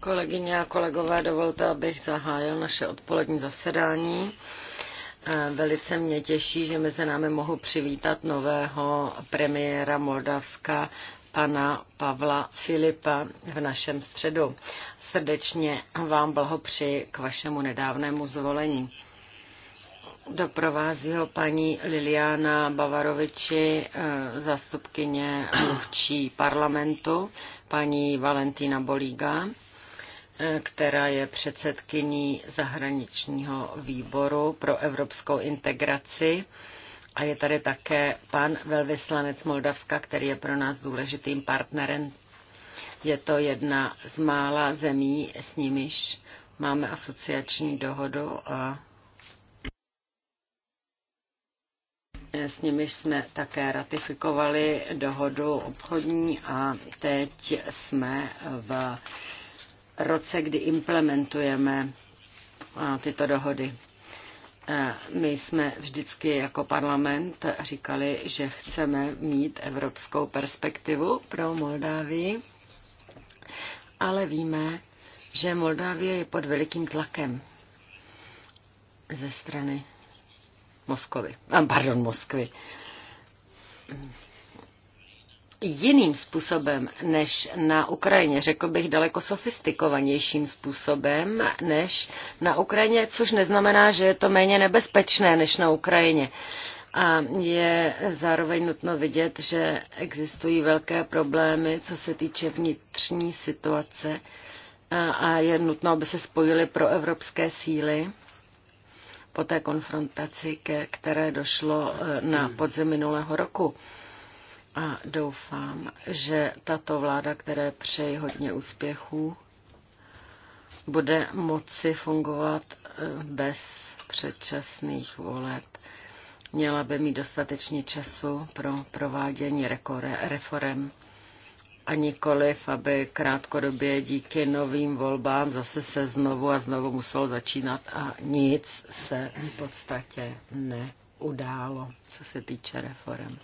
Kolegyně a kolegové, dovolte, abych zahájil naše odpolední zasedání. Eh, velice mě těší, že mezi námi mohu přivítat nového premiéra Moldavska, pana Pavla Filipa v našem středu. Srdečně vám blahopřeji k vašemu nedávnému zvolení. Doprovází ho paní Liliana Bavaroviči, eh, zastupkyně mluvčí parlamentu, paní Valentína Bolíga, eh, která je předsedkyní zahraničního výboru pro evropskou integraci. A je tady také pan velvyslanec Moldavska, který je pro nás důležitým partnerem. Je to jedna z mála zemí, s nimiž máme asociační dohodu a s nimiž jsme také ratifikovali dohodu obchodní a teď jsme v roce, kdy implementujeme tyto dohody. My jsme vždycky jako parlament říkali, že chceme mít evropskou perspektivu pro Moldávii, ale víme, že Moldávie je pod velikým tlakem ze strany Moskovy. Pardon, Moskvy. Jiným způsobem než na Ukrajině, řekl bych daleko sofistikovanějším způsobem než na Ukrajině, což neznamená, že je to méně nebezpečné než na Ukrajině. A je zároveň nutno vidět, že existují velké problémy, co se týče vnitřní situace a je nutno, aby se spojily pro evropské síly po té konfrontaci, ke které došlo eh, na podzim minulého roku. A doufám, že tato vláda, které přeji hodně úspěchů, bude moci fungovat eh, bez předčasných voleb. Měla by mít dostatečně času pro provádění reforem a nikoliv, aby krátkodobě díky novým volbám zase se znovu a znovu muselo začínat a nic se v podstatě neudálo, co se týče reform.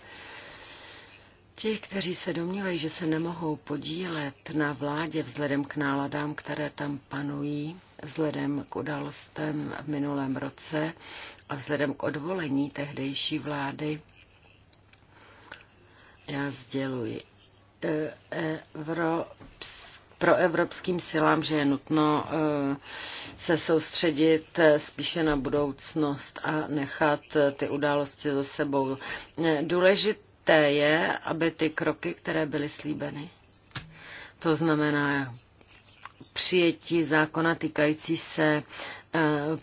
Ti, kteří se domnívají, že se nemohou podílet na vládě vzhledem k náladám, které tam panují, vzhledem k událostem v minulém roce a vzhledem k odvolení tehdejší vlády, já sděluji, pro evropským silám, že je nutno eh, se soustředit eh, spíše na budoucnost a nechat eh, ty události za sebou. Důležité je, aby ty kroky, které byly slíbeny, to znamená přijetí zákona týkající se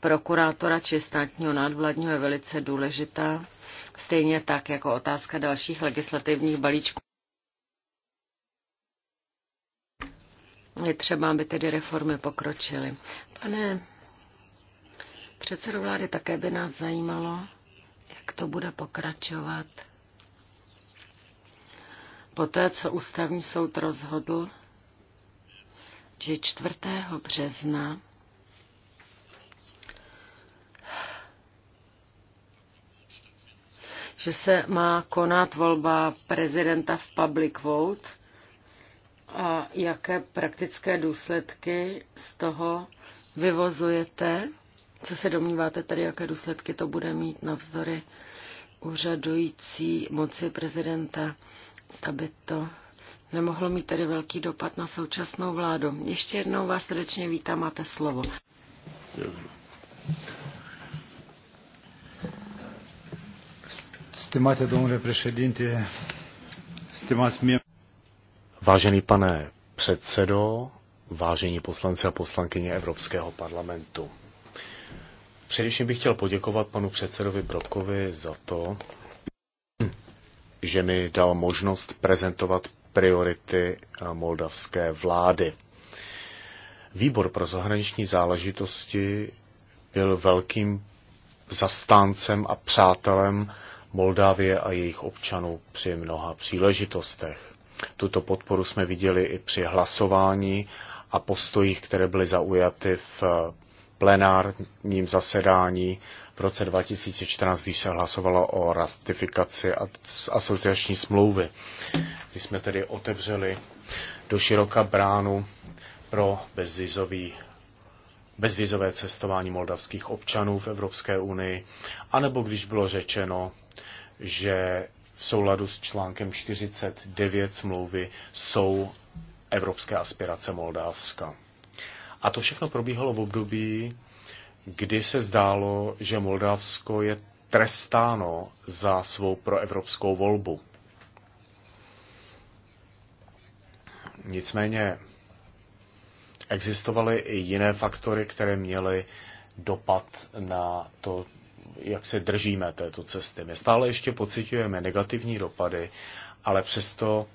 prokurátora či státního nadvládního je velice důležitá, stejně tak jako otázka dalších legislativních balíčků. Je třeba, aby tedy reformy pokročily. Pane předsedo vlády, také by nás zajímalo, jak to bude pokračovat. Po té, co ústavní soud rozhodl, že 4. března že se má konat volba prezidenta v public vote, a jaké praktické důsledky z toho vyvozujete? Co se domníváte tady, jaké důsledky to bude mít navzdory úřadující moci prezidenta, aby to nemohlo mít tady velký dopad na současnou vládu. Ještě jednou vás srdečně vítám, máte slovo. Stimate domnule președinte, stimați mie. Vážený pane předsedo, vážení poslanci a poslankyně Evropského parlamentu. Především bych chtěl poděkovat panu předsedovi Brokovi za to, že mi dal možnost prezentovat priority moldavské vlády. Výbor pro zahraniční záležitosti byl velkým zastáncem a přátelem Moldávie a jejich občanů při mnoha příležitostech. Tuto podporu jsme viděli i při hlasování a postojích, které byly zaujaty v eh, plenárním zasedání v roce 2014, když se hlasovalo o ratifikaci asociační smlouvy. Když jsme tedy otevřeli do široka bránu pro bezvizový bezvizové cestování moldavských občanů v Evropské unii, anebo když bylo řečeno, že v souladu s článkem 49 smlouvy jsou evropské aspirace Moldávska. A to všechno probíhalo v období, kdy se zdálo, že Moldávsko je trestáno za svou proevropskou volbu. Nicméně existovaly i jiné faktory, které měly dopad na to, jak se držíme této cesty. My stále ještě pocitujeme negativní dopady, ale přesto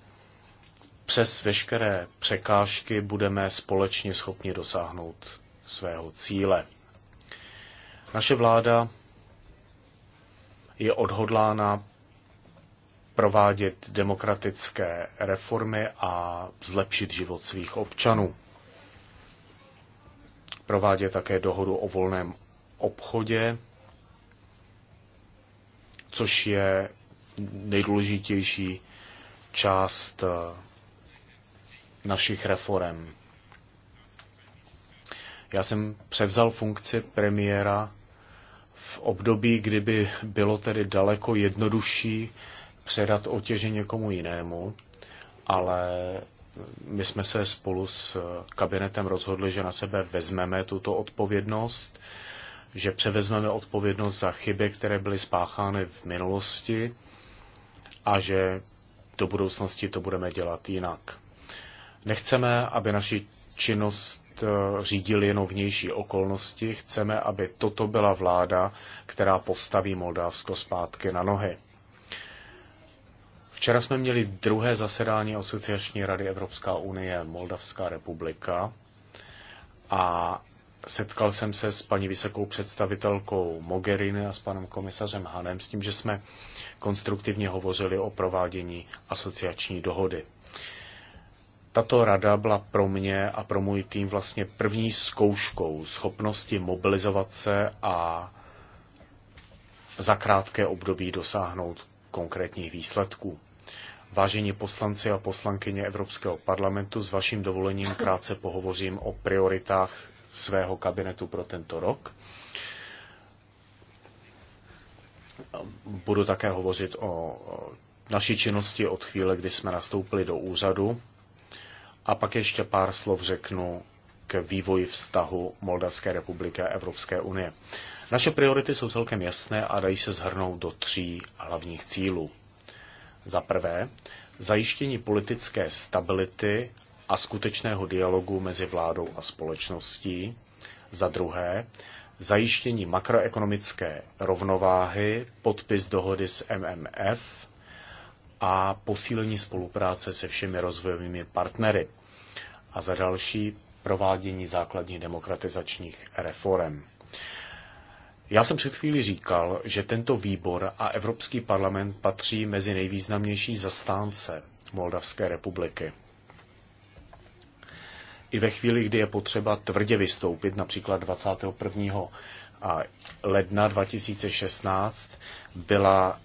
přes veškeré překážky budeme společně schopni dosáhnout svého cíle. Naše vláda je odhodlána provádět demokratické reformy a zlepšit život svých občanů. Provádět také dohodu o volném obchodě což je nejdůležitější část eh, našich reform. Já jsem převzal funkci premiéra v období, kdyby bylo tedy daleko jednodušší předat otěže někomu jinému, ale my jsme se spolu s kabinetem rozhodli, že na sebe vezmeme tuto odpovědnost že převezmeme odpovědnost za chyby, které byly spáchány v minulosti a že do budoucnosti to budeme dělat jinak. Nechceme, aby naši činnost eh, řídili jenom vnější okolnosti, chceme, aby toto byla vláda, která postaví Moldávsko zpátky na nohy. Včera jsme měli druhé zasedání Asociační rady Evropská unie Moldavská republika a Setkal jsem se s paní vysokou představitelkou Mogherini a s panem komisařem Hanem s tím, že jsme konstruktivně hovořili o provádění asociační dohody. Tato rada byla pro mě a pro můj tým vlastně první zkouškou schopnosti mobilizovat se a za krátké období dosáhnout konkrétních výsledků. Vážení poslanci a poslankyně Evropského parlamentu, s vaším dovolením krátce pohovořím o prioritách svého kabinetu pro tento rok. Budu také hovořit o naší činnosti od chvíle, kdy jsme nastoupili do úřadu. A pak ještě pár slov řeknu k vývoji vztahu Moldavské republiky a Evropské unie. Naše priority jsou celkem jasné a dají se zhrnout do tří hlavních cílů. Za prvé, zajištění politické stability a skutečného dialogu mezi vládou a společností. Za druhé, zajištění makroekonomické rovnováhy, podpis dohody s MMF a posílení spolupráce se všemi rozvojovými partnery. A za další, provádění základních demokratizačních reform. Já jsem před chvíli říkal, že tento výbor a Evropský parlament patří mezi nejvýznamnější zastánce Moldavské republiky i ve chvíli, kdy je potřeba tvrdě vystoupit, například 21. ledna 2016 byla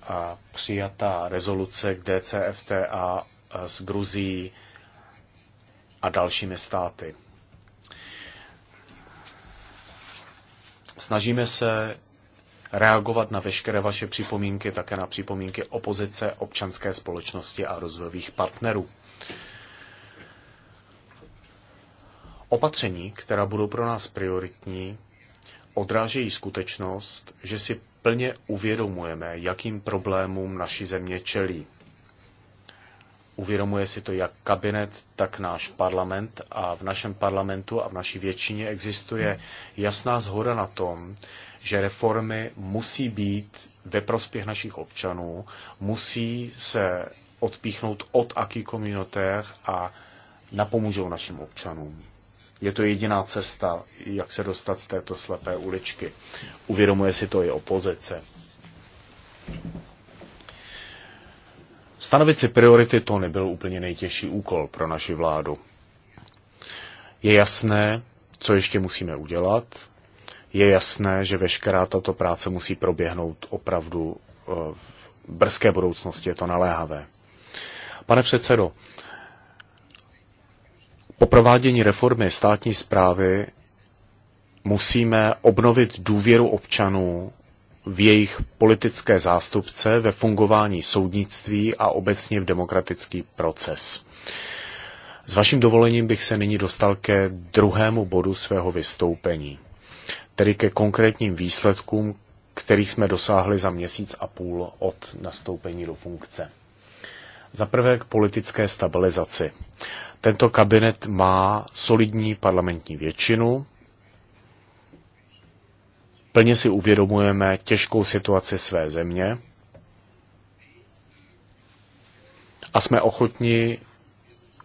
přijata rezoluce k DCFTA s Gruzií a dalšími státy. Snažíme se reagovat na veškeré vaše připomínky, také na připomínky opozice, občanské společnosti a rozvojových partnerů. Opatření, která budou pro nás prioritní, odrážejí skutečnost, že si plně uvědomujeme, jakým problémům naši země čelí. Uvědomuje si to jak kabinet, tak náš parlament a v našem parlamentu a v naší většině existuje jasná zhoda na tom, že reformy musí být ve prospěch našich občanů, musí se odpíchnout od aký a napomůžou našim občanům. Je to jediná cesta, jak se dostat z této slepé uličky. Uvědomuje si to i opozice. Stanovit si priority to nebyl úplně nejtěžší úkol pro naši vládu. Je jasné, co ještě musíme udělat. Je jasné, že veškerá tato práce musí proběhnout opravdu eh, v brzké budoucnosti. Je to naléhavé. Pane předsedo, po provádění reformy státní zprávy musíme obnovit důvěru občanů v jejich politické zástupce, ve fungování soudnictví a obecně v demokratický proces. S vaším dovolením bych se nyní dostal ke druhému bodu svého vystoupení, tedy ke konkrétním výsledkům, kterých jsme dosáhli za měsíc a půl od nastoupení do funkce. Za prvé k politické stabilizaci. Tento kabinet má solidní parlamentní většinu. Plně si uvědomujeme těžkou situaci své země a jsme ochotni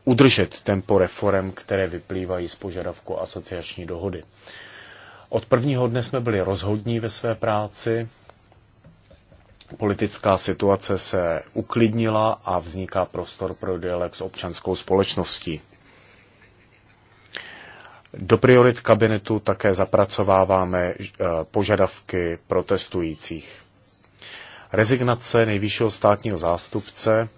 udržet tempo reform, které vyplývají z požadavku asociační dohody. Od prvního dne jsme byli rozhodní ve své práci, politická situace se uklidnila a vzniká prostor pro dialog s občanskou společností. Do priorit kabinetu také zapracováváme eh, požadavky protestujících. Rezignace nejvyššího státního zástupce,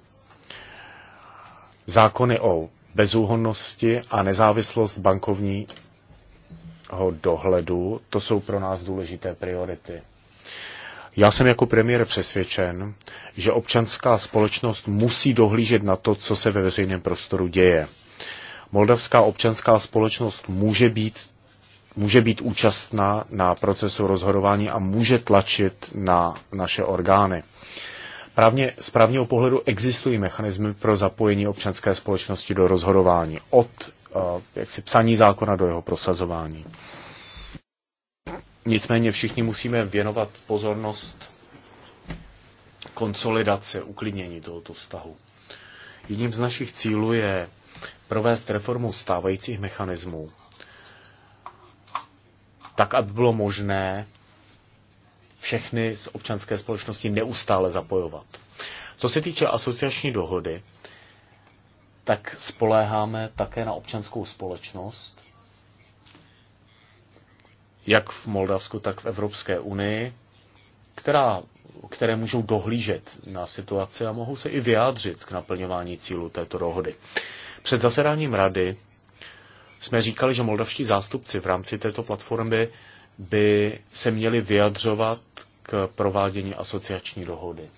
zákony o bezúhonnosti a nezávislost bankovního dohledu, to jsou pro nás důležité priority. Já jsem jako premiér přesvědčen, že občanská společnost musí dohlížet na to, co se ve veřejném prostoru děje. Moldavská občanská společnost může být, může být účastná na procesu rozhodování a může tlačit na naše orgány. Právně, z právního pohledu existují mechanismy pro zapojení občanské společnosti do rozhodování od eh, jak si psaní zákona do jeho prosazování. Nicméně všichni musíme věnovat pozornost konsolidace, uklidnění tohoto vztahu. Jedním z našich cílů je provést reformu stávajících mechanismů, tak, aby bylo možné všechny z občanské společnosti neustále zapojovat. Co se týče asociační dohody, tak spoléháme také na občanskou společnost, jak v Moldavsku, tak v Evropské unii, která, které můžou dohlížet na situaci a mohou se i vyjádřit k naplňování cílu této dohody. Před zasedáním rady jsme říkali, že moldavští zástupci v rámci této platformy by se měli vyjadřovat k provádění asociační dohody.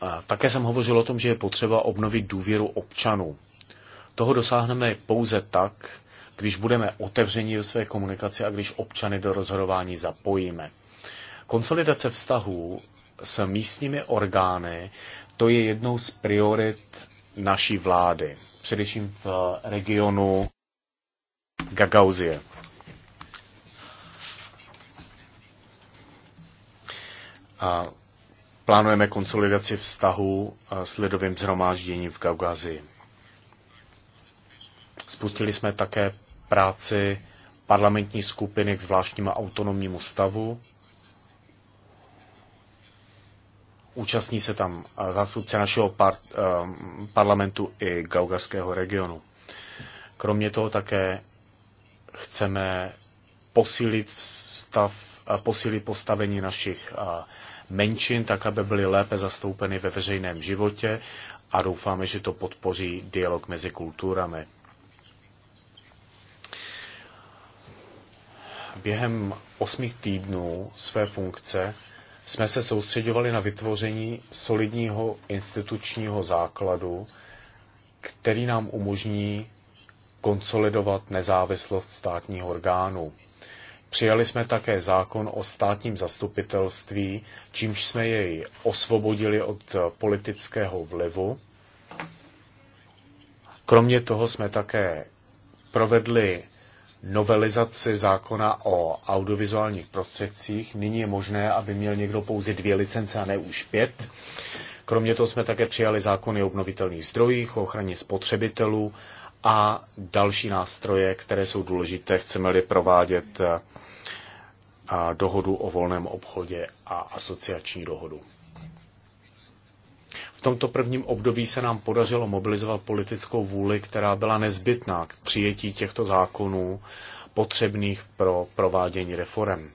A také jsem hovořil o tom, že je potřeba obnovit důvěru občanů toho dosáhneme pouze tak, když budeme otevření ve své komunikaci a když občany do rozhodování zapojíme. Konsolidace vztahů s místními orgány, to je jednou z priorit naší vlády, především v regionu Gagauzie. A plánujeme konsolidaci vztahu s lidovým zhromážděním v Gagauzii. Spustili jsme také práci parlamentní skupiny k zvláštnímu autonomnímu stavu. Účastní se tam eh, zástupce našeho par, eh, parlamentu i gaugarského regionu. Kromě toho také chceme posílit, stav, eh, posílit postavení našich menšin, tak aby byly lépe zastoupeny ve veřejném životě a doufáme, že to podpoří dialog mezi kulturami. během osmi týdnů své funkce jsme se soustředovali na vytvoření solidního institučního základu, který nám umožní konsolidovat nezávislost státního orgánu. Přijali jsme také zákon o státním zastupitelství, čímž jsme jej osvobodili od politického vlivu. Kromě toho jsme také provedli novelizaci zákona o audiovizuálních prostředcích. Nyní je možné, aby měl někdo pouze dvě licence a ne už pět. Kromě toho jsme také přijali zákony o obnovitelných zdrojích, o ochraně spotřebitelů a další nástroje, které jsou důležité, chceme-li provádět eh, dohodu o volném obchodě a asociační dohodu. V tomto prvním období se nám podařilo mobilizovat politickou vůli, která byla nezbytná k přijetí těchto zákonů potřebných pro provádění reform.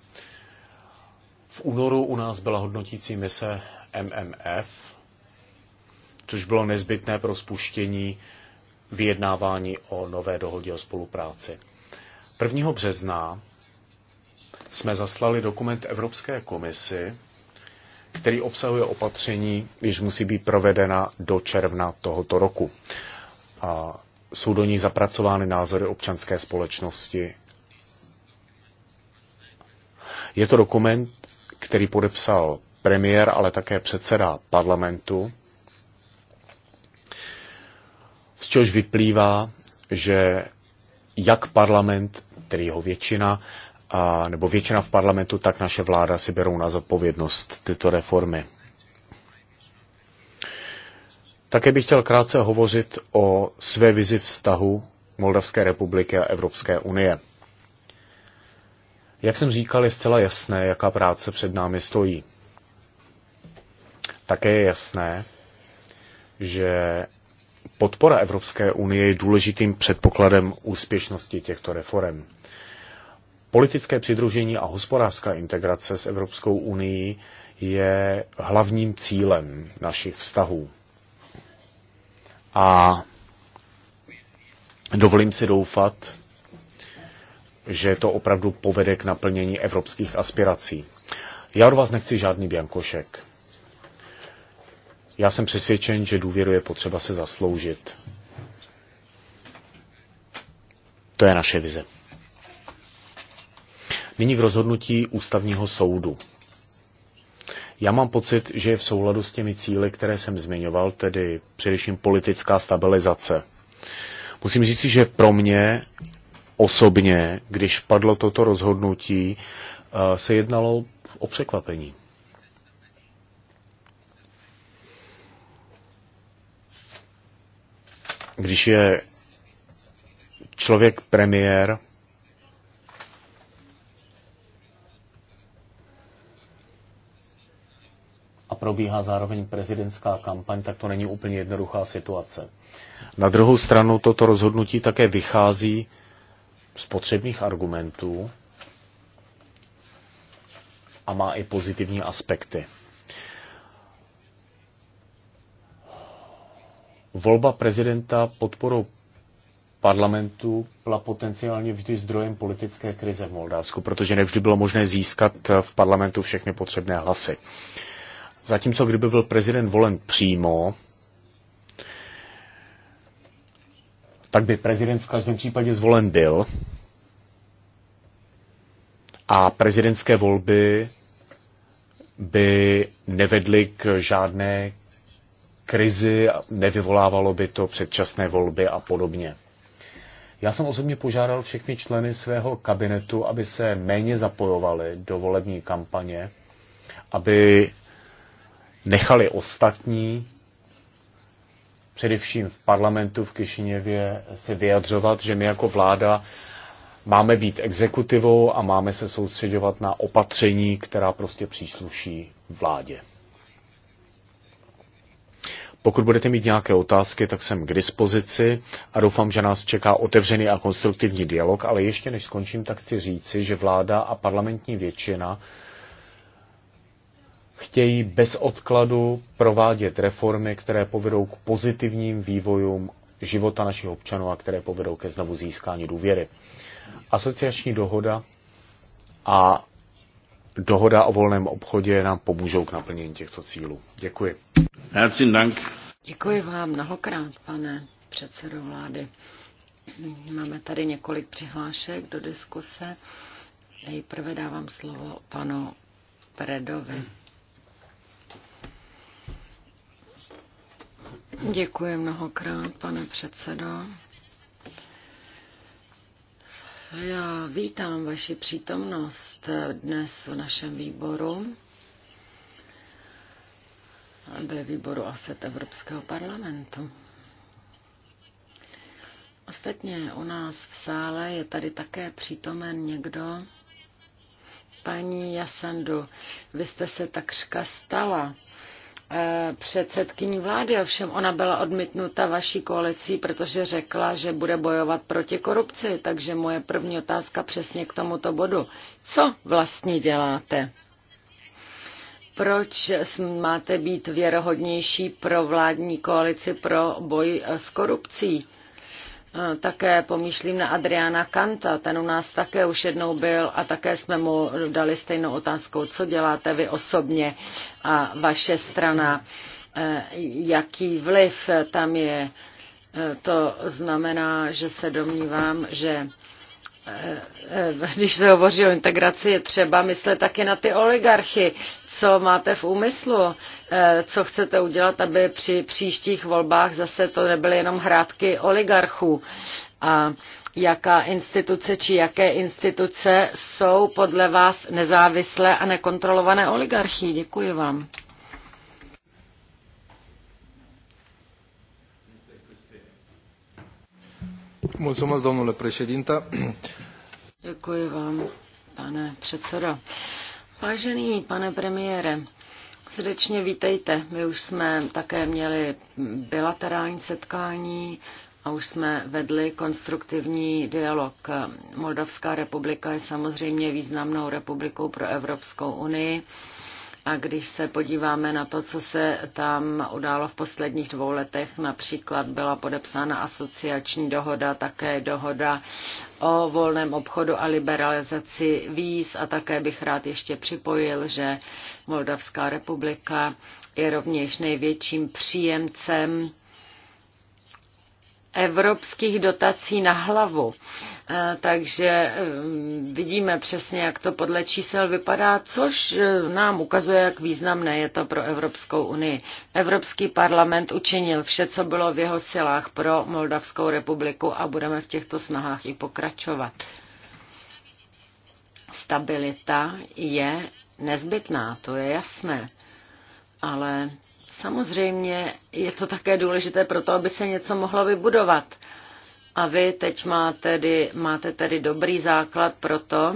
V únoru u nás byla hodnotící mise MMF, což bylo nezbytné pro spuštění vyjednávání o nové dohodě o spolupráci. 1. března jsme zaslali dokument Evropské komisi který obsahuje opatření, již musí být provedena do června tohoto roku. A jsou do ní zapracovány názory občanské společnosti. Je to dokument, který podepsal premiér, ale také předseda parlamentu, z čehož vyplývá, že jak parlament, který jeho většina, a, nebo většina v parlamentu, tak naše vláda si berou na zodpovědnost tyto reformy. Také bych chtěl krátce hovořit o své vizi vztahu Moldavské republiky a Evropské unie. Jak jsem říkal, je zcela jasné, jaká práce před námi stojí. Také je jasné, že podpora Evropské unie je důležitým předpokladem úspěšnosti těchto reform. Politické přidružení a hospodářská integrace s Evropskou unii je hlavním cílem našich vztahů. A dovolím si doufat, že to opravdu povede k naplnění evropských aspirací. Já od vás nechci žádný biankošek. Já jsem přesvědčen, že důvěru je potřeba se zasloužit. To je naše vize. Nyní k rozhodnutí ústavního soudu. Já mám pocit, že je v souladu s těmi cíly, které jsem zmiňoval, tedy především politická stabilizace. Musím říct, že pro mě osobně, když padlo toto rozhodnutí, eh, se jednalo o překvapení. Když je člověk premiér, a probíhá zároveň prezidentská kampaň, tak to není úplně jednoduchá situace. Na druhou stranu toto rozhodnutí také vychází z potřebných argumentů a má i pozitivní aspekty. Volba prezidenta podporou parlamentu byla potenciálně vždy zdrojem politické krize v Moldávsku, protože nevždy bylo možné získat v parlamentu všechny potřebné hlasy. Zatímco kdyby byl prezident volen přímo, tak by prezident v každém případě zvolen byl. A prezidentské volby by nevedly k žádné krizi, nevyvolávalo by to předčasné volby a podobně. Já jsem osobně požádal všechny členy svého kabinetu, aby se méně zapojovali do volební kampaně, aby nechali ostatní, především v parlamentu v Kišiněvě, se vyjadřovat, že my jako vláda máme být exekutivou a máme se soustředovat na opatření, která prostě přísluší vládě. Pokud budete mít nějaké otázky, tak jsem k dispozici a doufám, že nás čeká otevřený a konstruktivní dialog, ale ještě než skončím, tak chci říci, že vláda a parlamentní většina chtějí bez odkladu provádět reformy, které povedou k pozitivním vývojům života našich občanů a které povedou ke znovu získání důvěry. Asociační dohoda a dohoda o volném obchodě nám pomůžou k naplnění těchto cílů. Děkuji. Děkuji vám mnohokrát, pane předsedo vlády. Máme tady několik přihlášek do diskuse. Nejprve dávám slovo panu Predovi. Děkuji mnohokrát, pane předsedo. Já vítám vaši přítomnost dnes v našem výboru, ve výboru AFET Evropského parlamentu. Ostatně u nás v sále je tady také přítomen někdo, paní Jasandu, vy jste se takřka stala Eh, předsedkyní vlády, ovšem ona byla odmítnuta vaší koalicí, protože řekla, že bude bojovat proti korupci. Takže moje první otázka přesně k tomuto bodu. Co vlastně děláte? Proč máte být věrohodnější pro vládní koalici pro boj s korupcí? Také pomýšlím na Adriana Kanta, ten u nás také už jednou byl a také jsme mu dali stejnou otázku, co děláte vy osobně a vaše strana, eh, jaký vliv tam je. Eh, to znamená, že se domnívám, že Eh, eh, když se hovoří o integraci, je třeba myslet taky na ty oligarchy. Co máte v úmyslu? Eh, co chcete udělat, aby při příštích volbách zase to nebyly jenom hrátky oligarchů? A jaká instituce či jaké instituce jsou podle vás nezávislé a nekontrolované oligarchy? Děkuji vám. domnule președinte. Děkuji vám, pane předsedo. Vážený pane premiére, srdečně vítejte. My už jsme také měli bilaterální setkání a už jsme vedli konstruktivní dialog. Moldavská republika je samozřejmě významnou republikou pro Evropskou unii a když se podíváme na to, co se tam událo v posledních dvou letech, například byla podepsána asociační dohoda, také dohoda o volném obchodu a liberalizaci víz a také bych rád ještě připojil, že Moldavská republika je rovněž největším příjemcem evropských dotací na hlavu. Eh, takže eh, vidíme přesně, jak to podle čísel vypadá, což eh, nám ukazuje, jak významné je to pro Evropskou unii. Evropský parlament učinil vše, co bylo v jeho silách pro Moldavskou republiku a budeme v těchto snahách i pokračovat. Stabilita je nezbytná, to je jasné, ale Samozřejmě je to také důležité pro to, aby se něco mohlo vybudovat. A vy teď máte tedy, máte tedy dobrý základ pro to,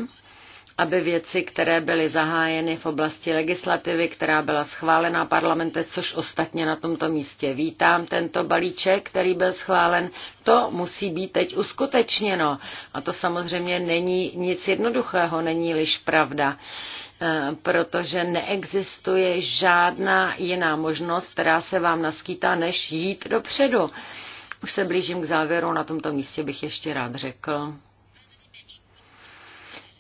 aby věci, které byly zahájeny v oblasti legislativy, která byla schválena parlamentem, což ostatně na tomto místě vítám, tento balíček, který byl schválen, to musí být teď uskutečněno. A to samozřejmě není nic jednoduchého, není liž pravda. Eh, protože neexistuje žádná jiná možnost, která se vám naskýtá, než jít dopředu. Už se blížím k závěru, na tomto místě bych ještě rád řekl,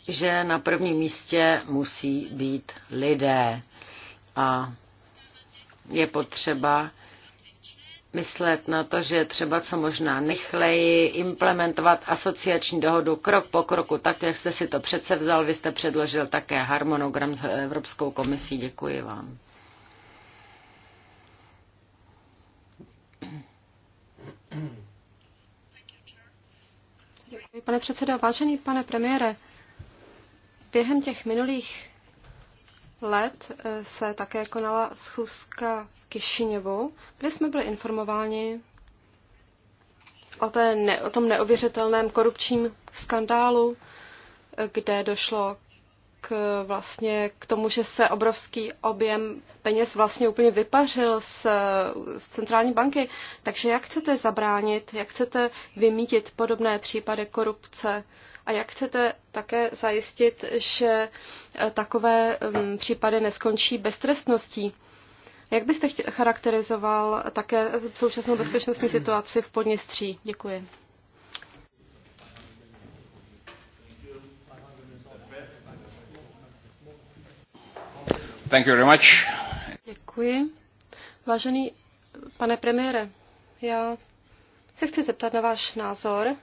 že na prvním místě musí být lidé a je potřeba myslet na to, že je třeba co možná nechleji implementovat asociační dohodu krok po kroku, tak jak jste si to přece vzal, vy jste předložil také harmonogram s Evropskou komisí. Děkuji vám. Děkuji, pane předsedo. Vážený pane premiére, během těch minulých let eh, se také konala schůzka v Kišiněvu, kde jsme byli informováni o, té ne, o tom neověřitelném korupčním skandálu, eh, kde došlo k, eh, vlastně k tomu, že se obrovský objem peněz vlastně úplně vypařil z, z centrální banky. Takže jak chcete zabránit, jak chcete vymítit podobné případy korupce a jak chcete také zajistit, že eh, takové mm, případy neskončí beztrestností? Jak byste charakterizoval také současnou bezpečnostní situaci v Podněstří? Děkuji. Thank you very much. Děkuji. Vážený pane premiére, já se chci zeptat na váš názor.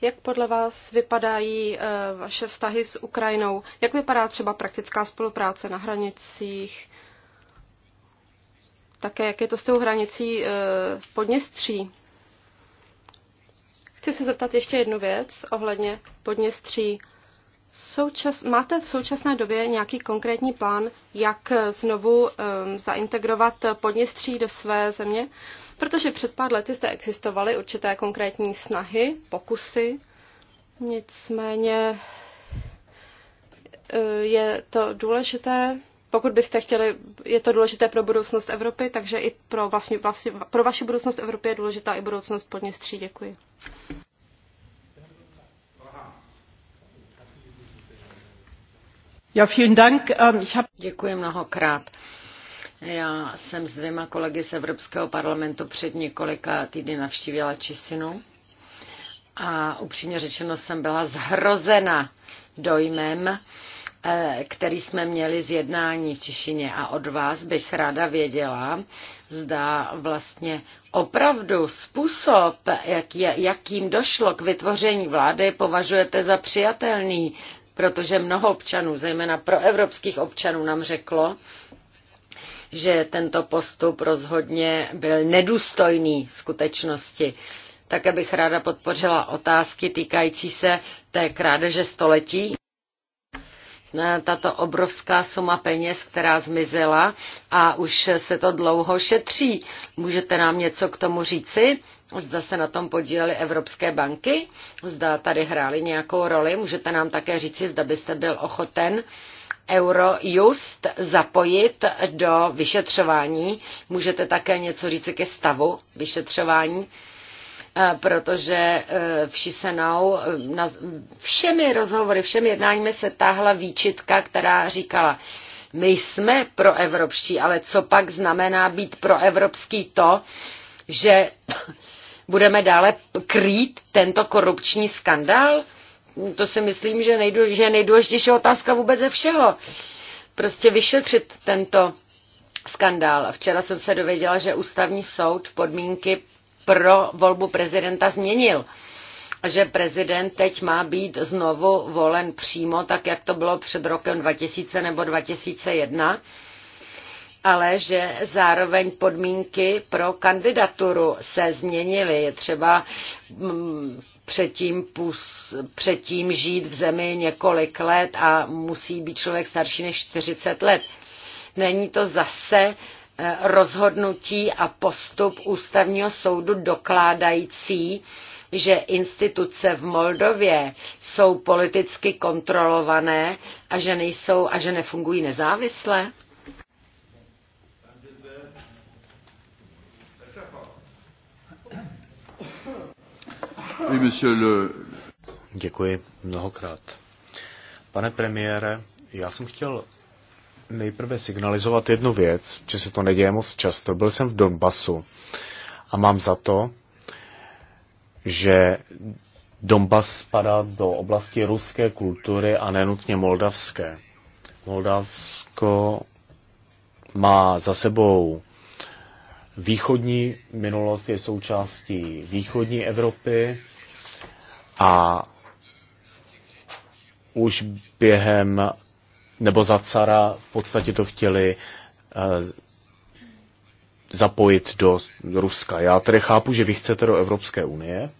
Jak podle vás vypadají eh, vaše vztahy s Ukrajinou? Jak vypadá třeba praktická spolupráce na hranicích? Také jak je to s tou hranicí eh, v Podněstří? Chci se zeptat ještě jednu věc ohledně Podněstří. Součas, máte v současné době nějaký konkrétní plán, jak znovu um, zaintegrovat Podněstří do své země? Protože před pár lety zde existovaly určité konkrétní snahy, pokusy, nicméně eh, je to důležité, pokud byste chtěli, je to důležité pro budoucnost Evropy, takže i pro, vlastně, vlastně, pro vaši budoucnost Evropy je důležitá i budoucnost Podněstří. Děkuji. Ähm, Děkuji mnohokrát. Já jsem s dvěma kolegy z Evropského parlamentu před několika týdny navštívila Čisinu a upřímně řečeno jsem byla zhrozena dojmem, eh, který jsme měli z jednání v Češině a od vás bych ráda věděla, zda vlastně opravdu způsob, jak je, jakým došlo k vytvoření vlády, považujete za přijatelný, protože mnoho občanů, zejména pro evropských občanů, nám řeklo, že tento postup rozhodně byl nedůstojný skutečnosti. Tak bych ráda podpořila otázky týkající se té krádeže století tato obrovská suma peněz, která zmizela a už se to dlouho šetří. Můžete nám něco k tomu říci? Zda se na tom podílely evropské banky, zda tady hrály nějakou roli. Můžete nám také říci, zda byste byl ochoten Eurojust zapojit do vyšetřování. Můžete také něco říci ke stavu vyšetřování, eh, protože eh, Všisenou eh, všemi rozhovory, všemi jednáními se táhla výčitka, která říkala, my jsme proevropští, ale co pak znamená být proevropský to, že budeme dále krýt tento korupční skandál? To si myslím, že, nejdůl, že je nejdůležitější otázka vůbec ze všeho. Prostě vyšetřit tento skandál. Včera jsem se dověděla, že ústavní soud podmínky pro volbu prezidenta změnil že prezident teď má být znovu volen přímo, tak jak to bylo před rokem 2000 nebo 2001 ale že zároveň podmínky pro kandidaturu se změnily. Je třeba mm, předtím, pus, předtím žít v zemi několik let a musí být člověk starší než 40 let. Není to zase e, rozhodnutí a postup ústavního soudu dokládající, že instituce v Moldově jsou politicky kontrolované a že, nejsou, a že nefungují nezávisle? Děkuji mnohokrát. Pane premiére, já jsem chtěl nejprve signalizovat jednu věc, že se to neděje moc často. Byl jsem v Donbasu a mám za to, že Donbas spadá do oblasti ruské kultury a nenutně moldavské. Moldavsko má za sebou východní minulost, je součástí východní Evropy a už během nebo za cara v podstatě to chtěli eh, zapojit do Ruska. Já tedy chápu, že vy chcete do Evropské unie,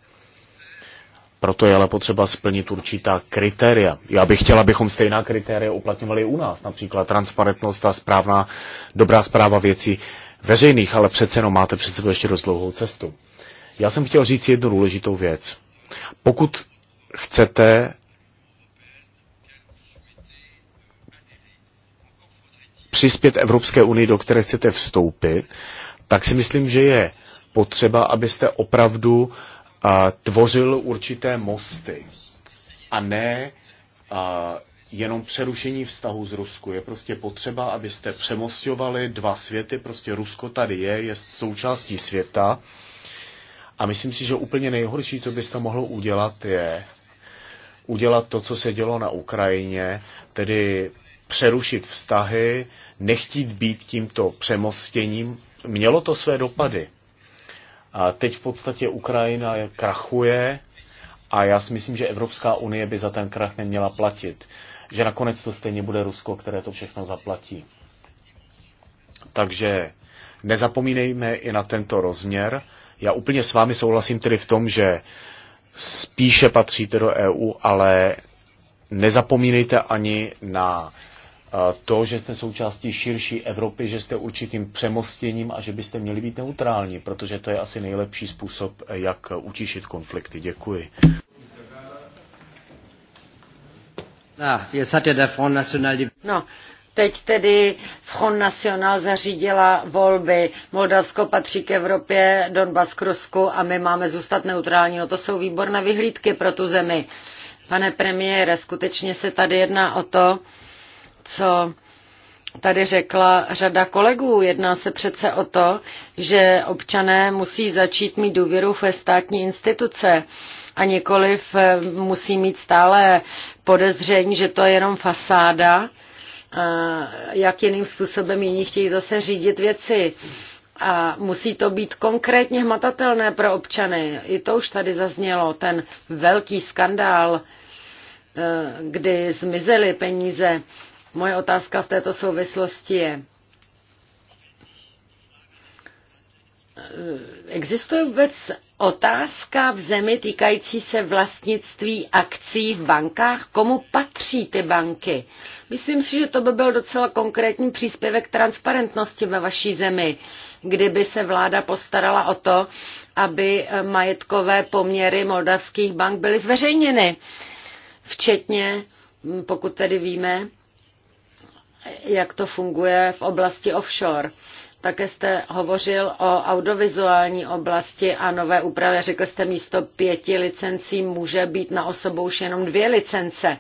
proto je ale potřeba splnit určitá kritéria. Já bych chtěla, abychom stejná kritéria uplatňovali u nás, například transparentnost a správná, dobrá zpráva věcí veřejných, ale přece jenom máte před sebou ještě dost dlouhou cestu. Já jsem chtěl říct jednu důležitou věc. Pokud chcete přispět Evropské unii, do které chcete vstoupit, tak si myslím, že je potřeba, abyste opravdu a, tvořil určité mosty a ne a, jenom přerušení vztahu z Rusku. Je prostě potřeba, abyste přemostovali dva světy, prostě Rusko tady je, je součástí světa a myslím si, že úplně nejhorší, co byste mohlo udělat, je udělat to, co se dělo na Ukrajině, tedy přerušit vztahy, nechtít být tímto přemostěním. Mělo to své dopady. A teď v podstatě Ukrajina krachuje a já si myslím, že Evropská unie by za ten krach neměla platit. Že nakonec to stejně bude Rusko, které to všechno zaplatí. Takže nezapomínejme i na tento rozměr. Já úplně s vámi souhlasím tedy v tom, že spíše patříte do EU, ale nezapomínejte ani na eh, to, že jste součástí širší Evropy, že jste určitým přemostěním a že byste měli být neutrální, protože to je asi nejlepší způsob, eh, jak utišit konflikty. Děkuji. Ah, no, Teď tedy Front National zařídila volby. Moldavsko patří k Evropě, Donbas k Rusku a my máme zůstat neutrální. No to jsou výborné vyhlídky pro tu zemi. Pane premiére, skutečně se tady jedná o to, co tady řekla řada kolegů. Jedná se přece o to, že občané musí začít mít důvěru ve státní instituce a nikoliv eh, musí mít stále podezření, že to je jenom fasáda, jak jiným způsobem jiní chtějí zase řídit věci. A musí to být konkrétně hmatatelné pro občany. I to už tady zaznělo, ten velký skandál, e, kdy zmizely peníze. Moje otázka v této souvislosti je, e, existuje vůbec otázka v zemi týkající se vlastnictví akcí v bankách? Komu patří ty banky? Myslím si, že to by byl docela konkrétní příspěvek transparentnosti ve vaší zemi, kdyby se vláda postarala o to, aby eh, majetkové poměry moldavských bank byly zveřejněny. Včetně, hm, pokud tedy víme, jak to funguje v oblasti offshore. Také jste hovořil o audiovizuální oblasti a nové úpravě. Řekl jste, místo pěti licencí může být na osobu už jenom dvě licence.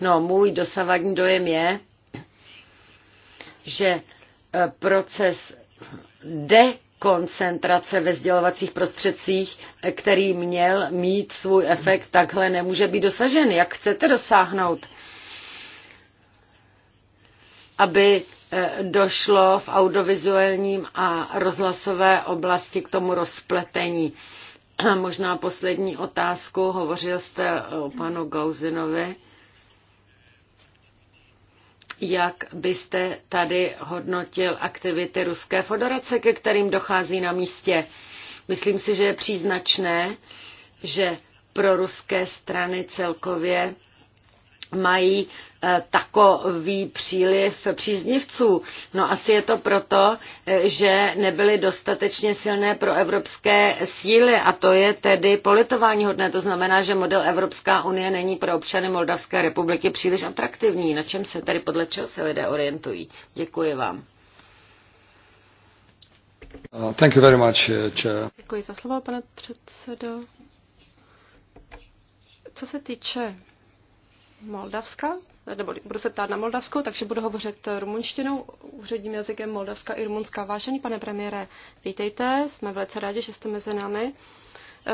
No, můj dosavadní dojem je, že e, proces dekoncentrace ve sdělovacích prostředcích, e, který měl mít svůj efekt, takhle nemůže být dosažen. Jak chcete dosáhnout, aby e, došlo v audiovizuálním a rozhlasové oblasti k tomu rozpletení? Možná poslední otázku, hovořil jste o panu Gauzinovi jak byste tady hodnotil aktivity Ruské federace, ke kterým dochází na místě? Myslím si, že je příznačné, že pro ruské strany celkově mají eh, takový příliv příznivců. No asi je to proto, eh, že nebyly dostatečně silné pro evropské síly a to je tedy politování hodné. To znamená, že model Evropská unie není pro občany Moldavské republiky příliš atraktivní. Na čem se tedy podle čeho se lidé orientují? Děkuji vám. Uh, thank you very much, uh, chair. Děkuji za slovo, pane předsedo. Co se týče Moldavska, nebo budu se ptát na Moldavsko, takže budu hovořit rumunštinou, úředním jazykem Moldavska i Rumunska. Vážený pane premiére, vítejte, jsme velice rádi, že jste mezi námi. Eh,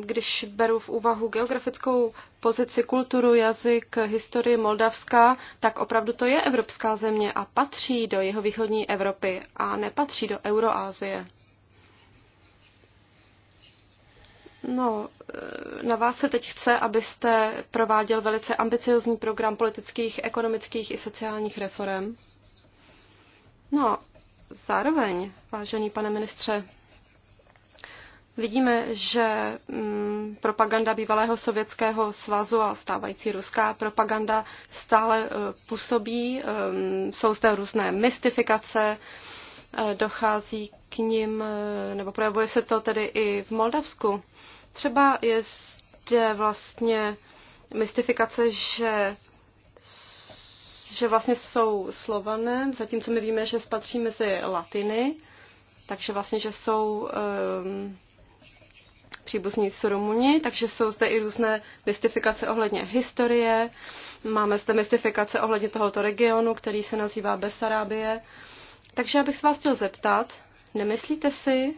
když beru v úvahu geografickou pozici, kulturu, jazyk, historii Moldavska, tak opravdu to je evropská země a patří do jeho východní Evropy a nepatří do Euroázie. No, e, na vás se teď chce, abyste prováděl velice ambiciozní program politických, ekonomických i sociálních reform. No, zároveň, vážený pane ministře, vidíme, že mm, propaganda bývalého sovětského svazu a stávající ruská propaganda stále uh, působí. Um, jsou zde různé mystifikace, uh, dochází k ním, nebo projevuje se to tedy i v Moldavsku. Třeba je zde vlastně mystifikace, že že vlastně jsou slované, zatímco my víme, že spatří mezi latiny, takže vlastně, že jsou um, příbuzní s Rumuni, takže jsou zde i různé mystifikace ohledně historie, máme zde mystifikace ohledně tohoto regionu, který se nazývá Besarábie. Takže já bych se vás chtěl zeptat, nemyslíte si,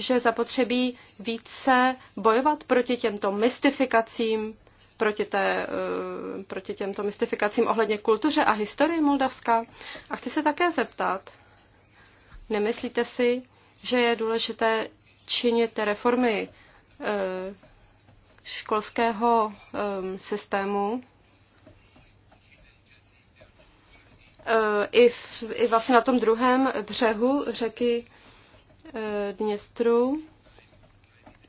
že zapotřebí více bojovat proti těmto mystifikacím, proti, té, eh, proti těmto mystifikacím ohledně kultuře a historie Moldavska. A chci se také zeptat, nemyslíte si, že je důležité činit reformy eh, školského eh, systému i, v, i vlastně na tom druhém břehu řeky Eh, Dněstru,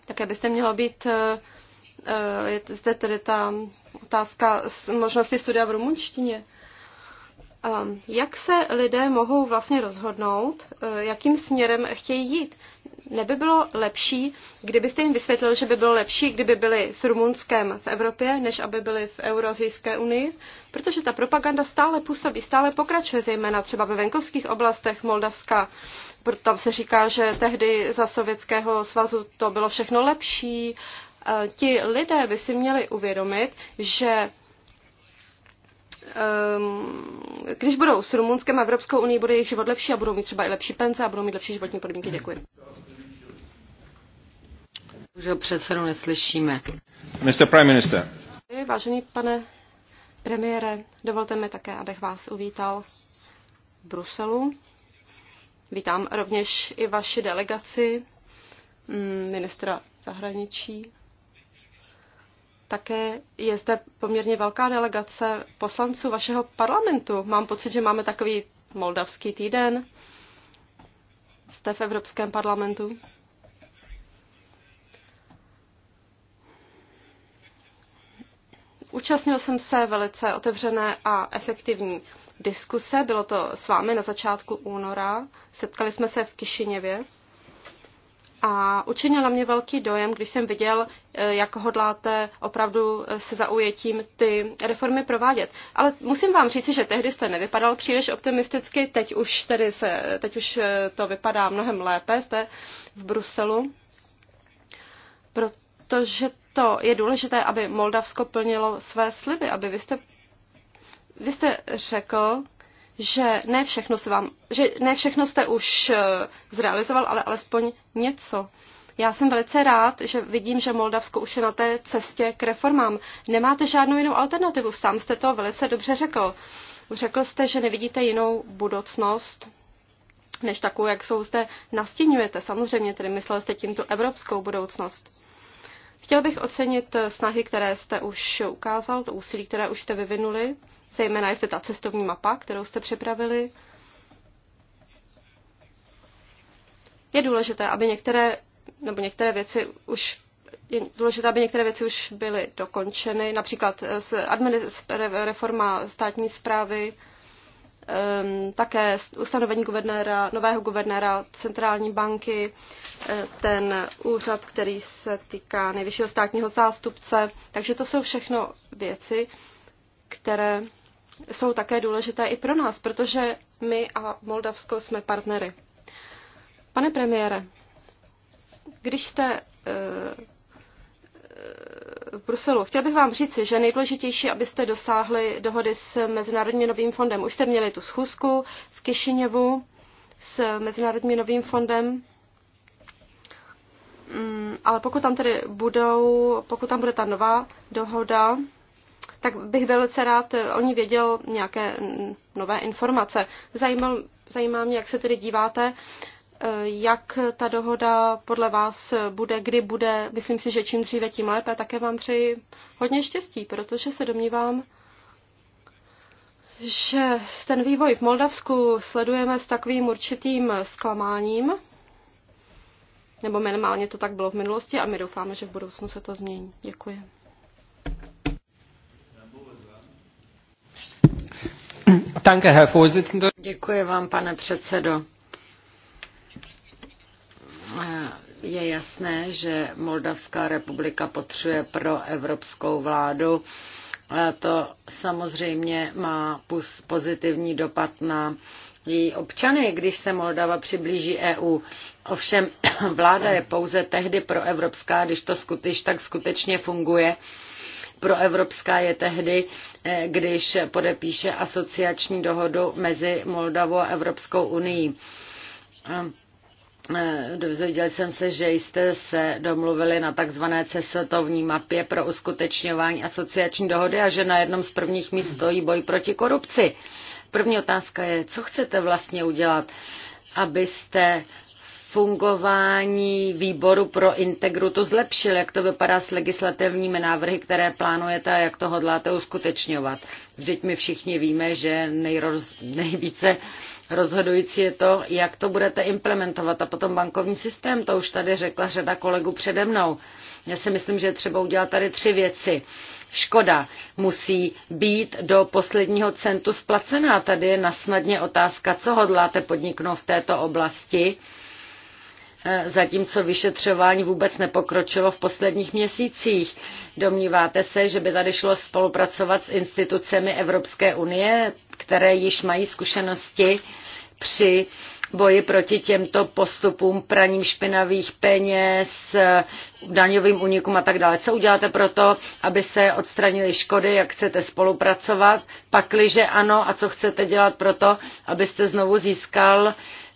také byste mělo být eh, eh, je zde tedy ta otázka možnosti studia v rumunštině. Jak se lidé mohou vlastně rozhodnout, jakým směrem chtějí jít? Neby bylo lepší, kdybyste jim vysvětlil, že by bylo lepší, kdyby byli s Rumunskem v Evropě, než aby byli v Eurozijské unii? Protože ta propaganda stále působí, stále pokračuje, zejména třeba ve venkovských oblastech Moldavska. Tam se říká, že tehdy za Sovětského svazu to bylo všechno lepší. E, ti lidé by si měli uvědomit, že když budou s Rumunskem a Evropskou unii, bude jejich život lepší a budou mít třeba i lepší penze a budou mít lepší životní podmínky. Děkuji. Bohužel předsedu neslyšíme. Mr. Prime Minister. Vážený pane premiére, dovolte mi také, abych vás uvítal v Bruselu. Vítám rovněž i vaši delegaci, mm, ministra zahraničí. Také je zde poměrně velká delegace poslanců vašeho parlamentu. Mám pocit, že máme takový moldavský týden. Jste v Evropském parlamentu. Účastnil jsem se velice otevřené a efektivní diskuse. Bylo to s vámi na začátku února. Setkali jsme se v Kišiněvě. A učinil na mě velký dojem, když jsem viděl, eh, jak hodláte opravdu eh, se zaujetím ty reformy provádět. Ale musím vám říci, že tehdy jste nevypadal příliš optimisticky, teď už, tedy se, teď už eh, to vypadá mnohem lépe, jste v Bruselu, protože to je důležité, aby Moldavsko plnilo své sliby, aby vy jste, vy jste řekl, že ne, všechno se vám, že ne všechno jste už eh, zrealizoval, ale alespoň něco. Já jsem velice rád, že vidím, že Moldavsko už je na té cestě k reformám. Nemáte žádnou jinou alternativu, sám jste to velice dobře řekl. Řekl jste, že nevidíte jinou budoucnost než takovou, jak jsou zde nastínujete. Samozřejmě tedy myslel jste tím tu evropskou budoucnost. Chtěl bych ocenit eh, snahy, které jste už ukázal, to úsilí, které už jste vyvinuli, zejména jestli ta cestovní mapa, kterou jste připravili. Je důležité, aby některé, nebo některé věci už je důležité, aby některé věci už byly dokončeny, například eh, reforma státní zprávy, Ehm, také ustanovení guvernéra, nového guvernéra centrální banky, eh, ten úřad, který se týká nejvyššího státního zástupce. Takže to jsou všechno věci, které jsou také důležité i pro nás, protože my a Moldavsko jsme partnery. Pane premiére, když jste eh, v Bruselu. Chtěl bych vám říci, že nejdůležitější, abyste dosáhli dohody s Mezinárodním novým fondem. Už jste měli tu schůzku v Kišiněvu s Mezinárodním novým fondem. Mm, ale pokud tam tedy budou, pokud tam bude ta nová dohoda, tak bych velice rád eh, o ní věděl nějaké nové informace. Zajímal, zajímá mě, jak se tedy díváte jak ta dohoda podle vás bude, kdy bude. Myslím si, že čím dříve, tím lépe. Také vám přeji hodně štěstí, protože se domnívám, že ten vývoj v Moldavsku sledujeme s takovým určitým zklamáním, nebo minimálně to tak bylo v minulosti a my doufáme, že v budoucnu se to změní. Děkuji. Děkuji vám, pane předsedo. Je jasné, že Moldavská republika potřebuje pro evropskou vládu. To samozřejmě má pozitivní dopad na její občany, když se Moldava přiblíží EU. Ovšem vláda je pouze tehdy proevropská, když to skutečně tak skutečně funguje. Proevropská je tehdy, eh, když podepíše asociační dohodu mezi Moldavou a Evropskou unii. Eh, dozvěděl jsem se, že jste se domluvili na takzvané cestovní mapě pro uskutečňování asociační dohody a že na jednom z prvních míst stojí boj proti korupci. První otázka je, co chcete vlastně udělat, abyste fungování výboru pro integru to zlepšil, jak to vypadá s legislativními návrhy, které plánujete a jak to hodláte uskutečňovat. Vždyť my všichni víme, že nejroz, nejvíce Rozhodující je to, jak to budete implementovat. A potom bankovní systém, to už tady řekla řada kolegů přede mnou. Já si myslím, že je třeba udělat tady tři věci. Škoda musí být do posledního centu splacená. Tady je nasnadně otázka, co hodláte podniknout v této oblasti eh, zatímco vyšetřování vůbec nepokročilo v posledních měsících. Domníváte se, že by tady šlo spolupracovat s institucemi Evropské unie? které již mají zkušenosti při boji proti těmto postupům, praním špinavých peněz, daňovým únikům a tak dále. Co uděláte pro to, aby se odstranily škody, jak chcete spolupracovat, pakliže ano, a co chcete dělat pro to, abyste znovu získal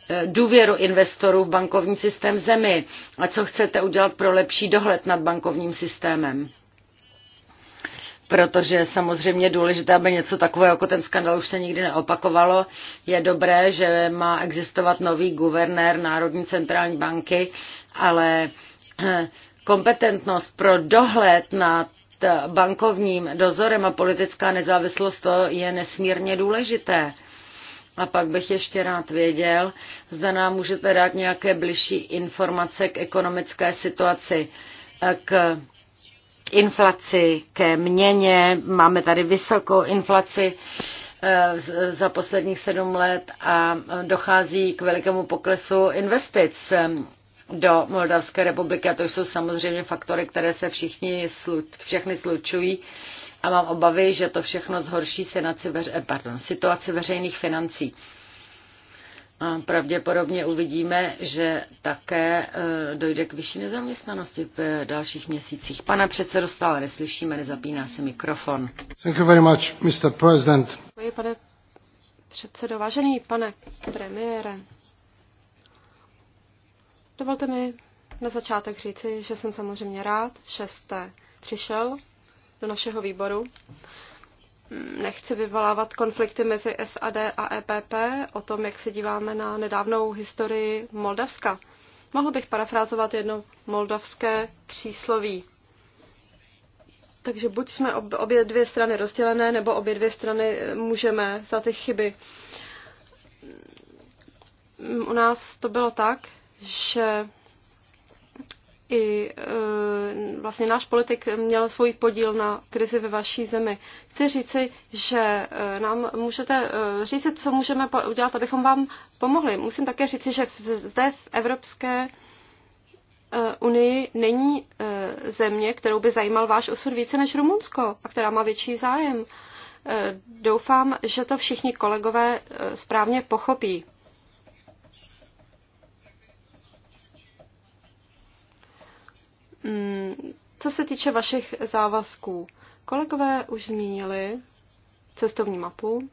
eh, důvěru investorů v bankovní systém zemi a co chcete udělat pro lepší dohled nad bankovním systémem protože je samozřejmě důležité, aby něco takového jako ten skandal už se nikdy neopakovalo. Je dobré, že má existovat nový guvernér Národní centrální banky, ale eh, kompetentnost pro dohled nad eh, bankovním dozorem a politická nezávislost to je nesmírně důležité. A pak bych ještě rád věděl, zda nám můžete dát nějaké bližší informace k ekonomické situaci, eh, k k inflaci, ke měně. Máme tady vysokou inflaci eh, za posledních sedm let a dochází k velikému poklesu investic eh, do Moldavské republiky a to jsou samozřejmě faktory, které se všichni, všechny slučují a mám obavy, že to všechno zhorší senaci, eh, pardon, situaci veřejných financí. A pravděpodobně uvidíme, že také eh, dojde k vyšší nezaměstnanosti v dalších měsících. Pane předsedo, stále neslyšíme, nezapíná se mikrofon. Thank you very much, Mr. President. Děkuji, pane předsedo. Vážený pane premiére, dovolte mi na začátek říci, že jsem samozřejmě rád, že jste přišel do našeho výboru nechci vyvolávat konflikty mezi SAD a EPP o tom, jak se díváme na nedávnou historii Moldavska. Mohl bych parafrázovat jedno moldavské přísloví. Takže buď jsme obě dvě strany rozdělené, nebo obě dvě strany eh, můžeme za ty chyby. U nás to bylo tak, že i eh, vlastně náš politik měl svůj podíl na krizi ve vaší zemi. Chci říci, že eh, nám můžete eh, říci, co můžeme udělat, abychom vám pomohli. Musím také říci, že zde v Evropské unii není země, kterou by zajímal váš osud více než Rumunsko a která má větší zájem. Doufám, že to všichni kolegové správně pochopí. Mm, co se týče vašich závazků, kolegové už zmínili cestovní mapu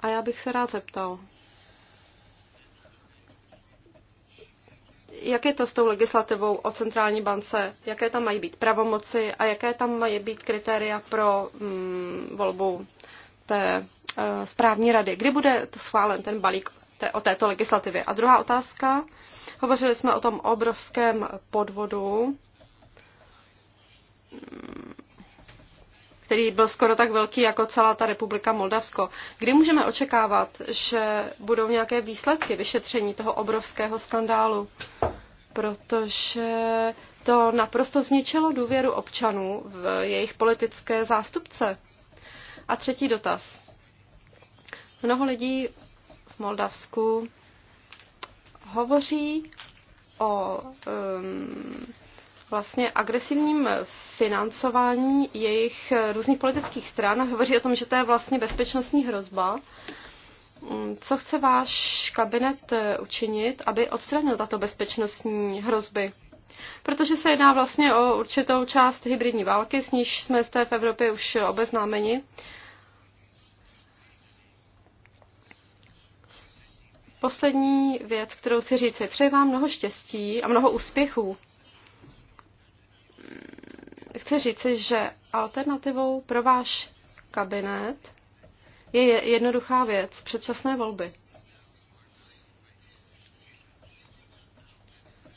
a já bych se rád zeptal, jak je to s tou legislativou o centrální bance, jaké tam mají být pravomoci a jaké tam mají být kritéria pro mm, volbu té e, správní rady. Kdy bude to schválen ten balík té, o této legislativě? A druhá otázka Hovořili jsme o tom obrovském podvodu, který byl skoro tak velký jako celá ta republika Moldavsko. Kdy můžeme očekávat, že budou nějaké výsledky vyšetření toho obrovského skandálu? Protože to naprosto zničilo důvěru občanů v jejich politické zástupce. A třetí dotaz. Mnoho lidí v Moldavsku hovoří o um, vlastně agresivním financování jejich různých politických stran. Hovoří o tom, že to je vlastně bezpečnostní hrozba. Um, co chce váš kabinet eh, učinit, aby odstranil tato bezpečnostní hrozby? Protože se jedná vlastně o určitou část hybridní války, s níž jsme té v Evropě už obeznámeni. Poslední věc, kterou říct, je přeji vám mnoho štěstí a mnoho úspěchů. Chci říci, že alternativou pro váš kabinet je jednoduchá věc, předčasné volby.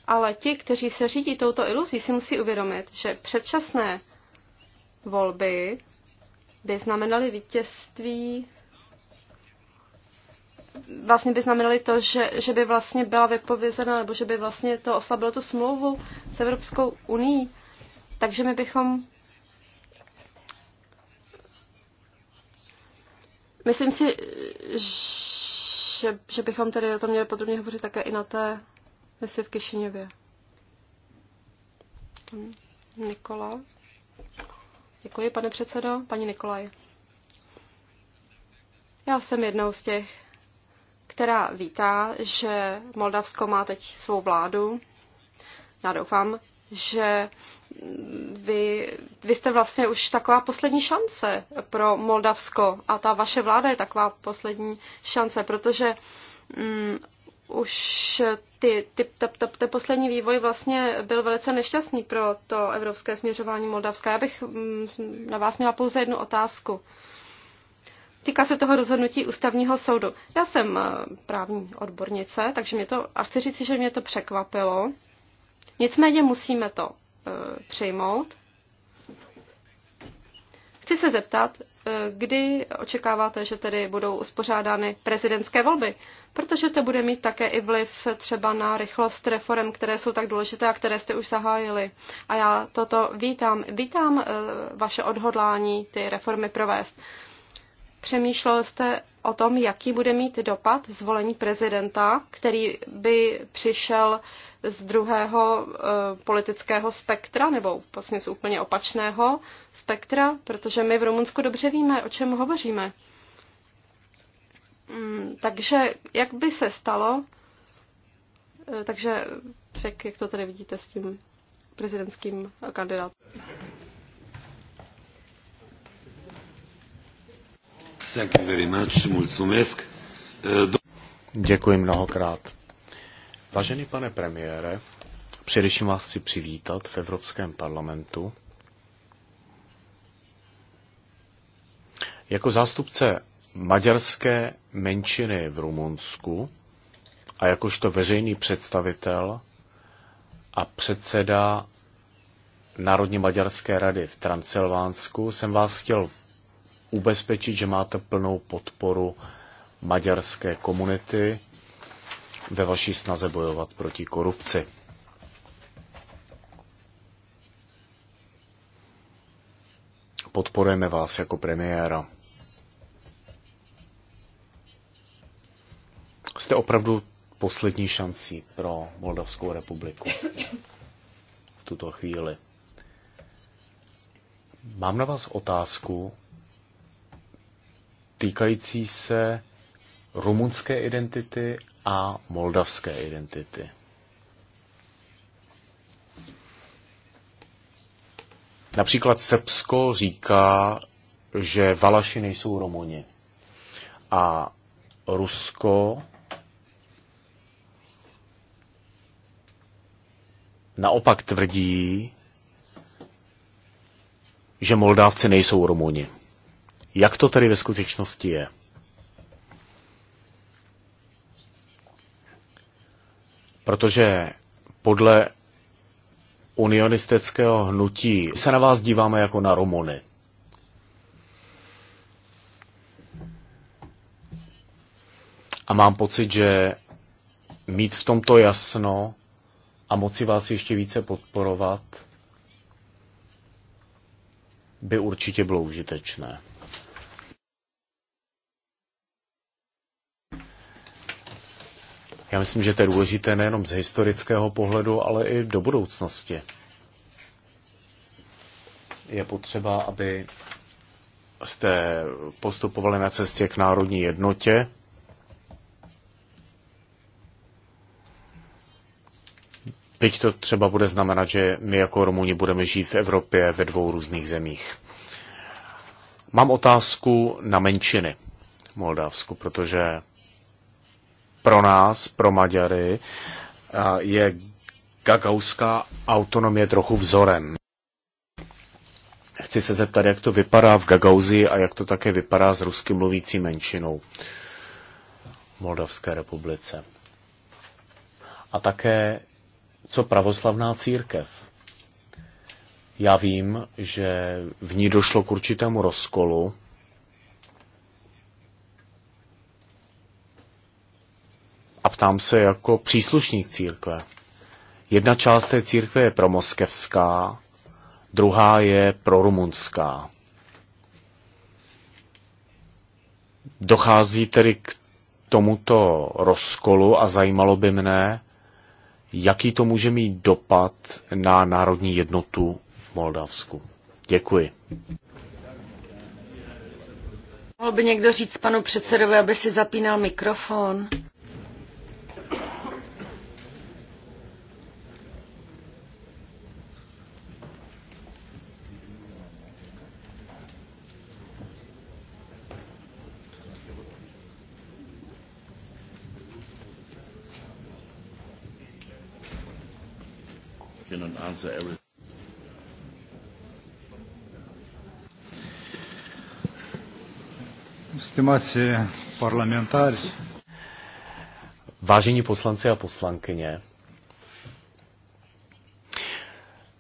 Ale ti, kteří se řídí touto iluzí, si musí uvědomit, že předčasné volby by znamenaly vítězství vlastně by znamenaly to, že, že by vlastně byla vypovězena, nebo že by vlastně to oslabilo tu smlouvu s Evropskou unii. Takže my bychom Myslím si, že, že bychom tady o tom měli podrobně hovořit také i na té misi v Kišiněvě. Nikola. Děkuji, pane předsedo. Paní Nikolaj. Já jsem jednou z těch, která vítá, že Moldavsko má teď svou vládu. Já doufám, že vy, vy jste vlastně už taková poslední šance pro Moldavsko a ta vaše vláda je taková poslední šance, protože mm, už ty, ty, ta, ta, ta poslední vývoj vlastně byl velice nešťastný pro to evropské směřování Moldavska. Já bych mm, na vás měla pouze jednu otázku. Týká se toho rozhodnutí ústavního soudu. Já jsem eh, právní odbornice, takže mě to, a chci říct, že mě to překvapilo. Nicméně musíme to e, přijmout. Chci se zeptat, eh, kdy očekáváte, že tedy budou uspořádány prezidentské volby, protože to bude mít také i vliv třeba na rychlost reform, které jsou tak důležité a které jste už zahájili. A já toto vítám. Vítám vaše odhodlání ty reformy provést. Přemýšlel jste o tom, jaký bude mít dopad zvolení prezidenta, který by přišel z druhého e, politického spektra, nebo vlastně z úplně opačného spektra, protože my v Rumunsku dobře víme, o čem hovoříme. Mm, takže jak by se stalo, e, takže jak, jak to tady vidíte s tím prezidentským kandidátem? E, Děkuji mnohokrát. Vážený pane premiére, především vás chci přivítat v Evropském parlamentu. Jako zástupce maďarské menšiny v Rumunsku a jakožto veřejný představitel a předseda Národní maďarské rady v Transylvánsku jsem vás chtěl ubezpečit, že máte plnou podporu maďarské komunity ve vaší snaze bojovat proti korupci. Podporujeme vás jako premiéra. Jste opravdu poslední šancí pro Moldavskou republiku v tuto chvíli. Mám na vás otázku, týkající se rumunské identity a moldavské identity. Například Srbsko říká, že Valaši nejsou Romuni. A Rusko naopak tvrdí, že Moldávci nejsou Romuni. Jak to tedy ve skutečnosti je? Protože podle unionistického hnutí se na vás díváme jako na Romony. A mám pocit, že mít v tomto jasno a moci vás ještě více podporovat by určitě bylo užitečné. Já myslím, že to je důležité nejenom z historického pohledu, ale i do budoucnosti. Je potřeba, aby jste postupovali na cestě k národní jednotě. Byť to třeba bude znamenat, že my jako Romuni budeme žít v Evropě ve dvou různých zemích. Mám otázku na menšiny v Moldavsku, protože pro nás, pro Maďary, je gagauská autonomie trochu vzorem. Chci se zeptat, jak to vypadá v Gagauzii a jak to také vypadá s rusky mluvící menšinou v Moldavské republice. A také, co pravoslavná církev. Já vím, že v ní došlo k určitému rozkolu, ptám se jako příslušník církve. Jedna část té církve je pro moskevská, druhá je pro rumunská. Dochází tedy k tomuto rozkolu a zajímalo by mne, jaký to může mít dopad na národní jednotu v Moldavsku. Děkuji. Mohl by někdo říct panu předsedovi, aby si zapínal mikrofon? answer everything. Vážení poslanci a poslankyně,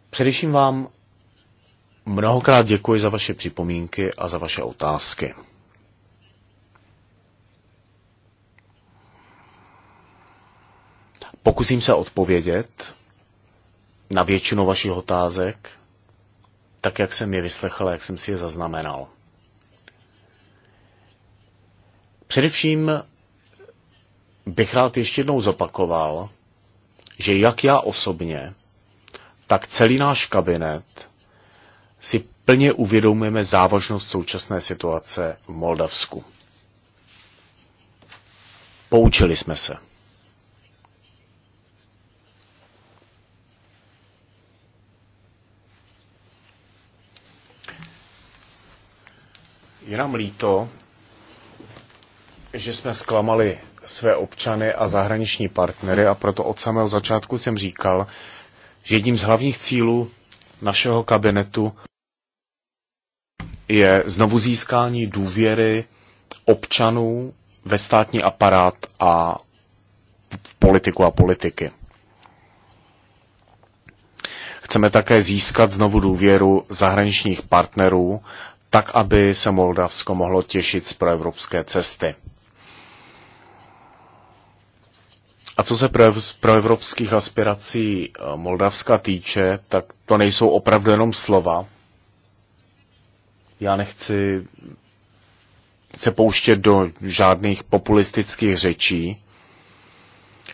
především vám mnohokrát děkuji za vaše připomínky a za vaše otázky. Pokusím se odpovědět na většinu vašich otázek, tak jak jsem je vyslechl, jak jsem si je zaznamenal. Především bych rád ještě jednou zopakoval, že jak já osobně, tak celý náš kabinet si plně uvědomujeme závažnost současné situace v Moldavsku. Poučili jsme se. Je nám líto, že jsme zklamali své občany a zahraniční partnery a proto od samého začátku jsem říkal, že jedním z hlavních cílů našeho kabinetu je znovu získání důvěry občanů ve státní aparát a v politiku a politiky. Chceme také získat znovu důvěru zahraničních partnerů tak aby se Moldavsko mohlo těšit z proevropské cesty. A co se proevropských aspirací eh, Moldavska týče, tak to nejsou opravdu jenom slova. Já nechci se pouštět do žádných populistických řečí.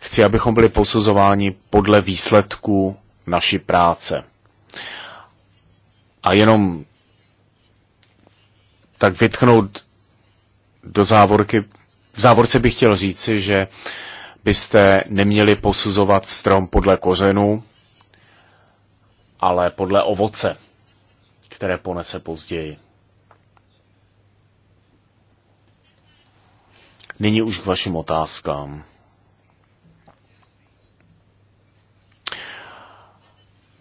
Chci, abychom byli posuzováni podle výsledků naší práce. A jenom tak vytchnout do závorky, v závorce bych chtěl říci, že byste neměli posuzovat strom podle kořenů, ale podle ovoce, které ponese později. Nyní už k vašim otázkám.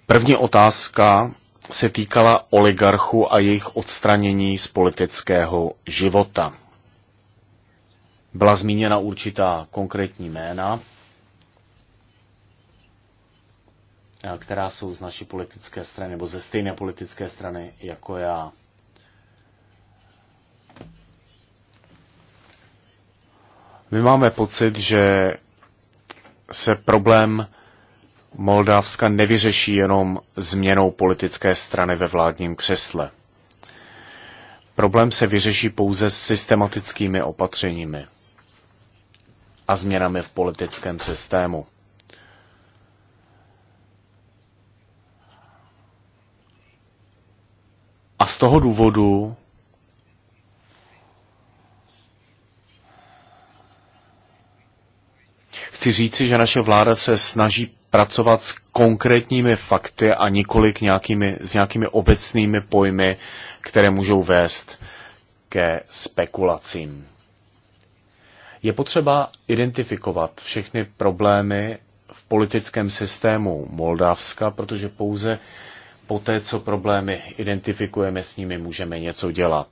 První otázka se týkala oligarchů a jejich odstranění z politického života. Byla zmíněna určitá konkrétní jména, která jsou z naší politické strany, nebo ze stejné politické strany jako já. My máme pocit, že se problém Moldávska nevyřeší jenom změnou politické strany ve vládním křesle. Problém se vyřeší pouze s systematickými opatřeními a změnami v politickém systému. A z toho důvodu chci říci, že naše vláda se snaží pracovat s konkrétními fakty a nikoli k nějakými, s nějakými obecnými pojmy, které můžou vést ke spekulacím. Je potřeba identifikovat všechny problémy v politickém systému Moldavska, protože pouze po té, co problémy identifikujeme s nimi, můžeme něco dělat.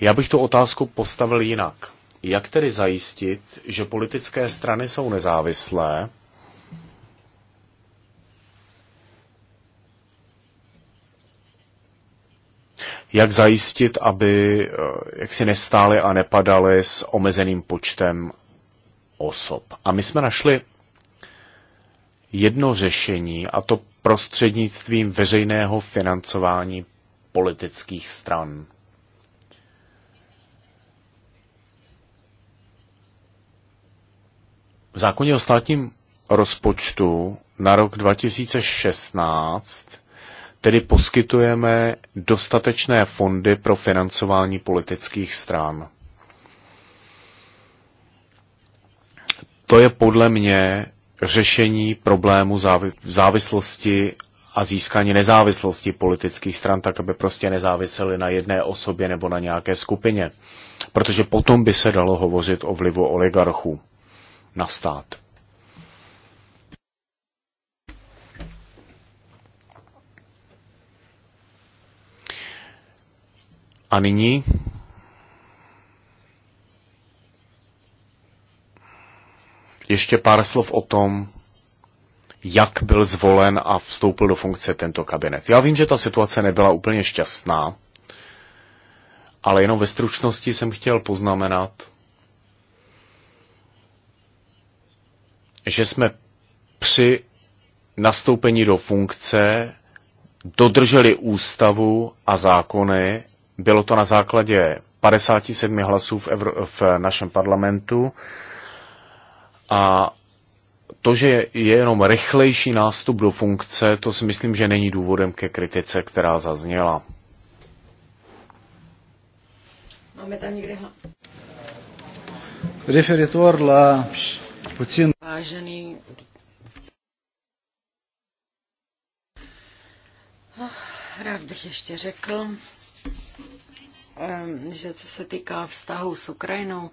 Já bych tu otázku postavil jinak. Jak tedy zajistit, že politické strany jsou nezávislé jak zajistit, aby eh, jak si nestály a nepadaly s omezeným počtem osob. A my jsme našli jedno řešení, a to prostřednictvím veřejného financování politických stran. V zákoně o státním rozpočtu na rok 2016 tedy poskytujeme dostatečné fondy pro financování politických stran. To je podle mě řešení problému závislosti a získání nezávislosti politických stran, tak aby prostě nezávisely na jedné osobě nebo na nějaké skupině. Protože potom by se dalo hovořit o vlivu oligarchů na stát. A nyní ještě pár slov o tom, jak byl zvolen a vstoupil do funkce tento kabinet. Já vím, že ta situace nebyla úplně šťastná, ale jenom ve stručnosti jsem chtěl poznamenat, že jsme při nastoupení do funkce dodrželi ústavu a zákony bylo to na základě 57 hlasů v, Evro- v našem parlamentu a to, že je jenom rychlejší nástup do funkce, to si myslím, že není důvodem ke kritice, která zazněla. Máme tam někde Referitor la Vážený... Ah, rád bych ještě řekl, že co se týká vztahu s Ukrajinou,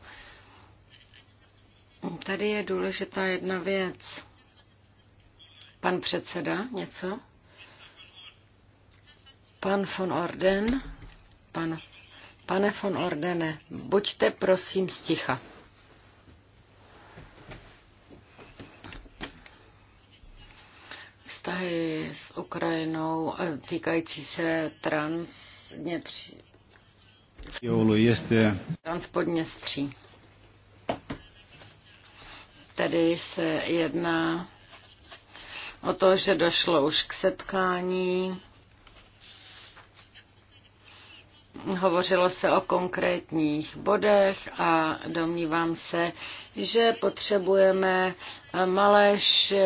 tady je důležitá jedna věc. Pan předseda, něco? Pan von Orden, pan, pane von Ordene, buďte prosím sticha. vztahy s Ukrajinou eh, týkající se trans, Transpodněstří. Tedy se jedná o to, že došlo už k setkání. Hovořilo se o konkrétních bodech a domnívám se, že potřebujeme malé,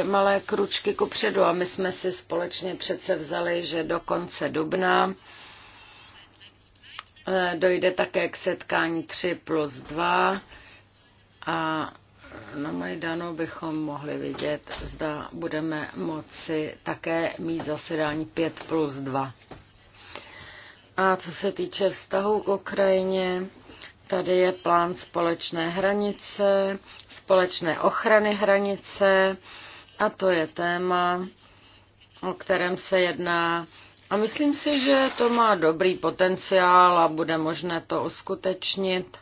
malé kručky ku předu a my jsme si společně přece vzali, že do konce dubna E, dojde také k setkání 3 plus 2 a na Majdanu bychom mohli vidět, zda budeme moci také mít zasedání 5 plus 2. A co se týče vztahu k Ukrajině, tady je plán společné hranice, společné ochrany hranice a to je téma, o kterém se jedná a myslím si, že to má dobrý potenciál a bude možné to uskutečnit.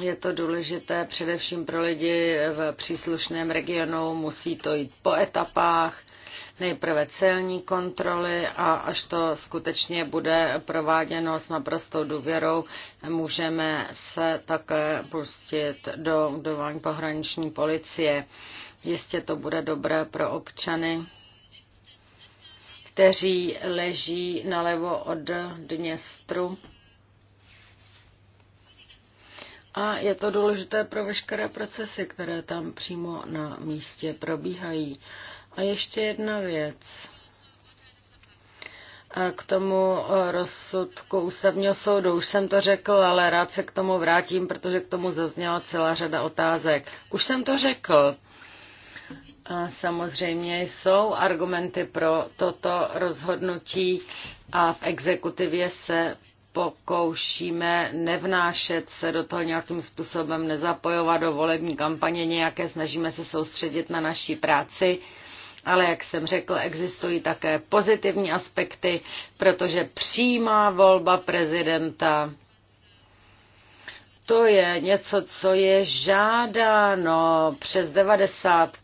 Je to důležité především pro lidi v příslušném regionu, musí to jít po etapách, nejprve celní kontroly a až to skutečně bude prováděno s naprostou důvěrou, můžeme se také pustit do budování pohraniční policie. Jistě to bude dobré pro občany kteří leží nalevo od Dněstru. A je to důležité pro veškeré procesy, které tam přímo na místě probíhají. A ještě jedna věc. A k tomu rozsudku ústavního soudu. Už jsem to řekl, ale rád se k tomu vrátím, protože k tomu zazněla celá řada otázek. Už jsem to řekl samozřejmě jsou argumenty pro toto rozhodnutí a v exekutivě se pokoušíme nevnášet se do toho nějakým způsobem, nezapojovat do volební kampaně nějaké, snažíme se soustředit na naší práci. Ale jak jsem řekl, existují také pozitivní aspekty, protože přímá volba prezidenta to je něco, co je žádáno přes 90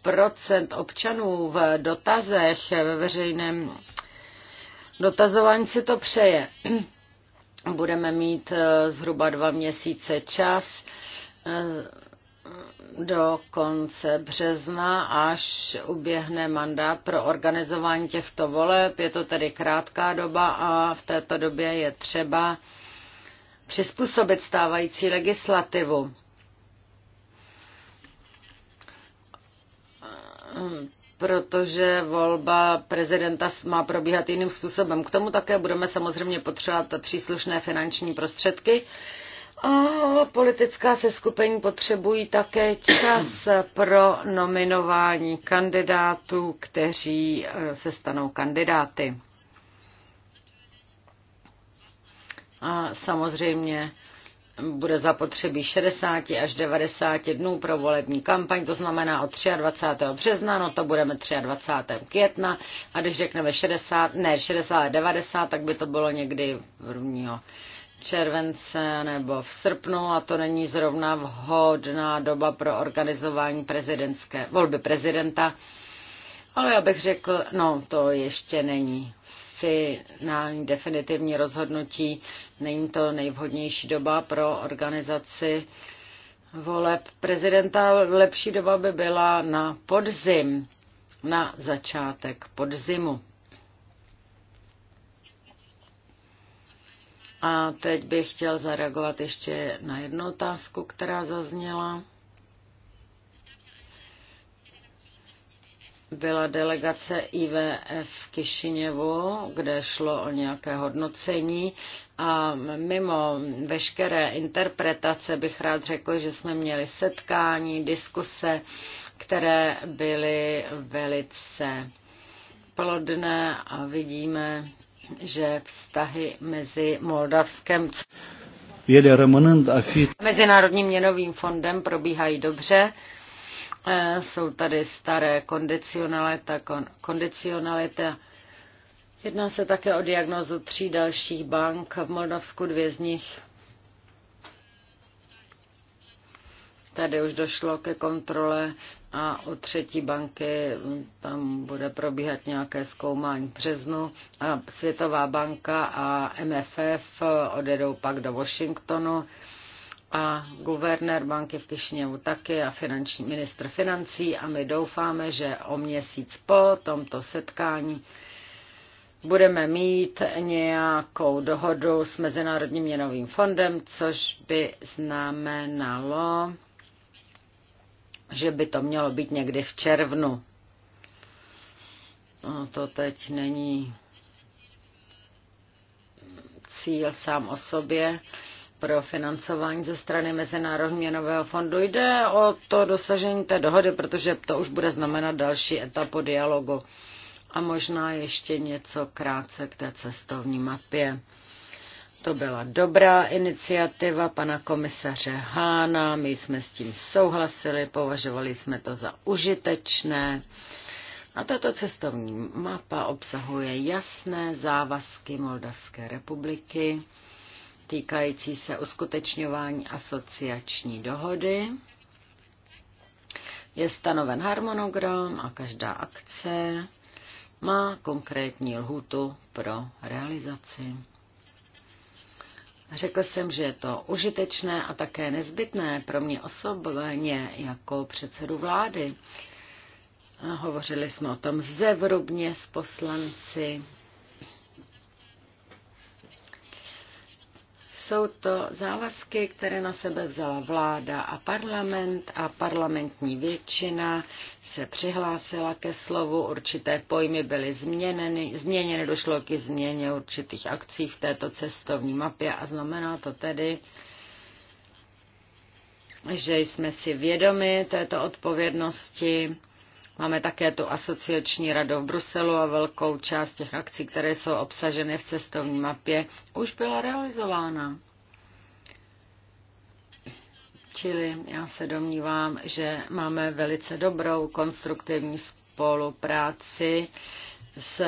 občanů v dotazech ve veřejném dotazování si to přeje. Budeme mít eh, zhruba dva měsíce čas eh, do konce března, až uběhne mandát pro organizování těchto voleb. Je to tedy krátká doba a v této době je třeba přizpůsobit stávající legislativu. protože volba prezidenta má probíhat jiným způsobem. K tomu také budeme samozřejmě potřebovat příslušné finanční prostředky. A politická seskupení potřebují také čas pro nominování kandidátů, kteří se stanou kandidáty. A samozřejmě bude zapotřebí 60 až 90 dnů pro volební kampaň, to znamená od 23. března, no to budeme 23. května a když řekneme 60, ne 60, 90, tak by to bylo někdy 1. července nebo v srpnu a to není zrovna vhodná doba pro organizování prezidentské, volby prezidenta. Ale já bych řekl, no to ještě není finální definitivní rozhodnutí. Není to nejvhodnější doba pro organizaci voleb prezidenta. Lepší doba by byla na podzim, na začátek podzimu. A teď bych chtěl zareagovat ještě na jednu otázku, která zazněla. byla delegace IVF v Kišiněvu, kde šlo o nějaké hodnocení a mimo veškeré interpretace bych rád řekl, že jsme měli setkání, diskuse, které byly velice plodné a vidíme, že vztahy mezi Moldavskem a Mezinárodním měnovým fondem probíhají dobře Eh, jsou tady staré kondicionalita, kon, kondicionalita. Jedná se také o diagnozu tří dalších bank, v Moldavsku dvě z nich. Tady už došlo ke kontrole a u třetí banky tam bude probíhat nějaké zkoumání v březnu. A Světová banka a MFF odjedou pak do Washingtonu a guvernér banky v Kišněvu taky a finanční, ministr financí a my doufáme, že o měsíc po tomto setkání budeme mít nějakou dohodu s Mezinárodním měnovým fondem, což by znamenalo, že by to mělo být někdy v červnu. No, to teď není cíl sám o sobě, pro financování ze strany Mezinárodního měnového fondu. Jde o to dosažení té dohody, protože to už bude znamenat další etapu dialogu. A možná ještě něco krátce k té cestovní mapě. To byla dobrá iniciativa pana komisaře Hána, my jsme s tím souhlasili, považovali jsme to za užitečné. A tato cestovní mapa obsahuje jasné závazky Moldavské republiky týkající se uskutečňování asociační dohody. Je stanoven harmonogram a každá akce má konkrétní lhutu pro realizaci. Řekl jsem, že je to užitečné a také nezbytné pro mě osobně jako předsedu vlády. Hovořili jsme o tom zevrubně s poslanci Jsou to závazky, které na sebe vzala vláda a parlament a parlamentní většina se přihlásila ke slovu, určité pojmy byly změněny, změněny došlo k změně určitých akcí v této cestovní mapě a znamená to tedy, že jsme si vědomi této odpovědnosti Máme také tu asociační radu v Bruselu a velkou část těch akcí, které jsou obsaženy v cestovní mapě, už byla realizována. Čili já se domnívám, že máme velice dobrou konstruktivní spolupráci s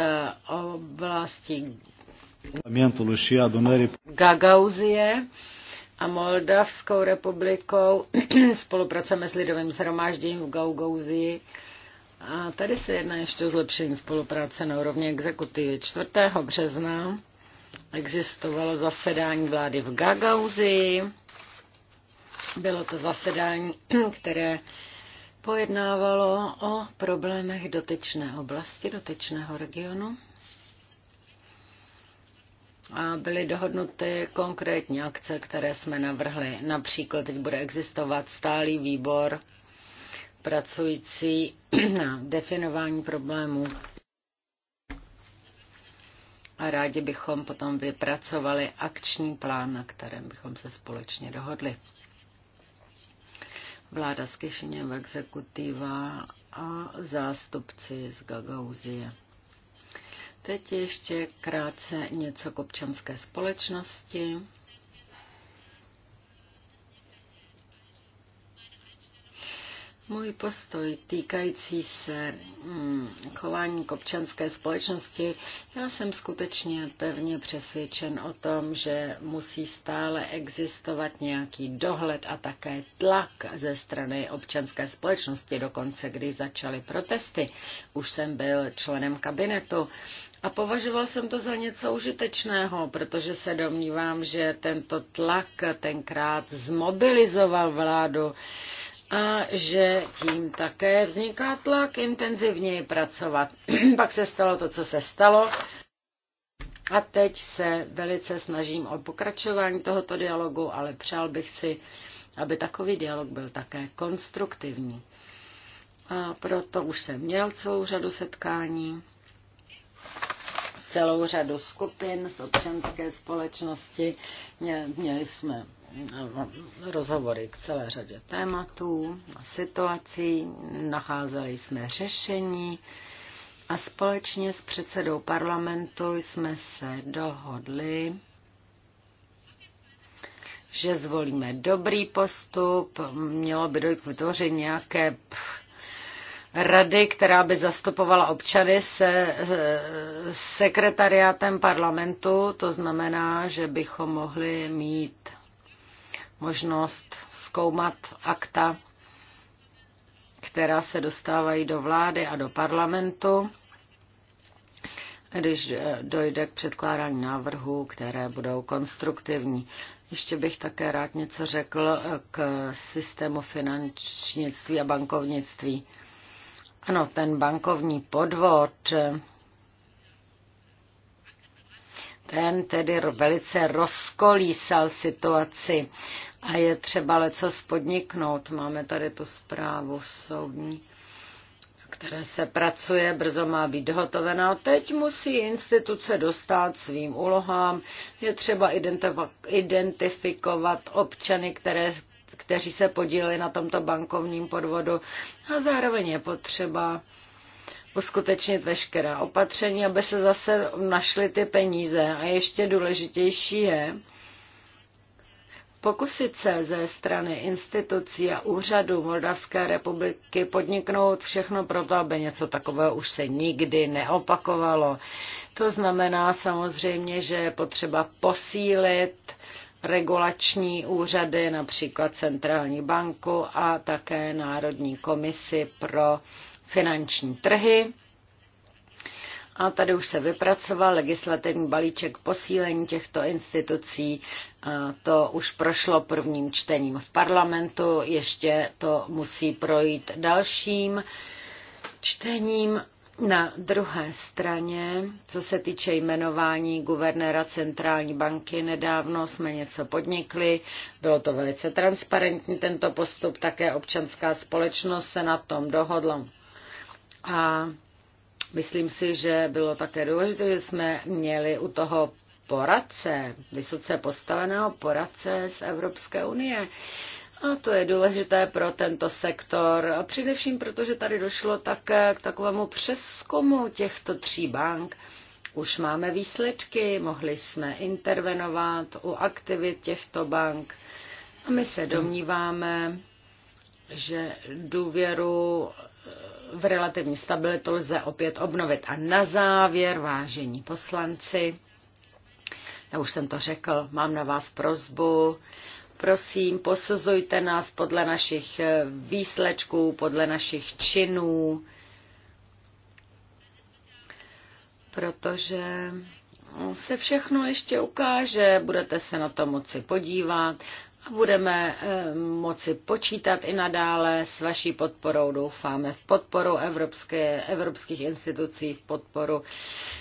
oblastí Gagauzie a Moldavskou republikou. Spolupracujeme s Lidovým shromážděním v Gagauzii. A tady se jedná ještě o zlepšení spolupráce na úrovni exekutivy. 4. března existovalo zasedání vlády v Gagauzi. Bylo to zasedání, které pojednávalo o problémech dotyčné oblasti, dotyčného regionu. A byly dohodnuty konkrétní akce, které jsme navrhli. Například teď bude existovat stálý výbor pracující na definování problémů a rádi bychom potom vypracovali akční plán, na kterém bychom se společně dohodli. Vláda z Kišiněv, exekutiva a zástupci z Gagauzie. Teď ještě krátce něco k občanské společnosti. Můj postoj týkající se hmm, chování k občanské společnosti, já jsem skutečně pevně přesvědčen o tom, že musí stále existovat nějaký dohled a také tlak ze strany občanské společnosti. Dokonce, když začaly protesty, už jsem byl členem kabinetu. A považoval jsem to za něco užitečného, protože se domnívám, že tento tlak tenkrát zmobilizoval vládu a že tím také vzniká tlak intenzivněji pracovat. Pak se stalo to, co se stalo. A teď se velice snažím o pokračování tohoto dialogu, ale přál bych si, aby takový dialog byl také konstruktivní. A proto už jsem měl celou řadu setkání celou řadu skupin z občanské společnosti. Měli jsme no, no, rozhovory k celé řadě tématů a situací, nacházeli jsme řešení a společně s předsedou parlamentu jsme se dohodli, že zvolíme dobrý postup, mělo by dojít k vytvoření nějaké rady, která by zastupovala občany se eh, sekretariátem parlamentu. To znamená, že bychom mohli mít možnost zkoumat akta, která se dostávají do vlády a do parlamentu, když eh, dojde k předkládání návrhů, které budou konstruktivní. Ještě bych také rád něco řekl eh, k systému finančnictví a bankovnictví. Ano, ten bankovní podvod, ten tedy velice rozkolísal situaci a je třeba leco spodniknout. Máme tady tu zprávu soudní které se pracuje, brzo má být dohotovena. Teď musí instituce dostat svým úlohám. Je třeba identifikovat občany, které, kteří se podíleli na tomto bankovním podvodu a zároveň je potřeba uskutečnit veškerá opatření, aby se zase našly ty peníze. A ještě důležitější je, Pokusit se ze strany institucí a úřadů Moldavské republiky podniknout všechno proto, aby něco takového už se nikdy neopakovalo. To znamená samozřejmě, že je potřeba posílit regulační úřady, například Centrální banku a také Národní komisi pro finanční trhy. A tady už se vypracoval legislativní balíček posílení těchto institucí. A to už prošlo prvním čtením v parlamentu, ještě to musí projít dalším čtením na druhé straně, co se týče jmenování guvernéra centrální banky, nedávno jsme něco podnikli, bylo to velice transparentní tento postup, také občanská společnost se na tom dohodla. A myslím si, že bylo také důležité, že jsme měli u toho poradce, vysoce postaveného poradce z Evropské unie a to je důležité pro tento sektor, a především protože tady došlo také k takovému přeskomu těchto tří bank. Už máme výsledky, mohli jsme intervenovat u aktivit těchto bank a my se domníváme, že důvěru eh, v relativní stabilitu lze opět obnovit. A na závěr, vážení poslanci, já už jsem to řekl, mám na vás prozbu, Prosím, posuzujte nás podle našich eh, výslečků, podle našich činů, protože se všechno ještě ukáže, budete se na to moci podívat budeme eh, moci počítat i nadále s vaší podporou, doufáme, v podporu evropské, evropských institucí, v podporu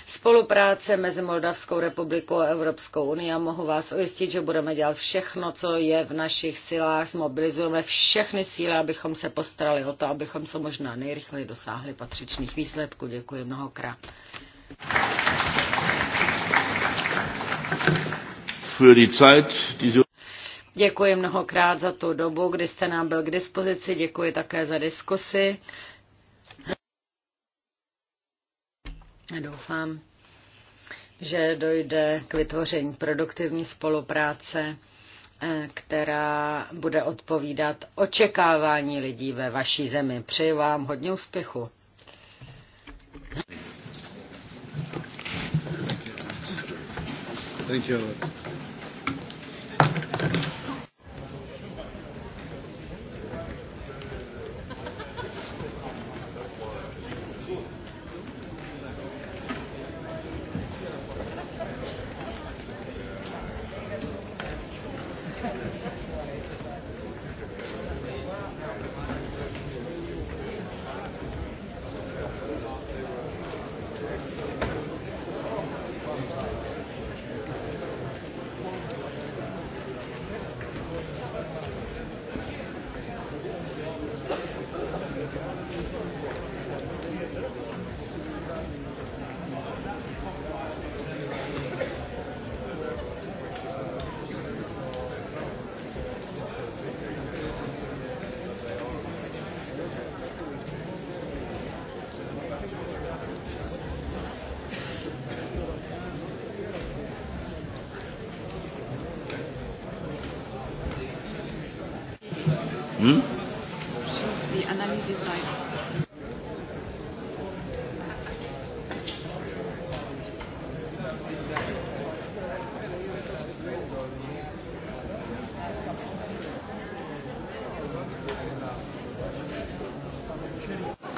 spolupráce mezi Moldavskou republikou a Evropskou unii a mohu vás ujistit, že budeme dělat všechno, co je v našich silách, zmobilizujeme všechny síly, abychom se postarali o to, abychom co možná nejrychleji dosáhli patřičných výsledků. Děkuji mnohokrát. Für die Zeit, die Děkuji mnohokrát za tu dobu, kdy jste nám byl k dispozici. Děkuji také za diskusy. Doufám, že dojde k vytvoření produktivní spolupráce, eh, která bude odpovídat očekávání lidí ve vaší zemi. Přeji vám hodně úspěchu. Thank you.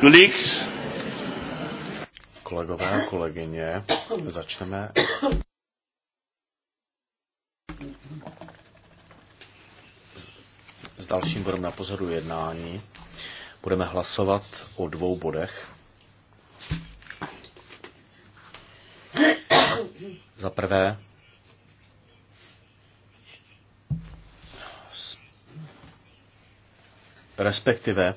colleagues. Kolegové a kolegyně, začneme. S dalším bodem na pozoru jednání budeme hlasovat o dvou bodech. Za prvé respektive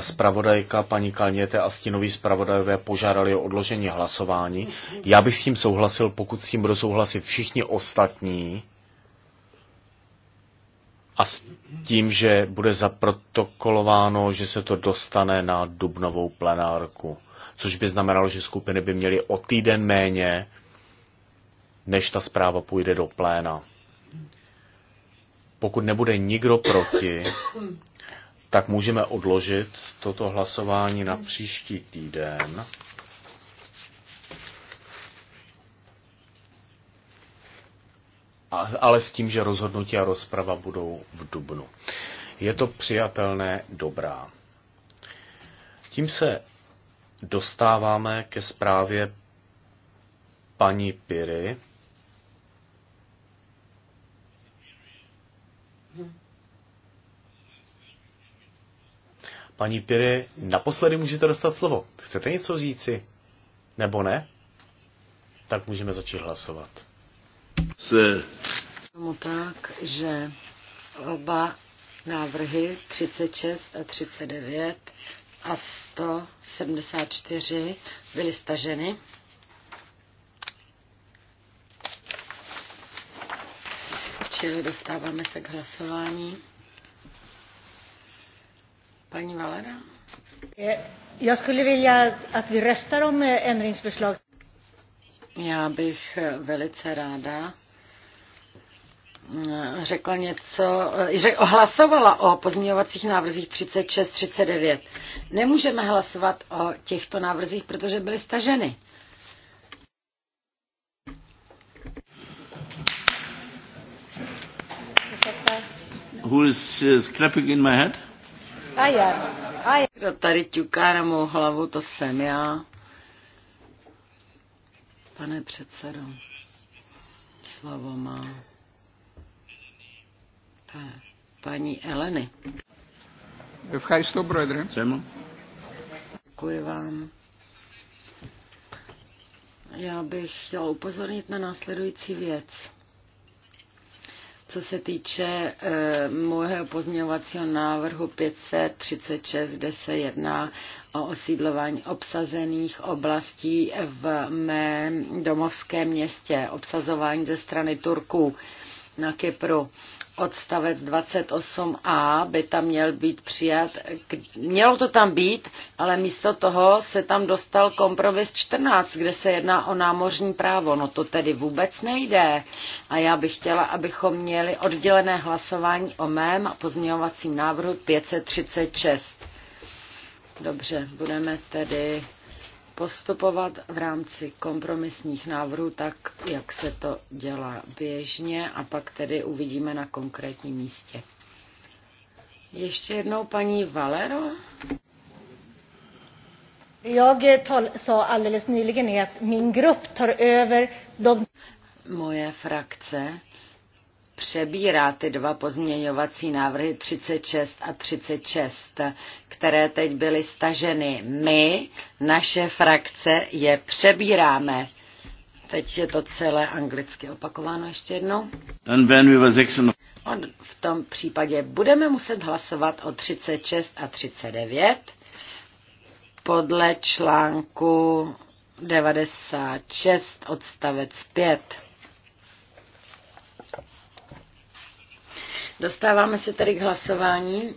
zpravodajka paní Kalněte a stinoví zpravodajové požádali o odložení hlasování. Já bych s tím souhlasil, pokud s tím budou souhlasit všichni ostatní a s tím, že bude zaprotokolováno, že se to dostane na dubnovou plenárku. Což by znamenalo, že skupiny by měly o týden méně, než ta zpráva půjde do pléna. Pokud nebude nikdo proti, tak můžeme odložit toto hlasování na příští týden. ale s tím, že rozhodnutí a rozprava budou v dubnu. Je to přijatelné dobrá. Tím se dostáváme ke zprávě paní Piry Paní Piry, naposledy můžete dostat slovo. Chcete něco říci? Nebo ne? Tak můžeme začít hlasovat. Se. Tomu tak, že oba návrhy 36 a 39 a 174 byly staženy. Čili dostáváme se k hlasování. Paní Valera? Eh, skulle vilja att vi röstar om eh, ändringsförslag. Já bych eh, velice ráda mm, řekla něco, že hlasovala o pozměňovacích návrzích 36, 39. Nemůžeme hlasovat o těchto návrzích, protože byly staženy. Who is, is clapping in my head? A já. A já. Kdo tady ťuká na mou hlavu, to jsem já. Pane předsedo, slovo má ta paní Eleny. Ευχαριστώ, Πρόεδρε. Děkuji vám. Já bych chtěla upozornit na následující věc. Co se týče e, eh, mojeho pozměňovacího návrhu 536, kde se jedná o osídlování obsazených oblastí v mém domovském městě, obsazování ze strany Turků na Kypru odstavec 28a by tam měl být přijat. Mělo to tam být, ale místo toho se tam dostal kompromis 14, kde se jedná o námořní právo. No to tedy vůbec nejde. A já bych chtěla, abychom měli oddělené hlasování o mém pozměňovacím návrhu 536. Dobře, budeme tedy postupovat v rámci kompromisních návrhů tak, jak se to dělá běžně a pak tedy uvidíme na konkrétním místě. Ještě jednou paní Valero. Jag tal, sa alldeles nyligen att min grupp tar över de... Moje frakce přebírá ty dva pozměňovací návrhy 36 a 36, které teď byly staženy. My, naše frakce, je přebíráme. Teď je to celé anglicky opakováno ještě jednou. V tom případě budeme muset hlasovat o 36 a 39 podle článku 96 odstavec 5. Dostáváme se tedy k hlasování.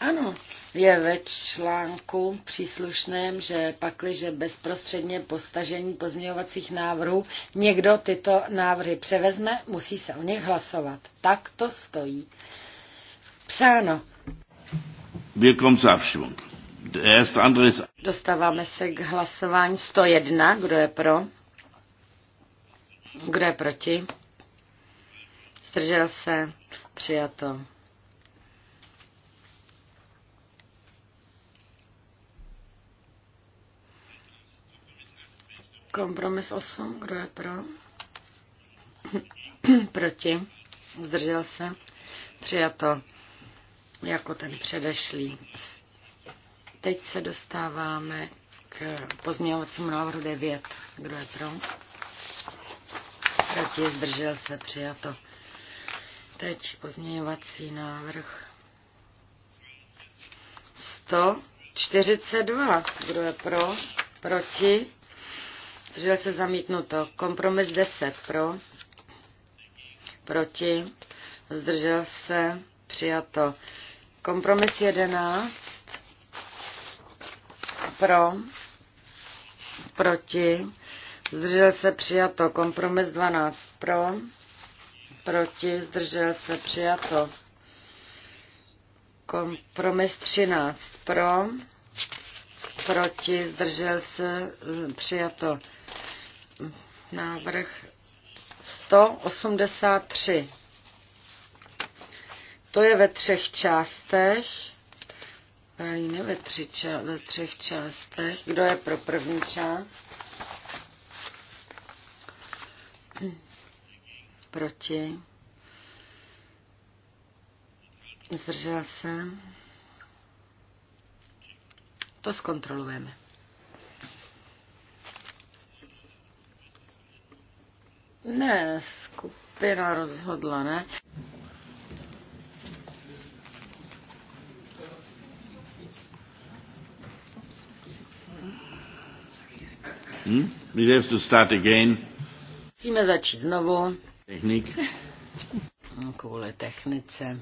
Ano, je ve článku příslušném, že pakliže bezprostředně po stažení pozměňovacích návrhů někdo tyto návrhy převezme, musí se o nich hlasovat. Tak to stojí. Psáno. Dostáváme se k hlasování 101. Kdo je pro? Kdo je proti? Zdržel se? Přijato. Kompromis 8, kdo je pro? Proti? Zdržel se? Přijato jako ten předešlý. Teď se dostáváme k pozměňovacímu návrhu 9. Kdo je pro? Proti? Zdržel se? Přijato. Teď pozměňovací návrh 142. Kdo je pro? Proti? Zdržel se zamítnuto. Kompromis 10 pro. Proti? Zdržel se přijato. Kompromis 11 pro. Proti? Zdržel se přijato. Kompromis 12 pro proti, zdržel se, přijato. Kompromis 13 pro, proti, zdržel se, přijato. Návrh 183. To je ve třech částech. ne, ve, tři, ve třech částech. Kdo je pro první část? Proti. Zdržel se. To zkontrolujeme. Ne, skupina rozhodla, ne? Hmm? We have to start again. Musíme začít znovu. Technik. Kvůli technice.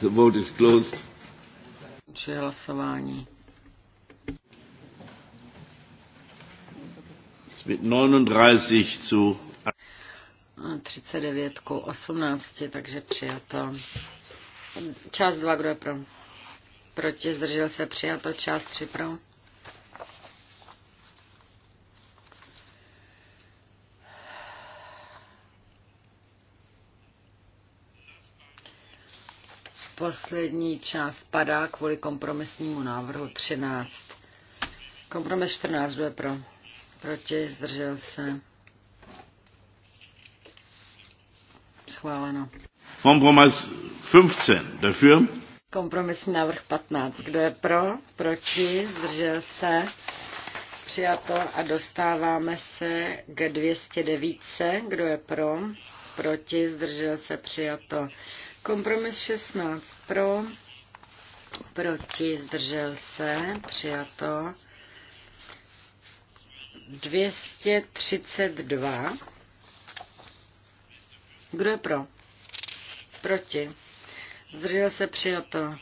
The vote is closed. Při hlasování. Mit 39 zu 39 ku 18, takže přijato. Část 2, kdo je pro? Proti, zdržel se, přijato. Část 3 pro? Poslední část padá kvůli kompromisnímu návrhu 13. Kompromis 14 bude pro. Proti, zdržel se. Schváleno. Kompromis 15. Dafür? Kompromisní návrh 15. Kdo je pro? Proti, zdržel se. Přijato a dostáváme se k 209. Kdo je pro? Proti, zdržel se. Přijato. Kompromis 16 pro, proti, zdržel se, přijato. 232. Kdo je pro? Proti. Zdržel se přijato.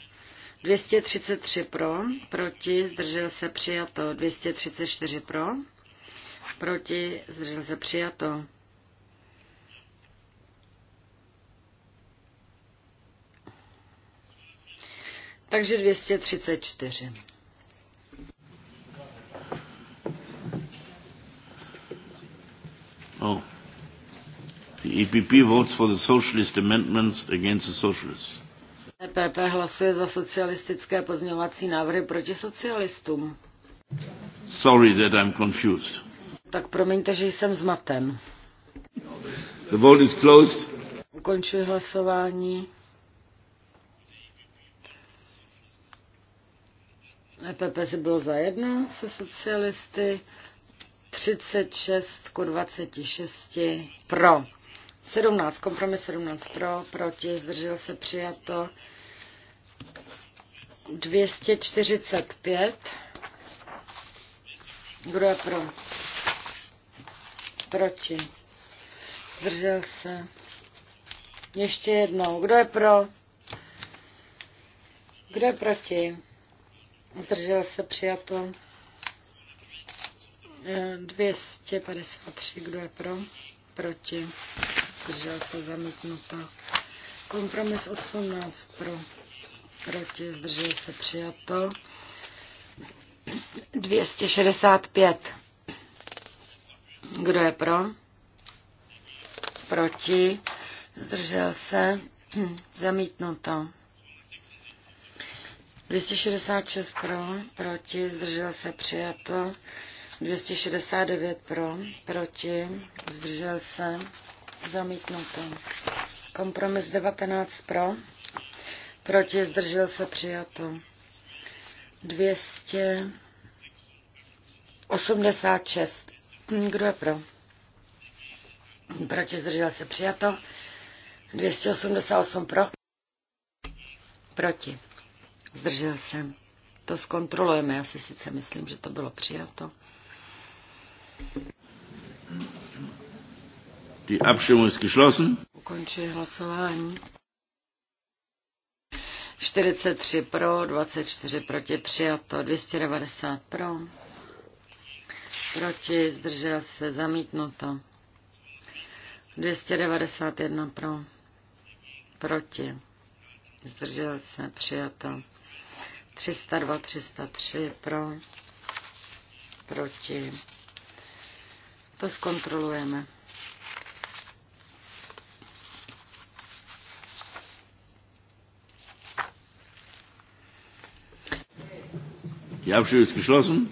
233 pro, proti, zdržel se přijato. 234 pro, proti, zdržel se přijato. Takže 234. Oh. The EPP votes for the socialist amendments against the socialists. EPP hlasuje za socialistické pozměňovací návrhy proti socialistům. Sorry that I'm confused. Tak promiňte, že jsem zmaten. The vote is closed. Ukončuji hlasování. EPP si bylo zajedno se socialisty, 36 ku 26 pro. 17, kompromis 17 pro, proti, zdržel se přijato. 245. Kdo je pro? Proti. Zdržel se. Ještě jednou. Kdo je pro? Kdo je proti? zdržel se přijato 253, e, kdo je pro, proti, zdržel se zamítnuto. Kompromis 18 pro, proti, zdržel se přijato 265. Kdo je pro? Proti? Zdržel se? Zamítnuto. 266 pro, proti, zdržel se přijato. 269 pro, proti, zdržel se, zamítnuto. Kompromis 19 pro, proti, zdržel se, přijato. 286. Kdo je pro? Proti, zdržel se, přijato. 288 pro, proti. Zdržel jsem. To zkontrolujeme. Já si sice myslím, že to bylo přijato. Die Abstimmung ist geschlossen. Ukončuji hlasování. 43 pro, 24 proti, přijato, 290 pro, proti, zdržel se, zamítnuto, 291 pro, proti, zdržel se, přijato, 302, 303 pro, proti. To zkontrolujeme. Já Abstimmung ist geschlossen.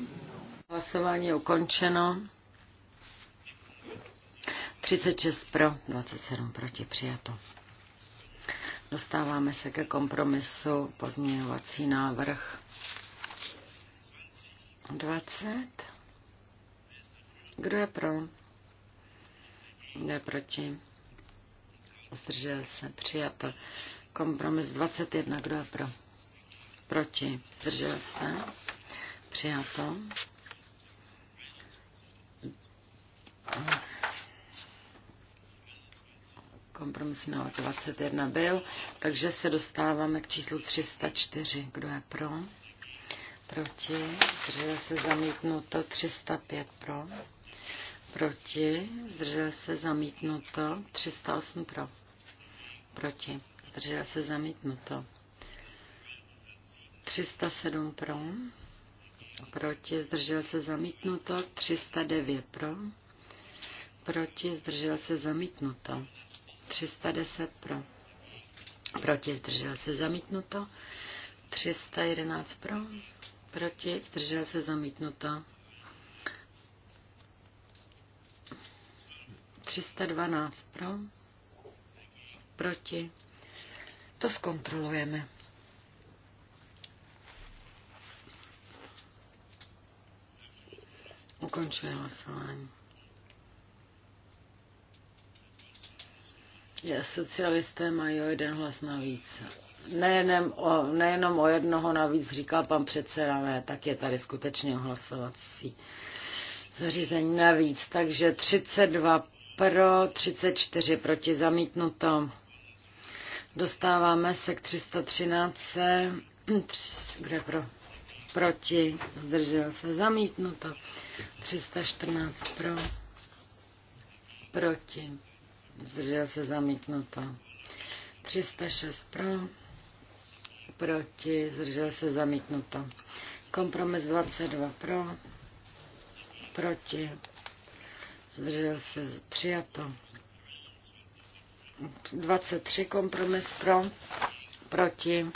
Hlasování je ukončeno. 36 pro, 27 proti, přijato. Dostáváme se ke kompromisu pozměňovací návrh 20. Kdo je pro? Kdo je proti? Zdržel se. Přijato. Kompromis 21. Kdo je pro? Proti. Zdržel se. Přijato kompromis na 21 byl, takže se dostáváme k číslu 304. Kdo je pro? Proti. Zdržel se zamítnuto 305 pro. Proti. Zdržel se zamítnuto 308 pro. Proti. Zdržel se zamítnuto. 307 pro. Proti. Zdržel se zamítnuto 309 pro. Proti. Zdržel se zamítnuto. 310 pro. Proti zdržel se zamítnuto. 311 pro. Proti zdržel se zamítnuto. 312 pro. Proti. To zkontrolujeme. Ukončuje hlasování. Socialisté mají o jeden hlas navíc. Nejenom o, nejenom o jednoho navíc, říkal pan předseda, ne, tak je tady skutečně hlasovací zařízení navíc. Takže 32 pro, 34 proti zamítnuto. Dostáváme se k 313. Kde pro? Proti. Zdržel se. Zamítnuto. 314 pro. Proti zdržel se zamítnuto. 306 pro, proti, zdržel se zamítnuto. Kompromis 22 pro, proti, zdržel se přijato. 23 kompromis pro, proti,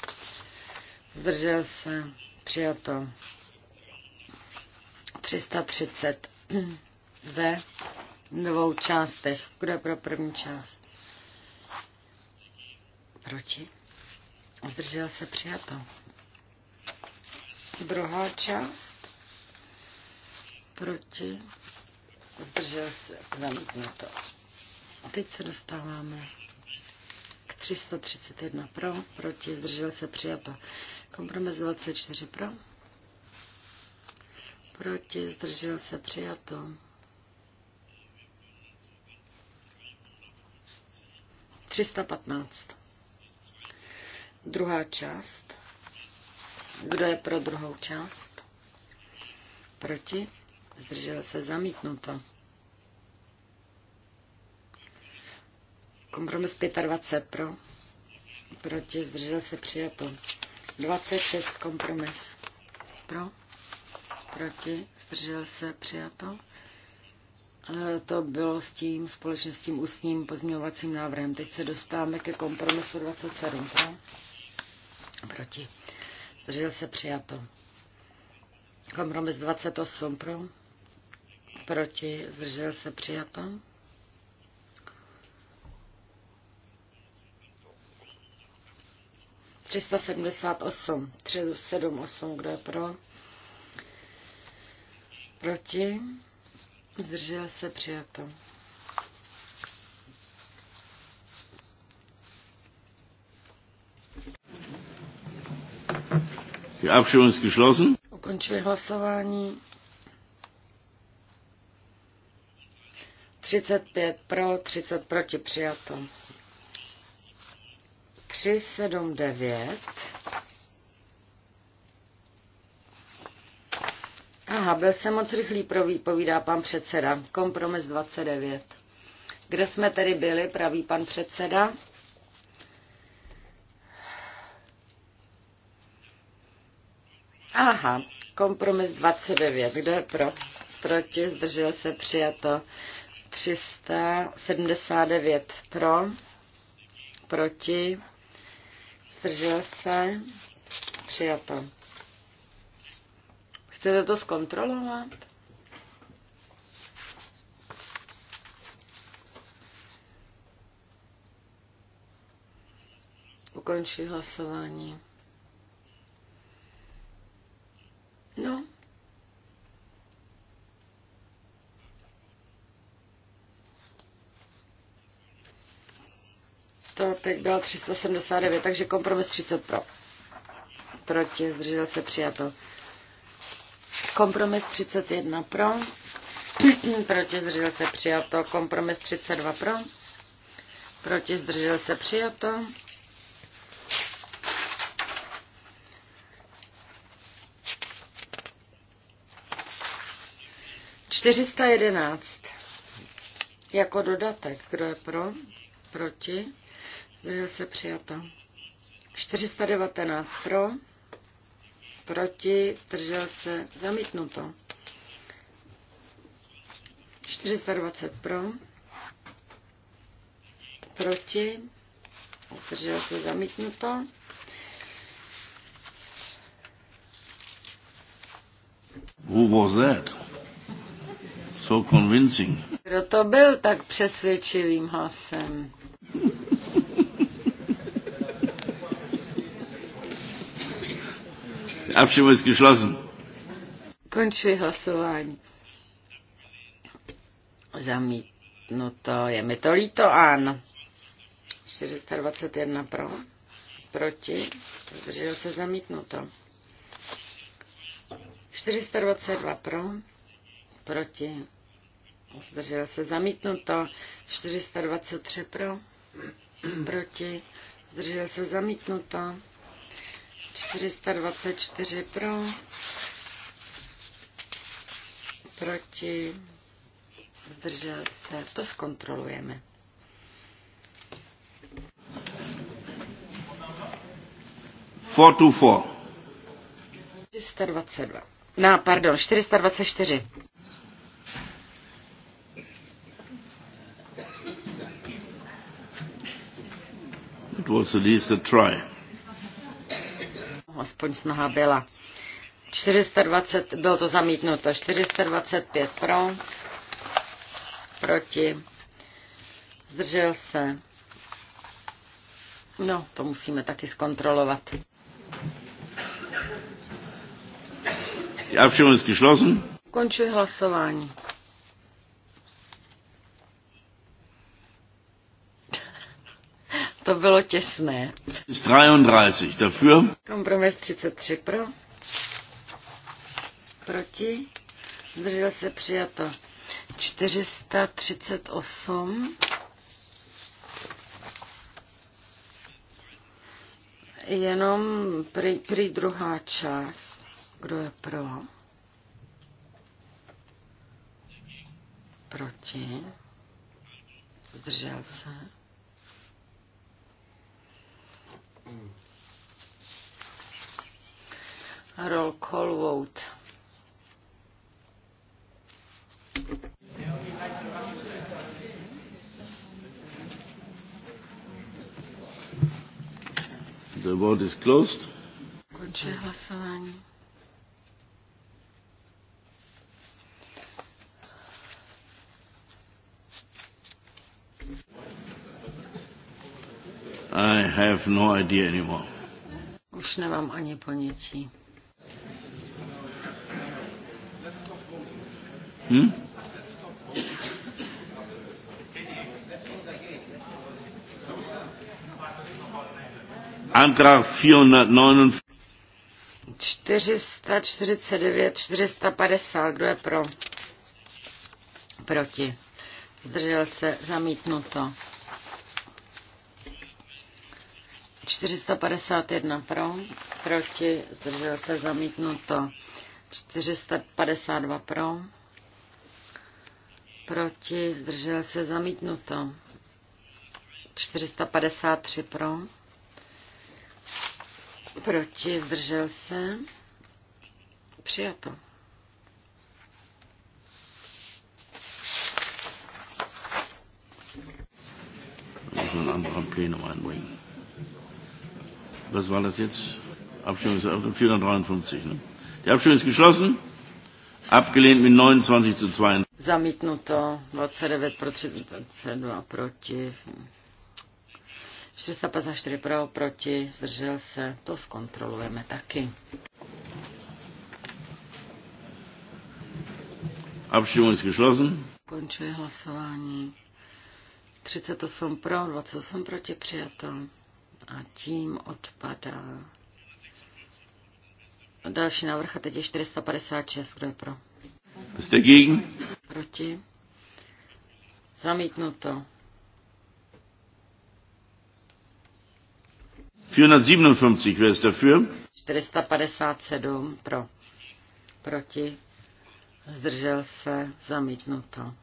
zdržel se přijato. 330 zde dvou částech. Kdo je pro první část? Proti? Zdržel se přijato. Druhá část? Proti? Zdržel se zamítnuto. A teď se dostáváme k 331 pro, proti zdržel se přijato. Kompromis 24 pro, proti zdržel se přijato. 315. Druhá část. Kdo je pro druhou část? Proti? Zdržel se zamítnuto. Kompromis 25 pro. Proti? Zdržel se přijato. 26 kompromis. Pro? Proti? Zdržel se přijato. To bylo s tím, společně s tím ústním pozměňovacím návrhem. Teď se dostáváme ke kompromisu 27. Pro? Proti. Zdržel se přijato. Kompromis 28 pro. Proti. Zdržel se přijato. Třista sedmdesát osm, tři sedm osm, kdo je pro? Proti. Zdržela se přijato. Die Abstimmung ist geschlossen. Ukončili hlasování. 35 pro, 30 proti přijato. 379. Aha, byl jsem moc rychlý, proví, povídá pan předseda. Kompromis 29. Kde jsme tedy byli, praví pan předseda? Aha, kompromis 29. Kdo je pro? Proti, zdržel se, přijato. 379 pro, proti, zdržel se, přijato. Chcete to zkontrolovat? Ukončí hlasování. No. To teď bylo 379, takže kompromis 30 pro. Proti, zdržel se přijato. Kompromis 31 pro. Proti zdržel se přijato. Kompromis 32 pro. Proti zdržel se přijato. Čtyřista jedenáct. Jako dodatek. Kdo je pro? Proti? Zdržel se přijato. 419 pro proti, zdržel se, zamítnuto. 420 pro, proti, zdržel se, zamítnuto. Who was that? So convincing. Kdo to byl tak přesvědčivým hlasem? Abstimmung ist geschlossen. Končí hlasování. Zamítnuto. Je mi to líto, An. 421 pro. Proti. Zdržel se zamítnuto. 422 pro. Proti. Zdržel se zamítnuto. 423 pro. Proti. Zdržel se zamítnuto. 424 pro, proti, zdržel se, to zkontrolujeme. Four to four. 422. No, pardon, 424. It was at least a try aspoň snaha byla. 420, bylo to zamítnuto, 425 pro, proti, zdržel se. No, to musíme taky zkontrolovat. Die Abstimmung ist geschlossen. Končuji hlasování. To bylo těsné. 33 dafür. Kompromis 33 pro. Proti. Zdržel se přijato. 438. Jenom prý, prý druhá část. Kdo je pro? Proti. Zdržel se. Roll call vote. The vote is closed. Končí hlasování. have no idea anymore. Už nemám ani ponětí. Hmm? Antrag 449. 449, 450, kdo je pro? Proti. Zdržel se, zamítnuto. 451 pro, proti, zdržel se zamítnuto. 452 pro, proti, zdržel se zamítnuto. 453 pro, proti, zdržel se, přijato. Noch einen anderen Plenum einbringen was war das jetzt? Abstimmung ist eröffnet, 453. Ne? Die Abstimmung ist geschlossen. Abgelehnt mit 29 zu 2. Zamítnuto 29 pro 32 proti. 454 pro, proti, zdržel se, to zkontrolujeme taky. Abstimmung ist geschlossen. Končuje hlasování. 38 pro, 28 proti přijatom a tím odpadá další návrh a teď je 456. Kdo je pro? Jste gegen? Proti. Zamítnuto. 457, wer ist dafür? 457 pro. Proti. Zdržel se. Zamítnuto.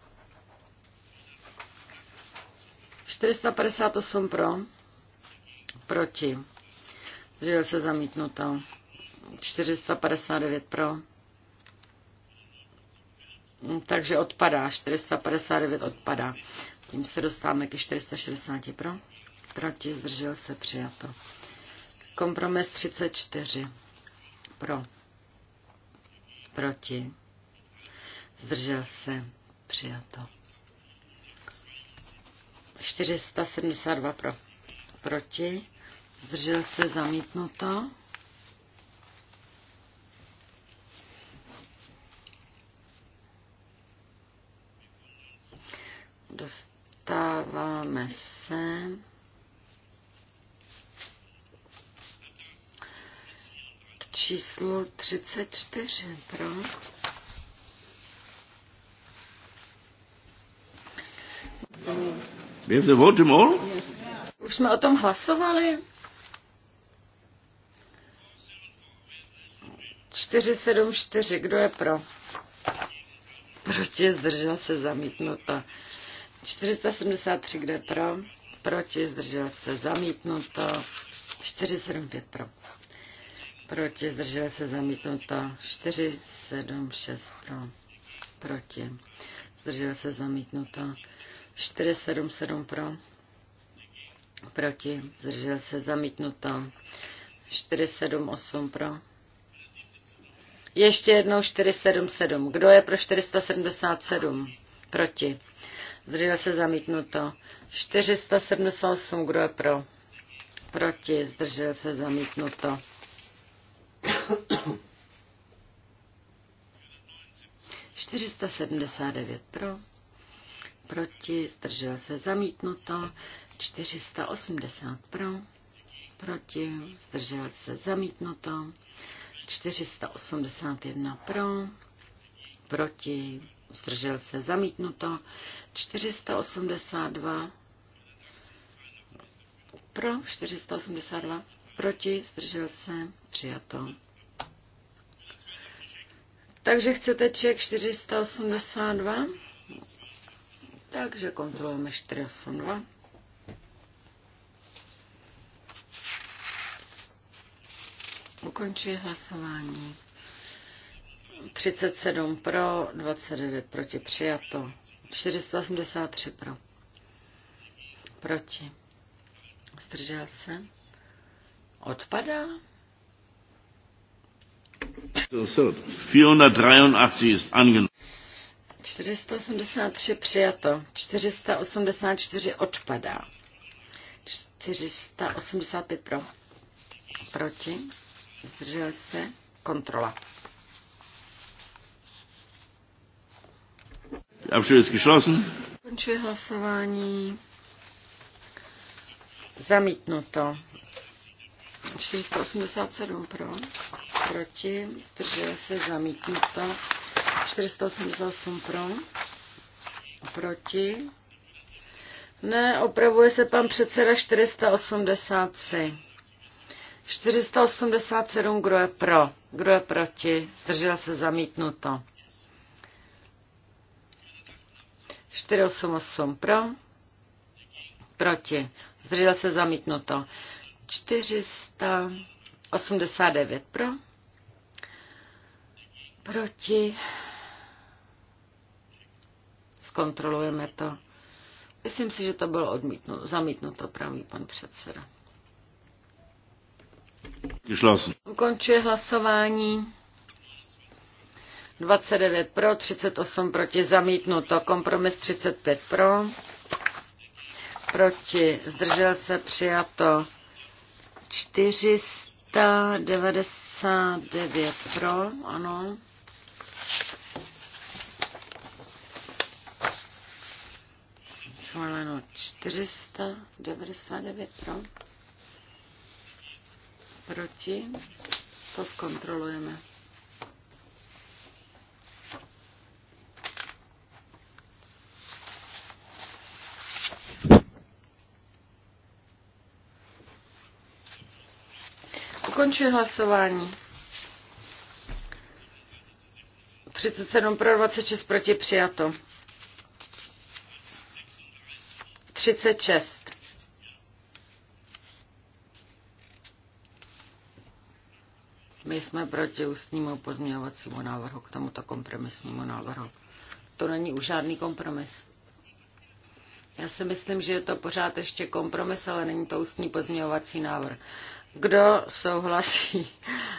458 pro Proti. Zdržel se zamítnuto. 459 pro. Takže odpadá. 459 odpadá. Tím se dostáváme ke 460 pro. Proti. Zdržel se přijato. Kompromis 34 pro. Proti. Zdržel se přijato. 472 pro proti, zdržel se zamítnuto. Dostáváme se k číslu 34 pro We have the vote them all? Už jsme o tom hlasovali? 474, kdo je pro? Proti, zdržel se, zamítnuto. 473, kdo je pro? Proti, zdržel se, zamítnuto. 475 pro. Proti, zdržel se, zamítnuto. 476 pro. Proti, zdržel se, zamítnuto. 477 pro proti, zdržel se zamítnuto. 478 pro. Ještě jednou 477. Kdo je pro 477? Proti. Zdržel se zamítnuto. 478. Kdo je pro? Proti. Zdržel se zamítnuto. 479 pro proti, zdržel se zamítnuto, 480 pro, proti, zdržel se zamítnuto, 481 pro, proti, zdržel se zamítnuto, 482 pro, 482 proti, zdržel se přijato. Takže chcete ček 482? Takže kontrolujeme 482. Ukončuji hlasování. 37 pro, 29 proti přijato. 483 pro. Proti. Zdržel se. Odpadá. 483 ist angenommen. 483 přijato, 484 odpadá, 485 pro, proti, zdržel se, kontrola. Končuji hlasování. Zamítnuto. 487 pro, proti, zdržel se, zamítnuto. 488 pro. Proti. Ne, opravuje se pan předseda 483. 487, kdo je pro, kdo je proti, zdržel se zamítnuto. 488 pro, proti, zdržel se zamítnuto. 489 pro, proti, Zkontrolujeme to. Myslím si, že to bylo odmítnuto, zamítnuto, pravý pan předseda. Ukončuje hlasování. 29 pro, 38 proti, zamítnuto. Kompromis 35 pro, proti, zdržel se, přijato. 499 pro, ano. Voleno 499 pro. Proti. To zkontrolujeme. Ukončuji hlasování. 37 pro 26 proti přijato. 36. My jsme proti ústnímu pozměňovacímu návrhu k tomuto kompromisnímu návrhu. To není už žádný kompromis. Já si myslím, že je to pořád ještě kompromis, ale není to ústní pozměňovací návrh. Kdo souhlasí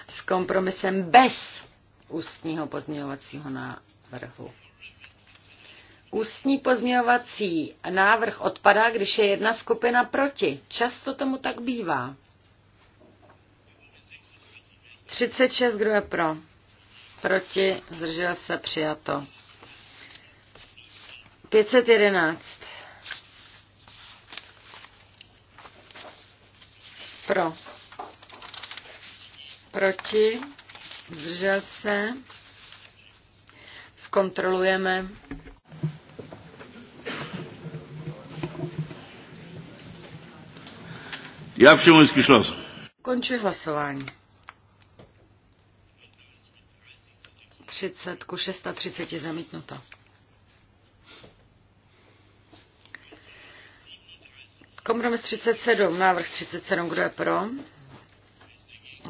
s kompromisem bez ústního pozměňovacího návrhu? ústní pozměňovací návrh odpadá, když je jedna skupina proti. Často tomu tak bývá. 36, kdo je pro? Proti, zdržel se, přijato. 511. Pro. Proti, zdržel se. Zkontrolujeme. Já všemu ist geschlossen. Končí hlasování. 30 ku 630 je zamítnuto. Kompromis 37, návrh 37, kdo je pro?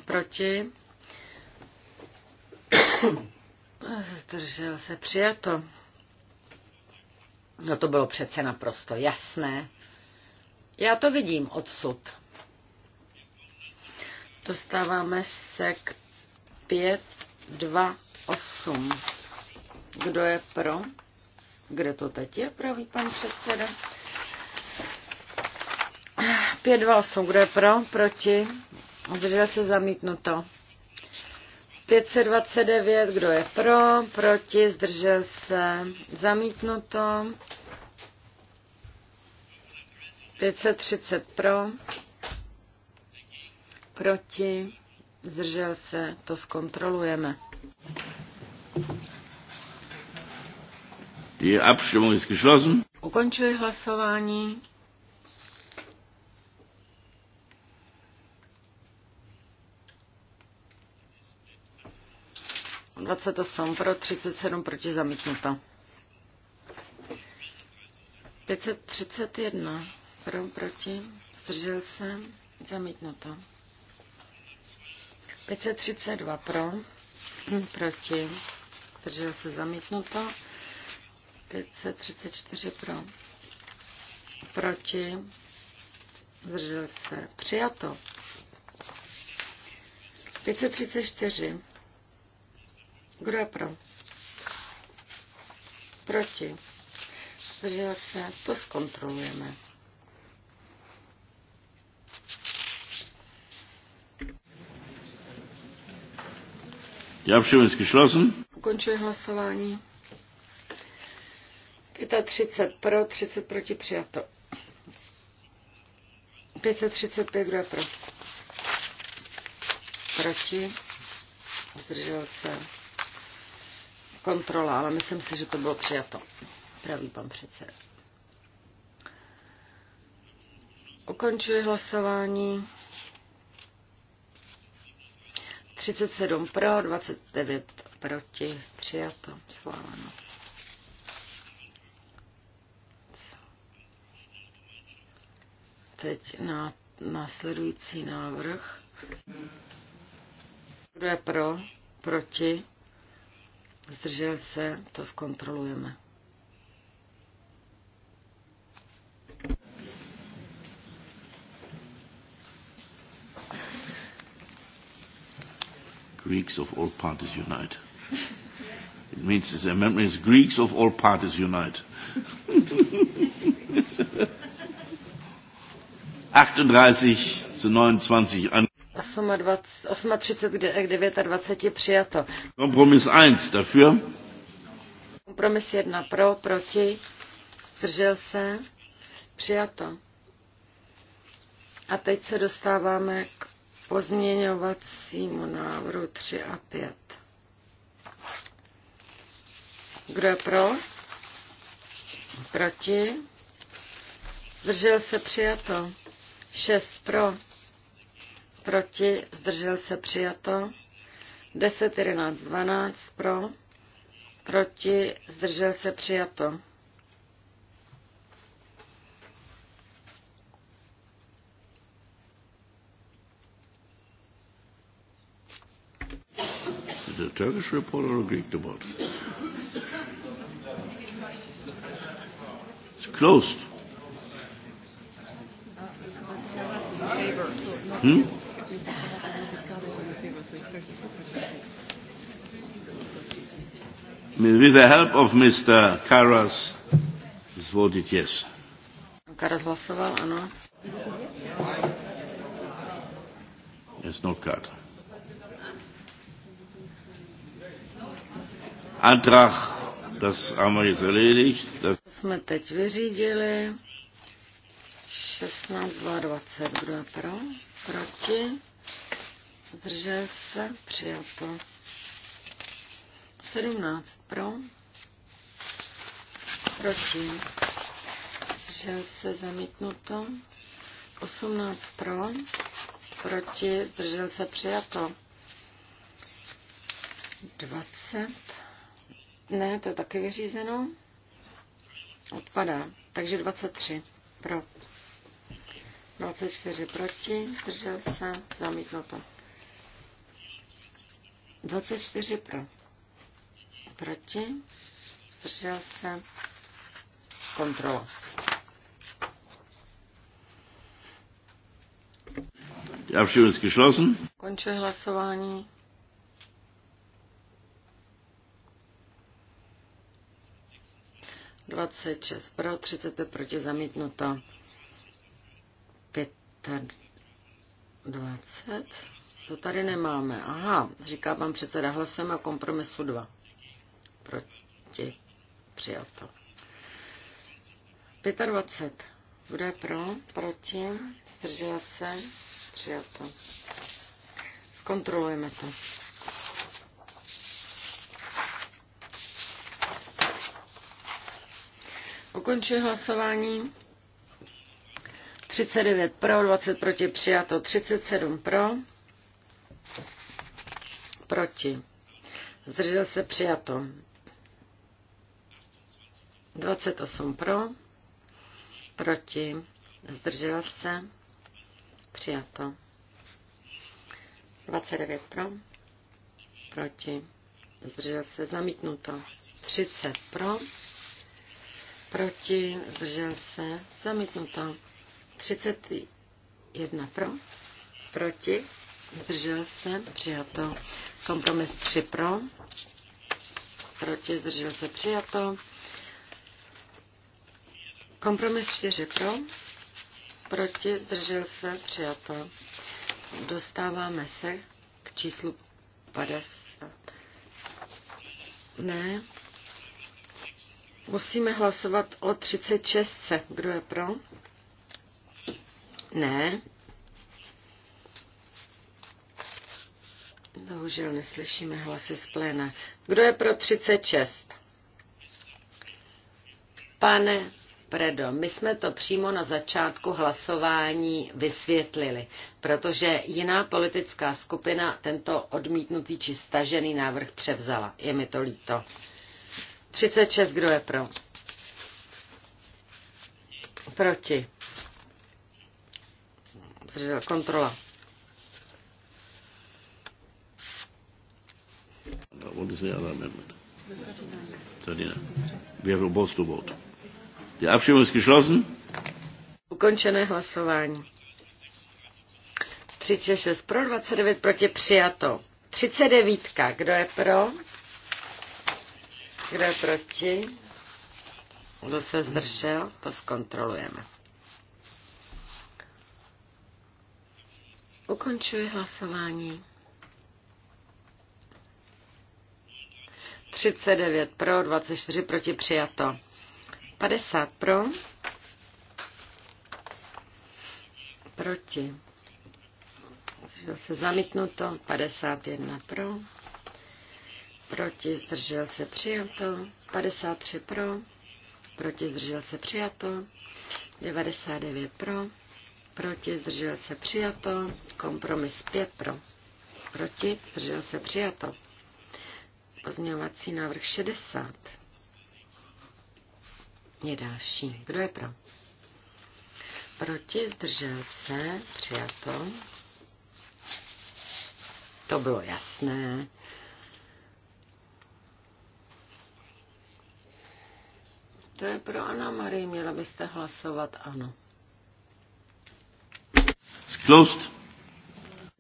Proti? Zdržel se, přijato. No to bylo přece naprosto jasné. Já to vidím odsud. Dostáváme se k 5, 2, 8. Kdo je pro? Kde to teď je, pravý pan předseda? 5, 2, 8. Kdo je pro? Proti? Zdržel se zamítnuto. 529, kdo je pro, proti, zdržel se, zamítnuto. 530 pro, proti, zdržel se, to zkontrolujeme. Die Abstimmung ist geschlossen. Ukončili hlasování. Dvacet osm pro, třicet sedm proti zamítnuto. Pětset třicet jedna pro, proti, zdržel se, zamítnuto. 532 pro, proti, zdržel se zamítnuto. 534 pro, proti, zdržel se přijato. 534. Kdo je pro? Proti. Zdržel se. To zkontrolujeme. Já všichni geschlossen. Ukončuji hlasování. 30 pro, 30 proti přijato. 535 kdo je pro? Proti. Zdržel se. Kontrola, ale myslím si, že to bylo přijato. Pravý pan předseda. Ukončuji hlasování. 37 pro, 29 proti, přijato, schváleno. Teď na následující návrh. Kdo je pro, proti, zdržel se, to zkontrolujeme. Greeks of all parties unite. It means this amendment is Greeks of all parties unite. 38 zu 29 an. 1 dafür. Kompromis 1 pro, proti, zdržel se, přijato. A teď se dostáváme k pozměňovacímu návrhu 3 a 5. Kdo je pro? Proti? Zdržel se přijato. 6 pro. Proti? Zdržel se přijato. 10, 11, 12 pro. Proti? Zdržel se přijato. Turkish report or a Greek report? It's closed. Hmm? With the help of Mr. Karas, he's voted yes. Karas hlasoval, ano. It's not Carter. Antrag, das haben wir jetzt erledigt. Das jsme teď vyřídili. 16, kdo je pro? Proti? Zdržel se? Přijato. 17 pro? Proti? Zdržel se? Zamítnuto. 18 pro? Proti? Zdržel se? Přijato. 20 ne, to je taky vyřízeno. Odpadá. Takže 23 pro. 24 proti, držel se, zamítnuto. 24 pro. Proti, držel se, kontrola. Die Abstimmung ist geschlossen. hlasování. 26 pro, 35 proti zamítnuto. 25. To tady nemáme. Aha, říká pan předseda, hlasujeme o kompromisu 2. Proti přijato. 25. Bude pro? Proti? Zdržela se? Přijato. Zkontrolujeme to. Ukončuji hlasování. 39 pro, 20 proti přijato, 37 pro, proti. Zdržel se přijato. 28 pro, proti, zdržel se, přijato. 29 pro, proti, zdržel se, zamítnuto. 30 pro, proti, zdržel se, zamítnuto. 31 pro, proti, zdržel se, přijato. Kompromis 3 pro, proti, zdržel se, přijato. Kompromis 4 pro, proti, zdržel se, přijato. Dostáváme se k číslu 50. Ne, Musíme hlasovat o 36. Kdo je pro? Ne. Bohužel neslyšíme hlasy z pléna. Kdo je pro 36? Pane Predo, my jsme to přímo na začátku hlasování vysvětlili, protože jiná politická skupina tento odmítnutý či stažený návrh převzala. Je mi to líto. 36, kdo je pro? Proti. kontrola. What is the other amendment? 39. We have vote. Die Abstimmung ist geschlossen. Ukončené hlasování. 36 pro, 29 proti přijato. 39. Kdo je pro? Kdo je proti? Kdo se zdržel? To zkontrolujeme. Ukončuji hlasování. 39 pro, 24 proti přijato. 50 pro, proti. Zdržel zamítnuto, 51 pro, proti zdržel se přijato, 53 pro, proti zdržel se přijato, 99 pro, proti zdržel se přijato, kompromis 5 pro, proti zdržel se přijato. Pozměňovací návrh 60 je další. Kdo je pro? Proti zdržel se přijato. To bylo jasné. To je pro Anna Marie, měla byste hlasovat ano. Closed.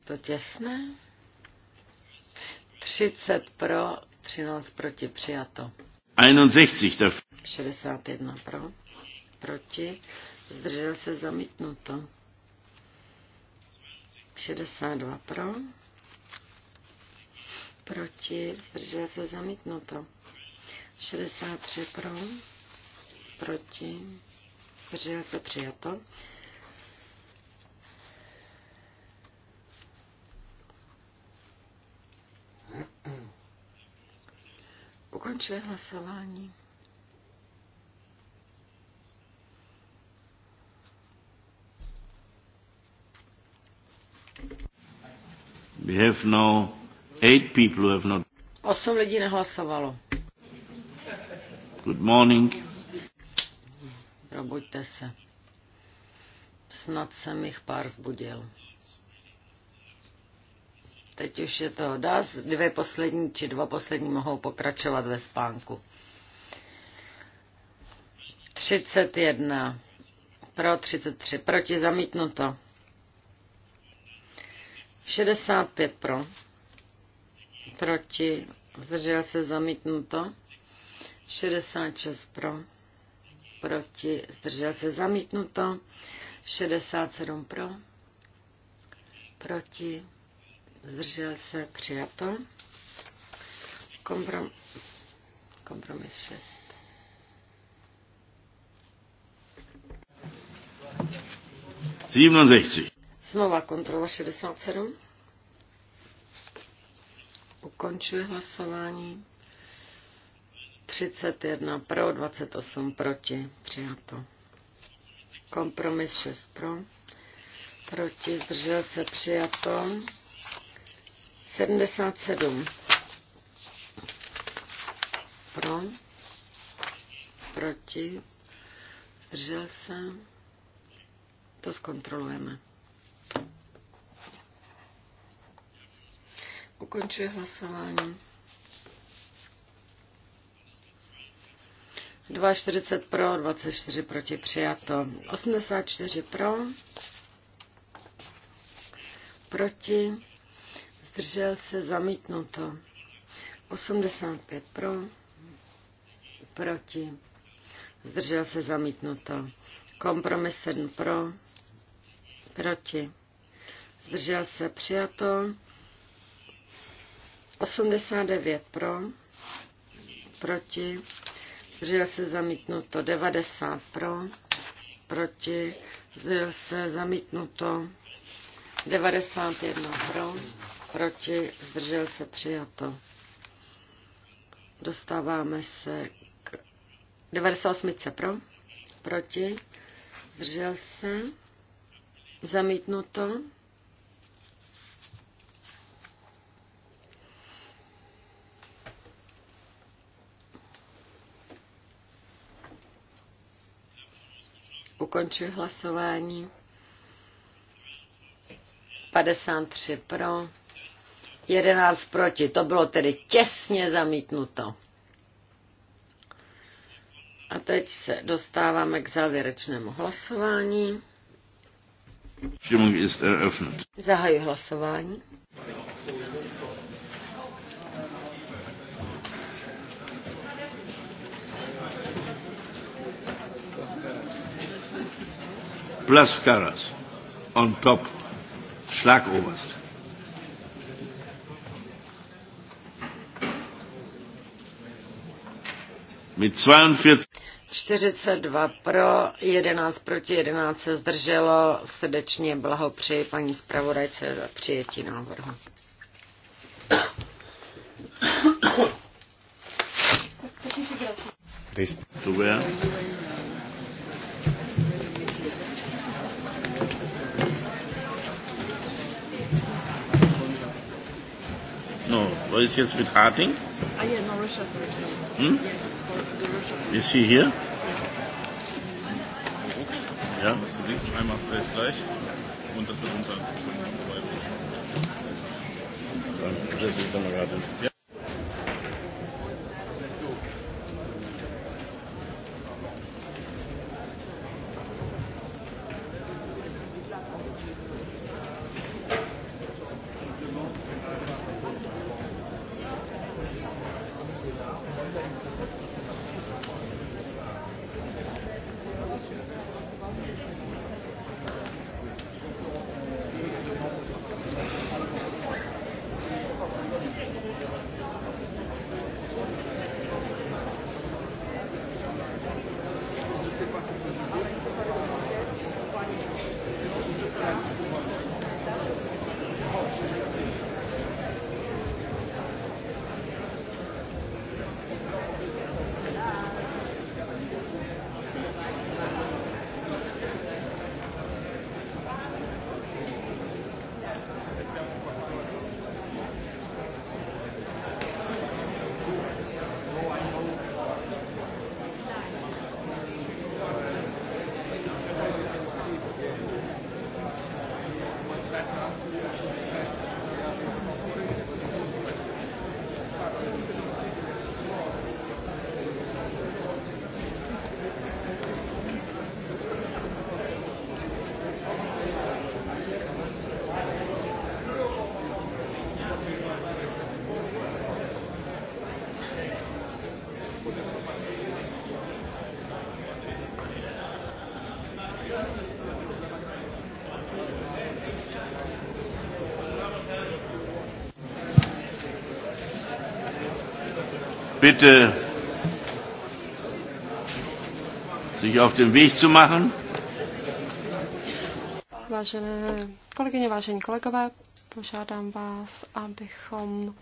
To těsné. 30 pro, 13 proti, přijato. 61 61 pro, proti, zdržel se zamítnuto. 62 pro, proti, zdržel se zamítnuto. 63 pro, proti, zdržel se přijato. Ukončuje hlasování. We have no eight people who have not. Osm lidí nehlasovalo. Good morning. Probuďte se. Snad jsem jich pár zbudil. Teď už je to dá, dvě poslední či dva poslední mohou pokračovat ve spánku. 31 pro 33, proti zamítnuto. 65 pro, proti, zdržel se zamítnuto. 66 pro proti, zdržel se zamítnuto, 67 pro, proti, zdržel se přijato, Komprom, kompromis 6. Znova kontrola 67. Ukončuje hlasování. 31 pro, 28 proti, přijato. Kompromis 6 pro, proti, zdržel se, přijato. 77 pro, proti, zdržel se, to zkontrolujeme. Ukončuji hlasování. 2,40 pro, 24 proti přijato. 84 pro, proti, zdržel se zamítnuto. 85 pro, proti, zdržel se zamítnuto. Kompromis 7 pro, proti, zdržel se přijato. 89 pro, proti, zdržel se zamítnuto 90 pro, proti, zdržel se zamítnuto 91 pro, proti, zdržel se přijato. Dostáváme se k 98 pro, proti, zdržel se, zamítnuto Ukončuji hlasování. 53 pro, 11 proti. To bylo tedy těsně zamítnuto. A teď se dostáváme k závěrečnému hlasování. Zahajuji hlasování. plus Karas on top Schlagoberst. Mit 42 42 pro, 11 proti, 11 se zdrželo. Srdečně blahopřeji paní zpravodajce za přijetí návrhu. To where? Or is jetzt mit Harting? Ah, yeah, no, Russia, sorry. Hmm? Yes, Russia. Is she here? Yes. Ja. Das singt einmal vielleicht gleich und das sind unser Dann, das ist dann gerade. Ja. bitte, sich auf den Weg zu machen. Vážené kolegyně, vážení kolegové, požádám vás, abychom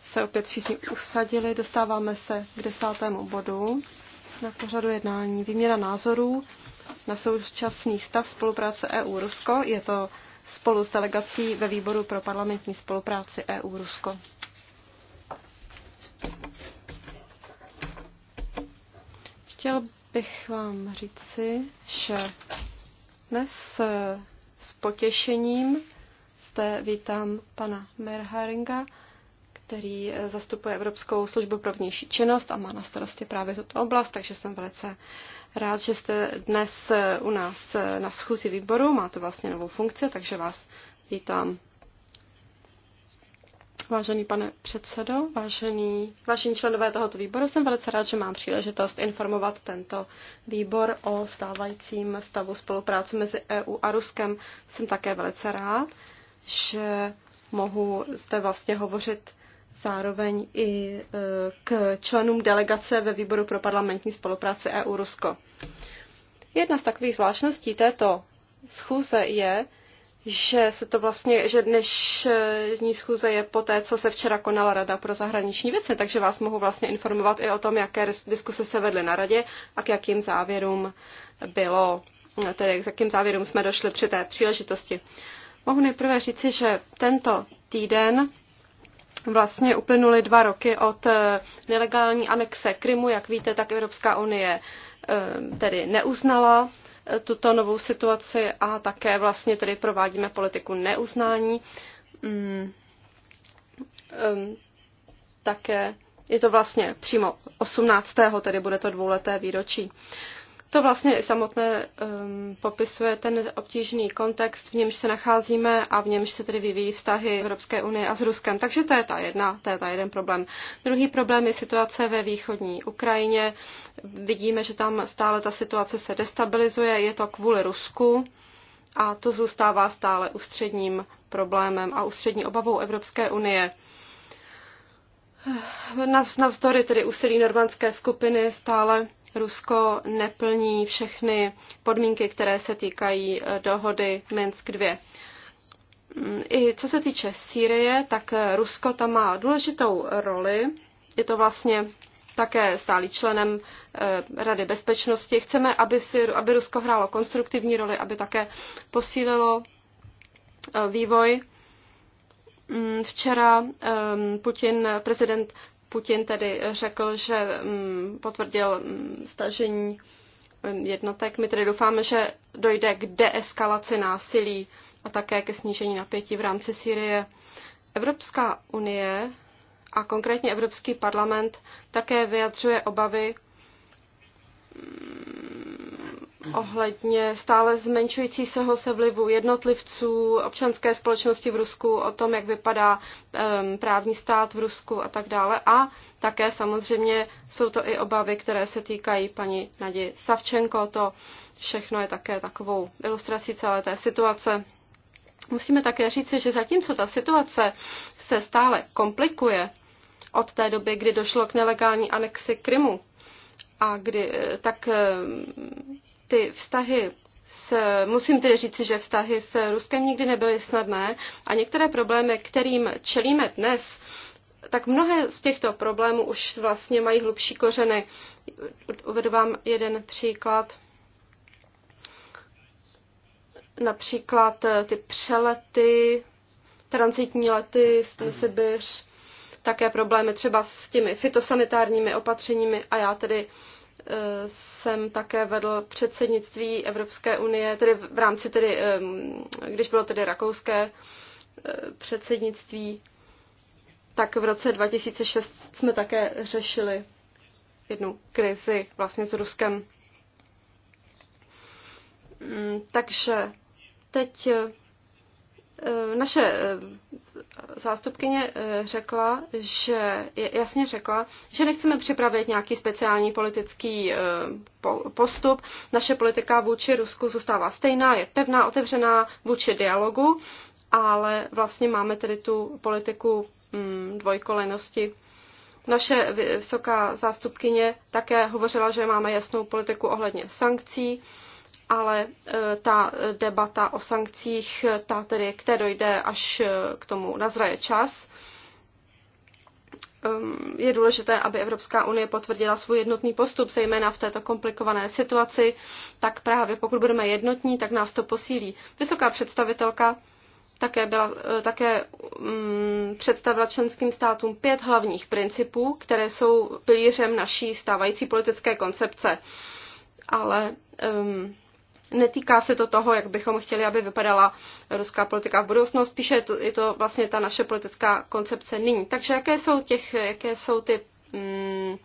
se opět všichni usadili. Dostáváme se k desátému bodu na pořadu jednání. Výměna názorů na současný stav spolupráce EU-Rusko. Je to spolu s delegací ve výboru pro parlamentní spolupráci EU-Rusko. Chtěl bych vám říci, že dnes eh, s potěšením jste vítám pana Merharinga, který eh, zastupuje Evropskou službu pro vnější činnost a má na starosti právě tuto oblast, takže jsem velice rád, že jste dnes eh, u nás na schůzi výboru. Máte vlastně novou funkci, takže vás vítám. Vážený pane předsedo, vážený, vážení členové tohoto výboru, jsem velice rád, že mám příležitost informovat tento výbor o stávajícím stavu spolupráce mezi EU a Ruskem. Jsem také velice rád, že mohu zde vlastně hovořit zároveň i e, k členům delegace ve výboru pro parlamentní spolupráci EU-Rusko. Jedna z takových zvláštností této schůze je, že se to vlastně, že dnešní schůze je po té, co se včera konala Rada pro zahraniční věci, takže vás mohu vlastně informovat i o tom, jaké diskuse se vedly na Radě a k jakým závěrům bylo, tedy k jakým závěrům jsme došli při té příležitosti. Mohu nejprve říci, že tento týden vlastně uplynuly dva roky od eh, nelegální anexe Krymu, jak víte, tak Evropská unie eh, tedy neuznala tuto novou situaci a také vlastně tedy provádíme politiku neuznání. Mm, um, také je to vlastně přímo 18. tedy bude to dvouleté výročí. To vlastně i samotné um, popisuje ten obtížný kontext, v němž se nacházíme a v němž se tedy vyvíjí vztahy Evropské unie a s Ruskem. Takže to je ta jedna, to je ta jeden problém. Druhý problém je situace ve východní Ukrajině. Vidíme, že tam stále ta situace se destabilizuje, je to kvůli Rusku a to zůstává stále ústředním problémem a ústřední obavou Evropské unie. Navzdory tedy úsilí normandské skupiny stále Rusko neplní všechny podmínky, které se týkají eh, dohody Minsk 2. Mm, I co se týče Sýrie, tak eh, Rusko tam má důležitou roli. Je to vlastně také stálý členem eh, Rady bezpečnosti. Chceme, aby, si, aby Rusko hrálo konstruktivní roli, aby také posílilo vývoj. Mm, včera ehm, Putin, prezident Putin tedy řekl, že mm, potvrdil mm, stažení mm, jednotek. My tedy doufáme, že dojde k deeskalaci násilí a také ke snížení napětí v rámci Sýrie. Evropská unie a konkrétně Evropský parlament také vyjadřuje obavy ohledně stále zmenšující se vlivu jednotlivců, občanské společnosti v Rusku, o tom, jak vypadá um, právní stát v Rusku a tak dále. A také samozřejmě jsou to i obavy, které se týkají paní Nadi Savčenko. To všechno je také takovou ilustrací celé té situace. Musíme také říci, že zatímco ta situace se stále komplikuje od té doby, kdy došlo k nelegální anexi Krymu, a kdy, eh, tak ty vztahy s, musím tedy říci, že vztahy s Ruskem nikdy nebyly snadné a některé problémy, kterým čelíme dnes, tak mnohé z těchto problémů už vlastně mají hlubší kořeny. Uvedu vám jeden příklad. Například eh, ty přelety, transitní lety z Sibiř, také problémy třeba s těmi fitosanitárními opatřeními a já tedy jsem také vedl předsednictví Evropské unie, tedy v rámci tedy, když bylo tedy rakouské eh, předsednictví, tak v roce 2006 jsme také řešili jednu krizi vlastně s Ruskem. Mm, takže teď Eh, naše eh, zástupkyně eh, řekla, že jasně řekla, že nechceme připravit nějaký speciální politický postup. Naše politika vůči Rusku zůstává stejná, je pevná, otevřená vůči dialogu, ale vlastně máme tedy tu politiku hm, dvojkolejnosti. Naše vysoká zástupkyně také hovořila, že máme jasnou politiku ohledně sankcí ale e, ta debata o sankcích, e, ta tedy, které dojde, až e, k tomu nazraje čas. Ehm, je důležité, aby Evropská unie potvrdila svůj jednotný postup, zejména v této komplikované situaci, tak právě pokud budeme jednotní, tak nás to posílí. Vysoká představitelka také, byla, také um, představila členským státům pět hlavních principů, které jsou pilířem naší stávající politické koncepce. Ale um, netýká se to toho, jak bychom chtěli, aby vypadala ruská politika v budoucnu, spíše je to, je to vlastně ta naše politická koncepce nyní. Takže jaké jsou, těch, jaké jsou ty hmm,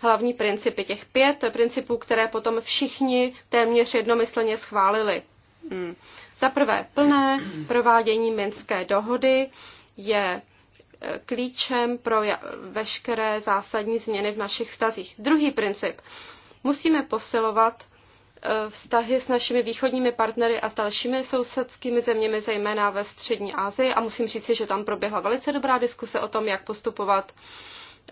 hlavní principy, těch pět principů, které potom všichni téměř jednomyslně schválili? Hmm. Za prvé, plné provádění Minské dohody je eh, klíčem pro veškeré zásadní změny v našich vztazích. Druhý princip. Musíme posilovat Eh, vztahy s našimi východními partnery a s dalšími sousedskými zeměmi, zejména ve Střední Asii. A musím říci, že tam proběhla velice dobrá diskuse o tom, jak postupovat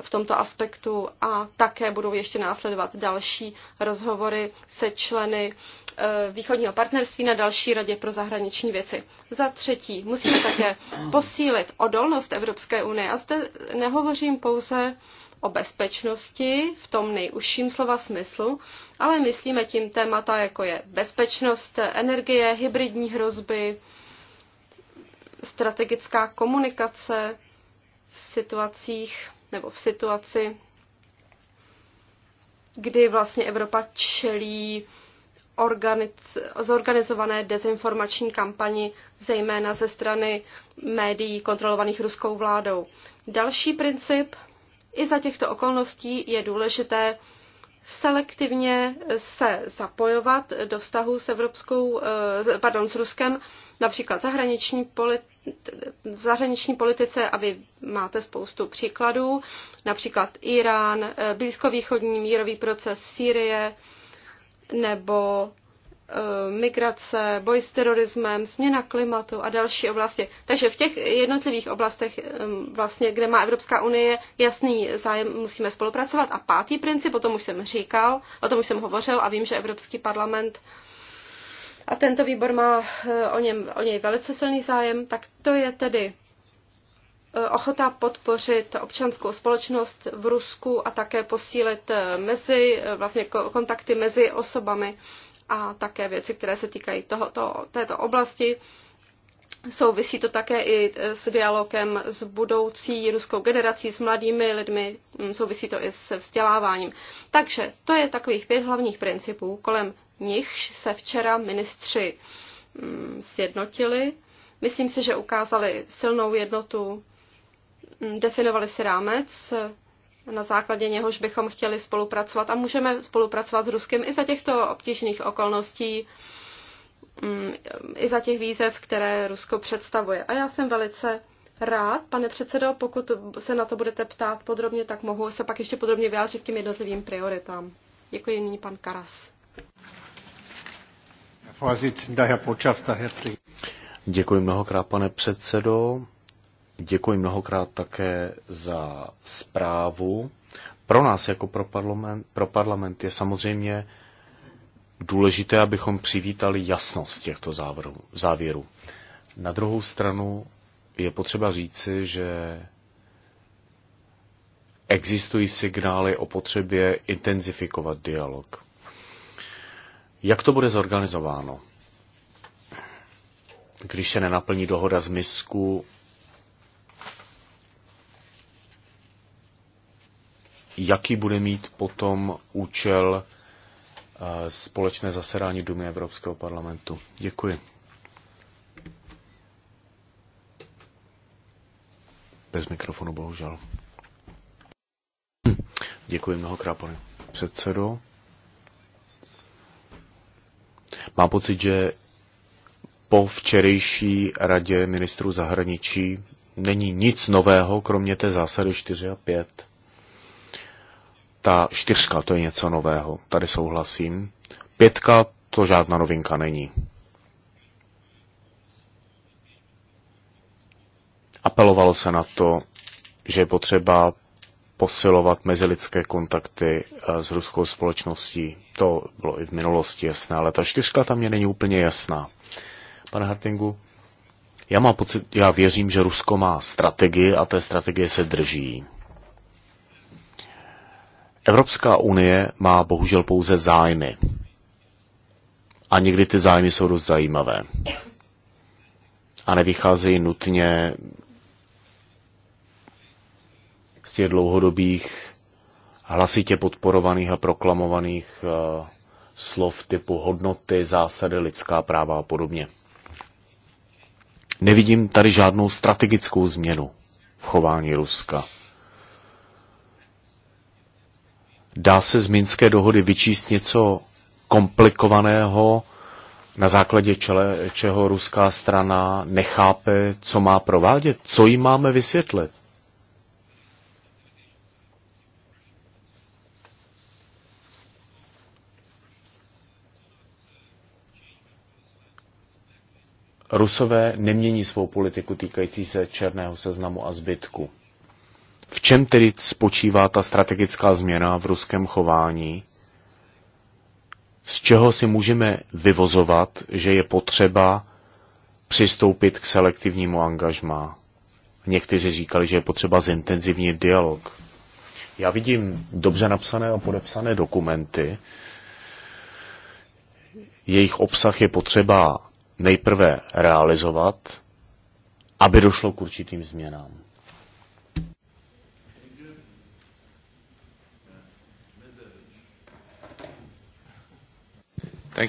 v tomto aspektu a také budou ještě následovat další rozhovory se členy eh, východního partnerství na další radě pro zahraniční věci. Za třetí, musíme také posílit odolnost Evropské unie. A zde nehovořím pouze o bezpečnosti v tom nejužším slova smyslu, ale myslíme tím témata, jako je bezpečnost energie, hybridní hrozby, strategická komunikace v situacích nebo v situaci, kdy vlastně Evropa čelí organiz, zorganizované dezinformační kampani, zejména ze strany médií kontrolovaných ruskou vládou. Další princip i za těchto okolností je důležité selektivně se zapojovat do vztahu s, Evropskou, eh, pardon, s Ruskem, například zahraniční politi- v zahraniční politice a vy máte spoustu příkladů, například Irán, eh, blízkovýchodní mírový proces Sýrie nebo Eh, migrace, boj s terorismem, změna klimatu a další oblasti. Takže v těch jednotlivých oblastech, eh, vlastně, kde má Evropská unie jasný zájem, musíme spolupracovat. A pátý princip, o tom už jsem říkal, o tom už jsem hovořil a vím, že Evropský parlament a tento výbor má eh, o, něm, o něj velice silný zájem, tak to je tedy ochota podpořit občanskou společnost v Rusku a také posílit mezi, vlastně kontakty mezi osobami a také věci, které se týkají tohoto, této oblasti. Souvisí to také i s dialogem s budoucí ruskou generací, s mladými lidmi, mm, souvisí to i se vzděláváním. Takže to je takových pět hlavních principů, kolem nichž se včera ministři mm, sjednotili. Myslím si, že ukázali silnou jednotu, mm, definovali si rámec, na základě něhož bychom chtěli spolupracovat a můžeme spolupracovat s Ruskem i za těchto obtížných okolností, mm, i za těch výzev, které Rusko představuje. A já jsem velice rád, pane předsedo, pokud se na to budete ptát podrobně, tak mohu se pak ještě podrobně vyjádřit k těm jednotlivým prioritám. Děkuji nyní pan Karas. Děkuji mnohokrát, pane předsedo. Děkuji mnohokrát také za zprávu. Pro nás jako pro parlament, pro parlament je samozřejmě důležité, abychom přivítali jasnost těchto závěrů. závěrů. Na druhou stranu je potřeba říci, že existují signály o potřebě intenzifikovat dialog. Jak to bude zorganizováno? Když se nenaplní dohoda z Misku, jaký bude mít potom účel eh, společné zasedání Dumy Evropského parlamentu. Děkuji. Bez mikrofonu, bohužel. Děkuji mnohokrát, pane předsedo. Mám pocit, že po včerejší radě ministrů zahraničí není nic nového, kromě té zásady 4 a 5 ta čtyřka, to je něco nového, tady souhlasím. Pětka, to žádná novinka není. Apelovalo se na to, že je potřeba posilovat mezilidské kontakty eh, s ruskou společností. To bylo i v minulosti jasné, ale ta čtyřka tam mě není úplně jasná. Pane Hartingu, já mám pocit, já věřím, že Rusko má strategii a té strategie se drží. Evropská unie má bohužel pouze zájmy. A někdy ty zájmy jsou dost zajímavé. A nevycházejí nutně z těch dlouhodobých hlasitě podporovaných a proklamovaných uh, slov typu hodnoty, zásady, lidská práva a podobně. Nevidím tady žádnou strategickou změnu v chování Ruska. Dá se z Minské dohody vyčíst něco komplikovaného, na základě čele, čeho ruská strana nechápe, co má provádět? Co jí máme vysvětlit? Rusové nemění svou politiku týkající se černého seznamu a zbytku. V čem tedy spočívá ta strategická změna v ruském chování? Z čeho si můžeme vyvozovat, že je potřeba přistoupit k selektivnímu angažmá? Někteří říkali, že je potřeba zintenzivnit dialog. Já vidím dobře napsané a podepsané dokumenty. Jejich obsah je potřeba nejprve realizovat, aby došlo k určitým změnám. Uh,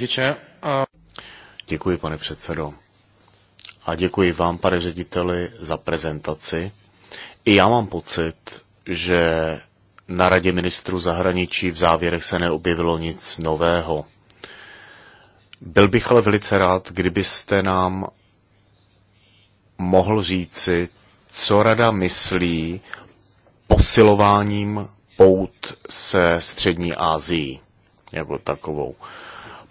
děkuji, pane předsedo. A děkuji vám, pane řediteli, za prezentaci. I já mám pocit, že na radě ministrů zahraničí v závěrech se neobjevilo nic nového. Byl bych ale velice rád, kdybyste nám mohl říci, co rada myslí posilováním pout se střední Asií jako takovou. Uh,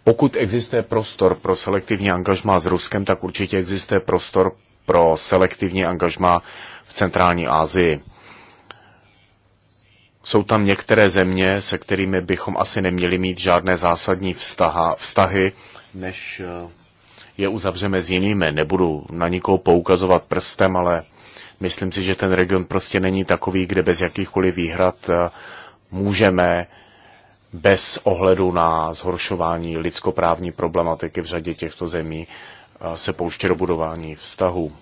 pokud existuje prostor pro selektivní angažma s Ruskem, tak určitě existuje prostor pro selektivní angažma v centrální Asii. Jsou tam některé země, se kterými bychom asi neměli mít žádné zásadní vztaha, vztahy, než eh, je uzavřeme s jinými. Nebudu na nikoho poukazovat prstem, ale myslím si, že ten region prostě není takový, kde bez jakýchkoliv výhrad eh, můžeme bez ohledu na zhoršování lidskoprávní problematiky v řadě těchto zemí eh, se pouště do budování vztahů.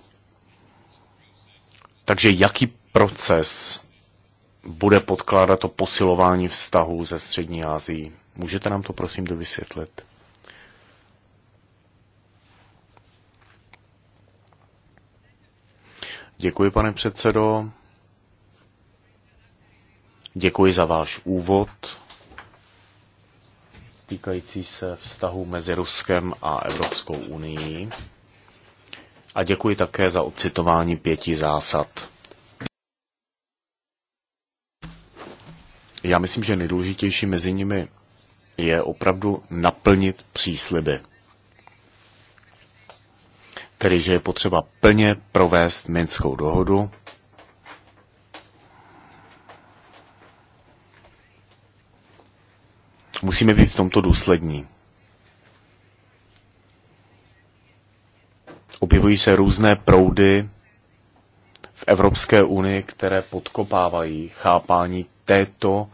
Takže jaký proces bude podkládat to posilování vztahů ze Střední Asií? Můžete nám to prosím dovysvětlit? Děkuji, pane předsedo. Děkuji za váš úvod týkající se vztahu mezi Ruskem a Evropskou unii. A děkuji také za ocitování pěti zásad. Já myslím, že nejdůležitější mezi nimi je opravdu naplnit přísliby. Tedy, že je potřeba plně provést Minskou dohodu, Musíme být v tomto důslední. Objevují se různé proudy v Evropské unii, které podkopávají chápání této,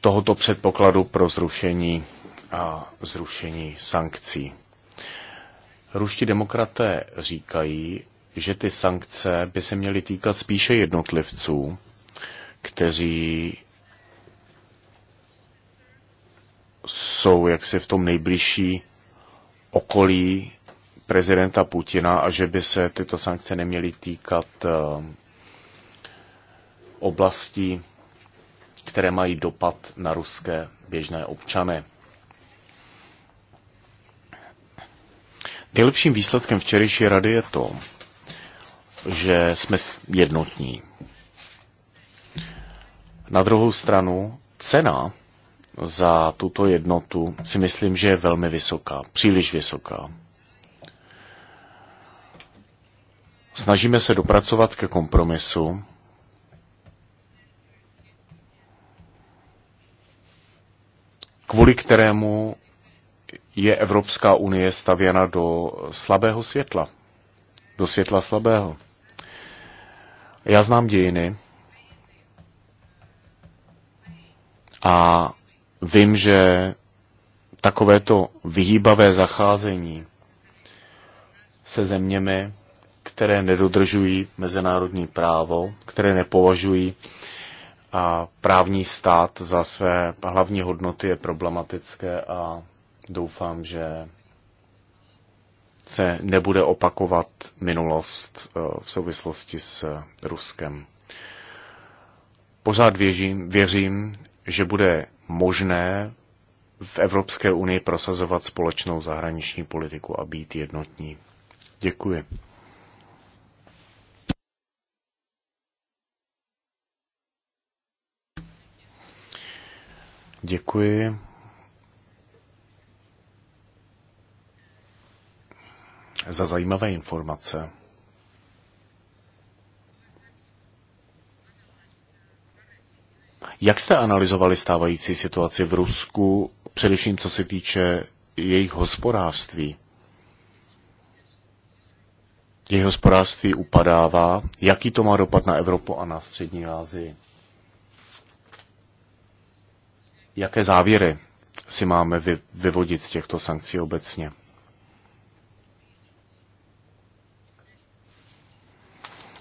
tohoto předpokladu pro zrušení a zrušení sankcí. Ruští demokraté říkají, že ty sankce by se měly týkat spíše jednotlivců, kteří jsou jaksi v tom nejbližší okolí prezidenta Putina a že by se tyto sankce neměly týkat eh, oblastí, které mají dopad na ruské běžné občany. Nejlepším výsledkem včerejší rady je to, že jsme jednotní. Na druhou stranu cena za tuto jednotu si myslím, že je velmi vysoká, příliš vysoká. Snažíme se dopracovat ke kompromisu, kvůli kterému je Evropská unie stavěna do slabého světla. Do světla slabého. Já znám dějiny a Vím, že takovéto vyhýbavé zacházení se zeměmi, které nedodržují mezinárodní právo, které nepovažují a právní stát za své hlavní hodnoty je problematické a doufám, že se nebude opakovat minulost e, v souvislosti s Ruskem. Pořád věřím, věřím že bude možné v Evropské unii prosazovat společnou zahraniční politiku a být jednotní. Děkuji. Děkuji. za zajímavé informace. Jak jste analyzovali stávající situaci v Rusku, především co se týče jejich hospodářství? Jejich hospodářství upadává. Jaký to má dopad na Evropu a na střední Asii? Jaké závěry si máme vy, vyvodit z těchto sankcí obecně?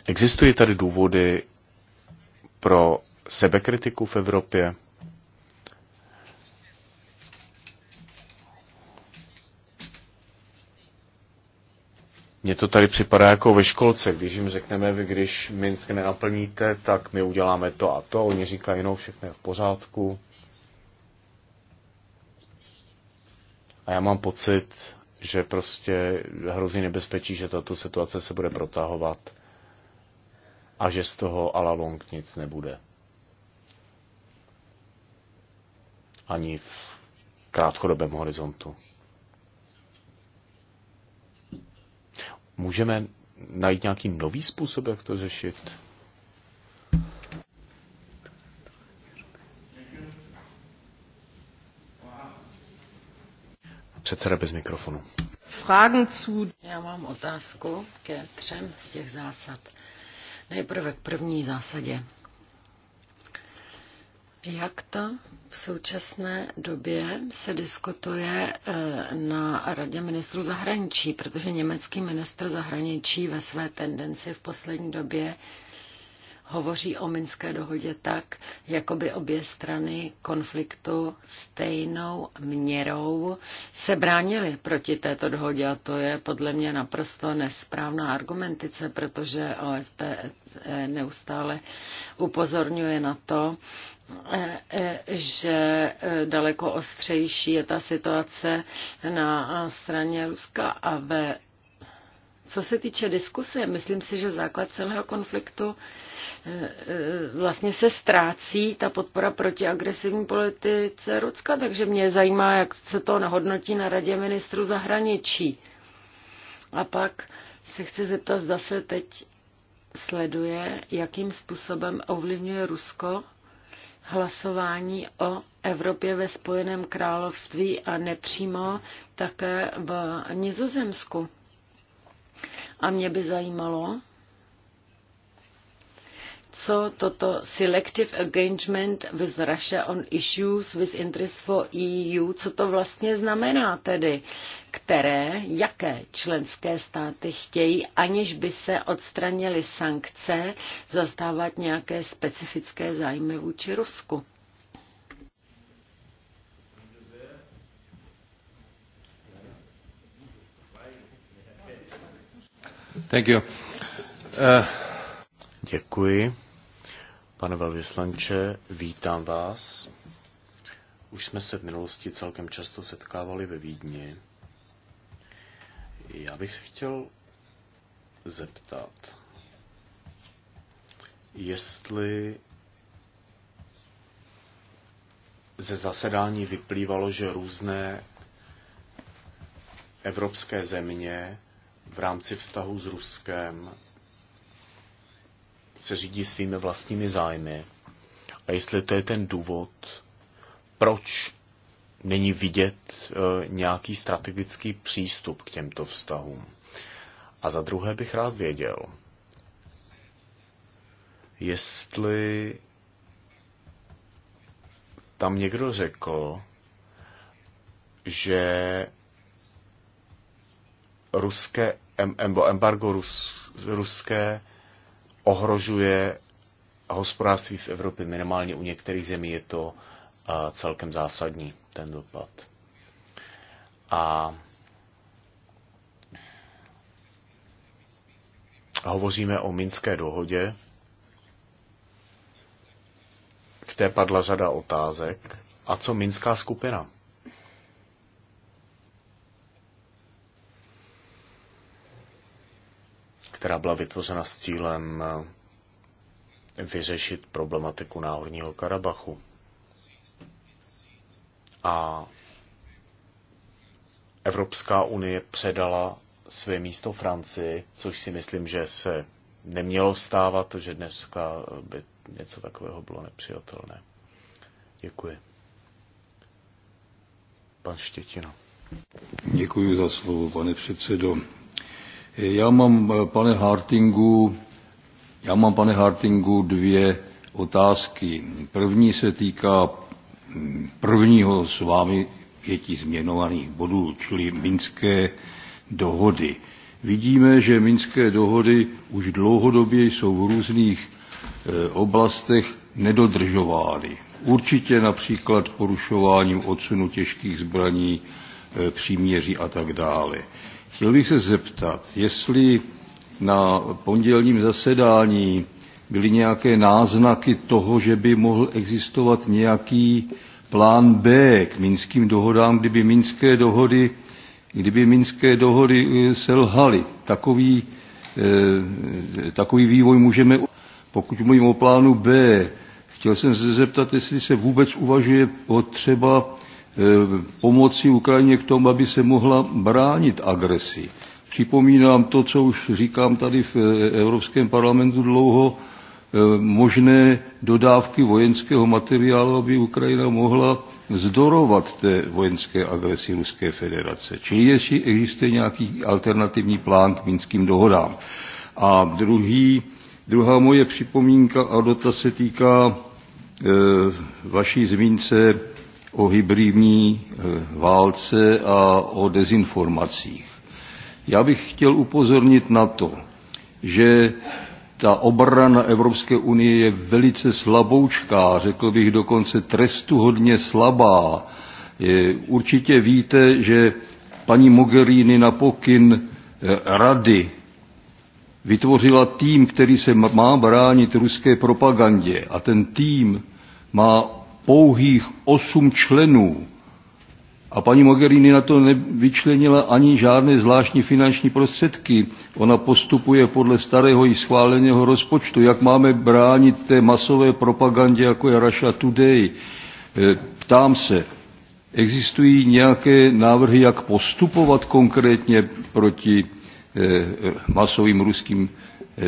Existují tady důvody pro sebekritiku v Evropě? Mně to tady připadá jako ve školce, když jim řekneme, vy když Minsk nenaplníte, tak my uděláme to a to. Oni říkají, no všechno je v pořádku. A já mám pocit, že prostě hrozí nebezpečí, že tato situace se bude protahovat a že z toho ala long nic nebude. ani v krátkodobém horizontu. Můžeme najít nějaký nový způsob, jak to řešit? Předseda bez mikrofonu. Fragen Já mám otázku ke třem z těch zásad. Nejprve k první zásadě. Jak to v současné době se diskutuje eh, na Radě ministrů zahraničí, protože německý ministr zahraničí ve své tendenci v poslední době hovoří o Minské dohodě tak, jako by obě strany konfliktu stejnou měrou se bránily proti této dohodě. A to je podle mě naprosto nesprávná argumentice, protože OSP neustále upozorňuje na to, že daleko ostřejší je ta situace na straně Ruska a ve co se týče diskuse, myslím si, že základ celého konfliktu eh, eh, vlastně se ztrácí ta podpora proti agresivní politice Rucka, takže mě zajímá, jak se to nahodnotí na radě ministru zahraničí. A pak se chci zeptat, zda se teď sleduje, jakým způsobem ovlivňuje Rusko hlasování o Evropě ve Spojeném království a nepřímo také v Nizozemsku. A mě by zajímalo, co toto selective engagement with Russia on issues with interest for EU, co to vlastně znamená tedy, které, jaké členské státy chtějí, aniž by se odstranily sankce, zastávat nějaké specifické zájmy vůči Rusku. Thank you. Uh... Děkuji. Pane velvyslanče, vítám vás. Už jsme se v minulosti celkem často setkávali ve Vídni. Já bych se chtěl zeptat, jestli ze zasedání vyplývalo, že různé evropské země v rámci vztahu s Ruskem se řídí svými vlastními zájmy a jestli to je ten důvod, proč není vidět e, nějaký strategický přístup k těmto vztahům. A za druhé bych rád věděl, jestli tam někdo řekl, že ruské, embargo ruské ohrožuje hospodářství v Evropě, minimálně u některých zemí je to celkem zásadní, ten dopad. A hovoříme o Minské dohodě, k té padla řada otázek. A co Minská skupina? která byla vytvořena s cílem eh, vyřešit problematiku Náhorního Karabachu. A Evropská unie předala své místo Francii, což si myslím, že se nemělo stávat, že dneska by něco takového bylo nepřijatelné. Děkuji. Pan Štětina. Děkuji za slovo, pane předsedo. Já mám, eh, pane Hartingu, já mám, pane Hartingu, dvě otázky. První se týká hm, prvního s vámi pěti změnovaných bodů, čili Minské dohody. Vidíme, že Minské dohody už dlouhodobě jsou v různých eh, oblastech nedodržovány. Určitě například porušováním odsunu těžkých zbraní, eh, příměří a tak dále. Chtěl bych se zeptat, jestli na pondělním zasedání byly nějaké náznaky toho, že by mohl existovat nějaký plán B k minským dohodám, kdyby minské dohody, kdyby minské dohody eh, selhaly. Takový, eh, takový vývoj můžeme, pokud mluvím o plánu B, chtěl jsem se zeptat, jestli se vůbec uvažuje o třeba Eh, pomoci Ukrajině k tomu, aby se mohla bránit agresi. Připomínám to, co už říkám tady v eh, Evropském parlamentu dlouho, eh, možné dodávky vojenského materiálu, aby Ukrajina mohla zdorovat té vojenské agresi Ruské federace. Čili ještě existuje nějaký alternativní plán k minským dohodám. A druhý, druhá moje připomínka a dotaz se týká e, vaší zmínce o hybridní eh, válce a o dezinformacích. Já bych chtěl upozornit na to, že ta obrana Evropské unie je velice slaboučká, řekl bych dokonce trestuhodně slabá. Určitě víte, že paní Mogherini na pokyn eh, rady vytvořila tým, který se má bránit ruské propagandě a ten tým má pouhých osm členů. A paní Mogherini na to nevyčlenila ani žádné zvláštní finanční prostředky. Ona postupuje podle starého i schváleného rozpočtu. Jak máme bránit té masové propagandě, jako je Russia Today? E, ptám se, existují nějaké návrhy, jak postupovat konkrétně proti e, e, masovým ruským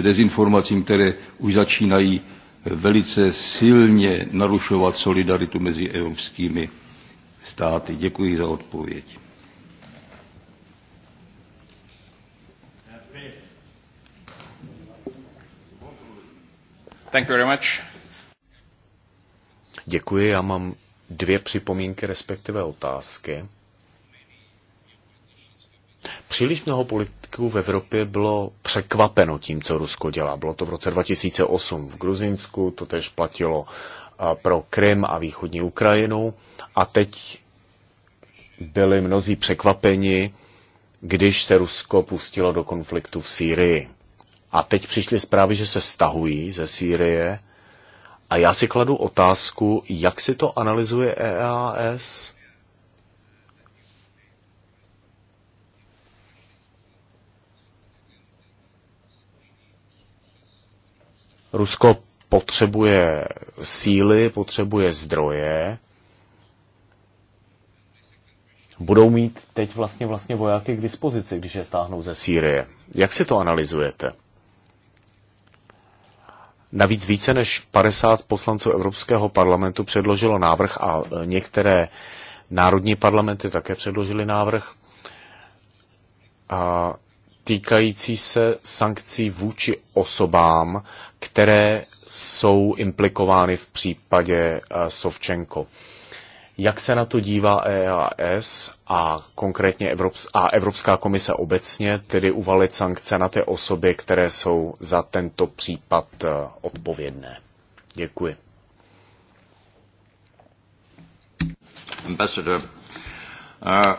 dezinformacím, které už začínají velice silně narušovat solidaritu mezi evropskými státy. Děkuji za odpověď. Thank you very much. Děkuji, já mám dvě připomínky, respektive otázky. Příliš mnoho politiků v Evropě bylo překvapeno tím, co Rusko dělá. Bylo to v roce 2008 v Gruzinsku, to tež platilo pro Krym a východní Ukrajinu. A teď byli mnozí překvapeni, když se Rusko pustilo do konfliktu v Sýrii. A teď přišly zprávy, že se stahují ze Sýrie. A já si kladu otázku, jak si to analyzuje EAS? Rusko potřebuje síly, potřebuje zdroje. Budou mít teď vlastně, vlastně vojáky k dispozici, když je stáhnou ze Sýrie. Jak si to analyzujete? Navíc více než 50 poslanců Evropského parlamentu předložilo návrh a některé národní parlamenty také předložili návrh a týkající se sankcí vůči osobám, které jsou implikovány v případě eh, Sovčenko. Jak se na to dívá EAS a konkrétně Evrops- a Evropská komise obecně, tedy uvalit sankce na ty osoby, které jsou za tento případ eh, odpovědné? Děkuji. Uh,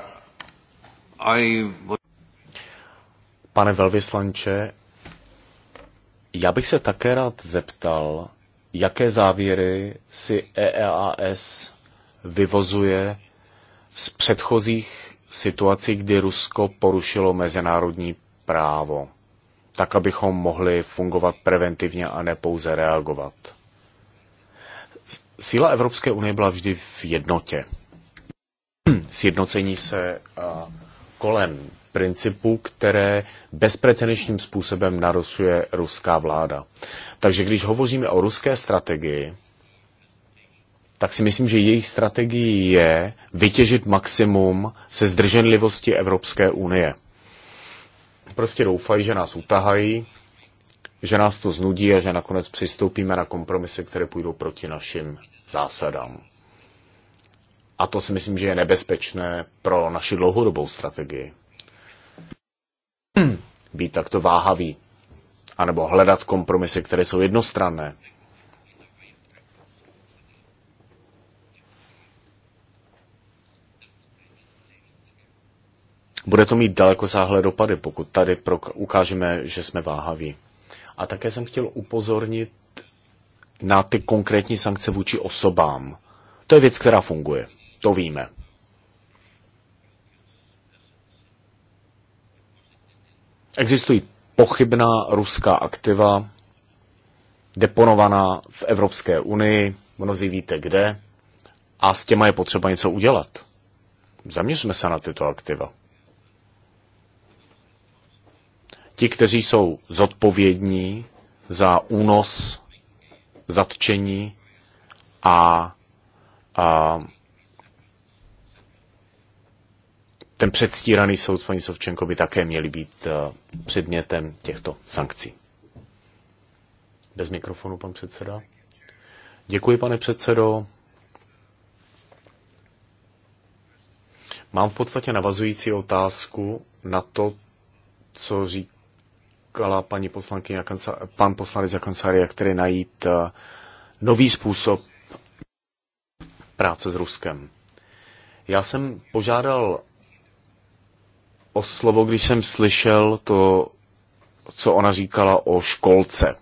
Pane velvyslanče, já bych se také rád zeptal, jaké závěry si EEAS vyvozuje z předchozích situací, kdy Rusko porušilo mezinárodní právo, tak abychom mohli fungovat preventivně a ne pouze reagovat. Síla Evropské unie byla vždy v jednotě. Sjednocení se kolem principů, které bezprecedenčním způsobem narušuje ruská vláda. Takže když hovoříme o ruské strategii, tak si myslím, že jejich strategií je vytěžit maximum se zdrženlivosti Evropské unie. Prostě doufají, že nás utahají, že nás to znudí a že nakonec přistoupíme na kompromisy, které půjdou proti našim zásadám. A to si myslím, že je nebezpečné pro naši dlouhodobou strategii být takto váhavý, anebo hledat kompromisy, které jsou jednostranné. Bude to mít daleko záhlé dopady, pokud tady ukážeme, že jsme váhaví. A také jsem chtěl upozornit na ty konkrétní sankce vůči osobám. To je věc, která funguje. To víme. Existují pochybná ruská aktiva, deponovaná v Evropské unii, mnozí víte kde, a s těma je potřeba něco udělat. Zaměřme se na tyto aktiva. Ti, kteří jsou zodpovědní za únos, zatčení a, a ten předstíraný soud paní Sovčenko by také měly být eh, předmětem těchto sankcí. Bez mikrofonu, pan předseda. Děkuji, pane předsedo. Mám v podstatě navazující otázku na to, co říkala paní poslankyně, pan poslanec Jakansáry, jak tedy najít eh, nový způsob práce s Ruskem. Já jsem požádal o slovo, když jsem slyšel to, co ona říkala o školce.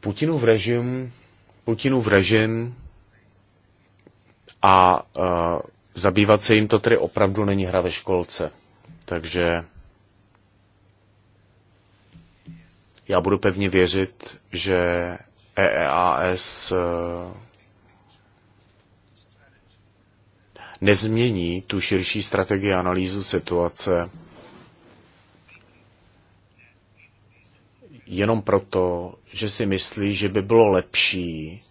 Putinův režim, Putinův režim a uh, zabývat se jim to tedy opravdu není hra ve školce. Takže já budu pevně věřit, že EEAS uh, nezmění tu širší strategii analýzu situace jenom proto, že si myslí, že by bylo lepší,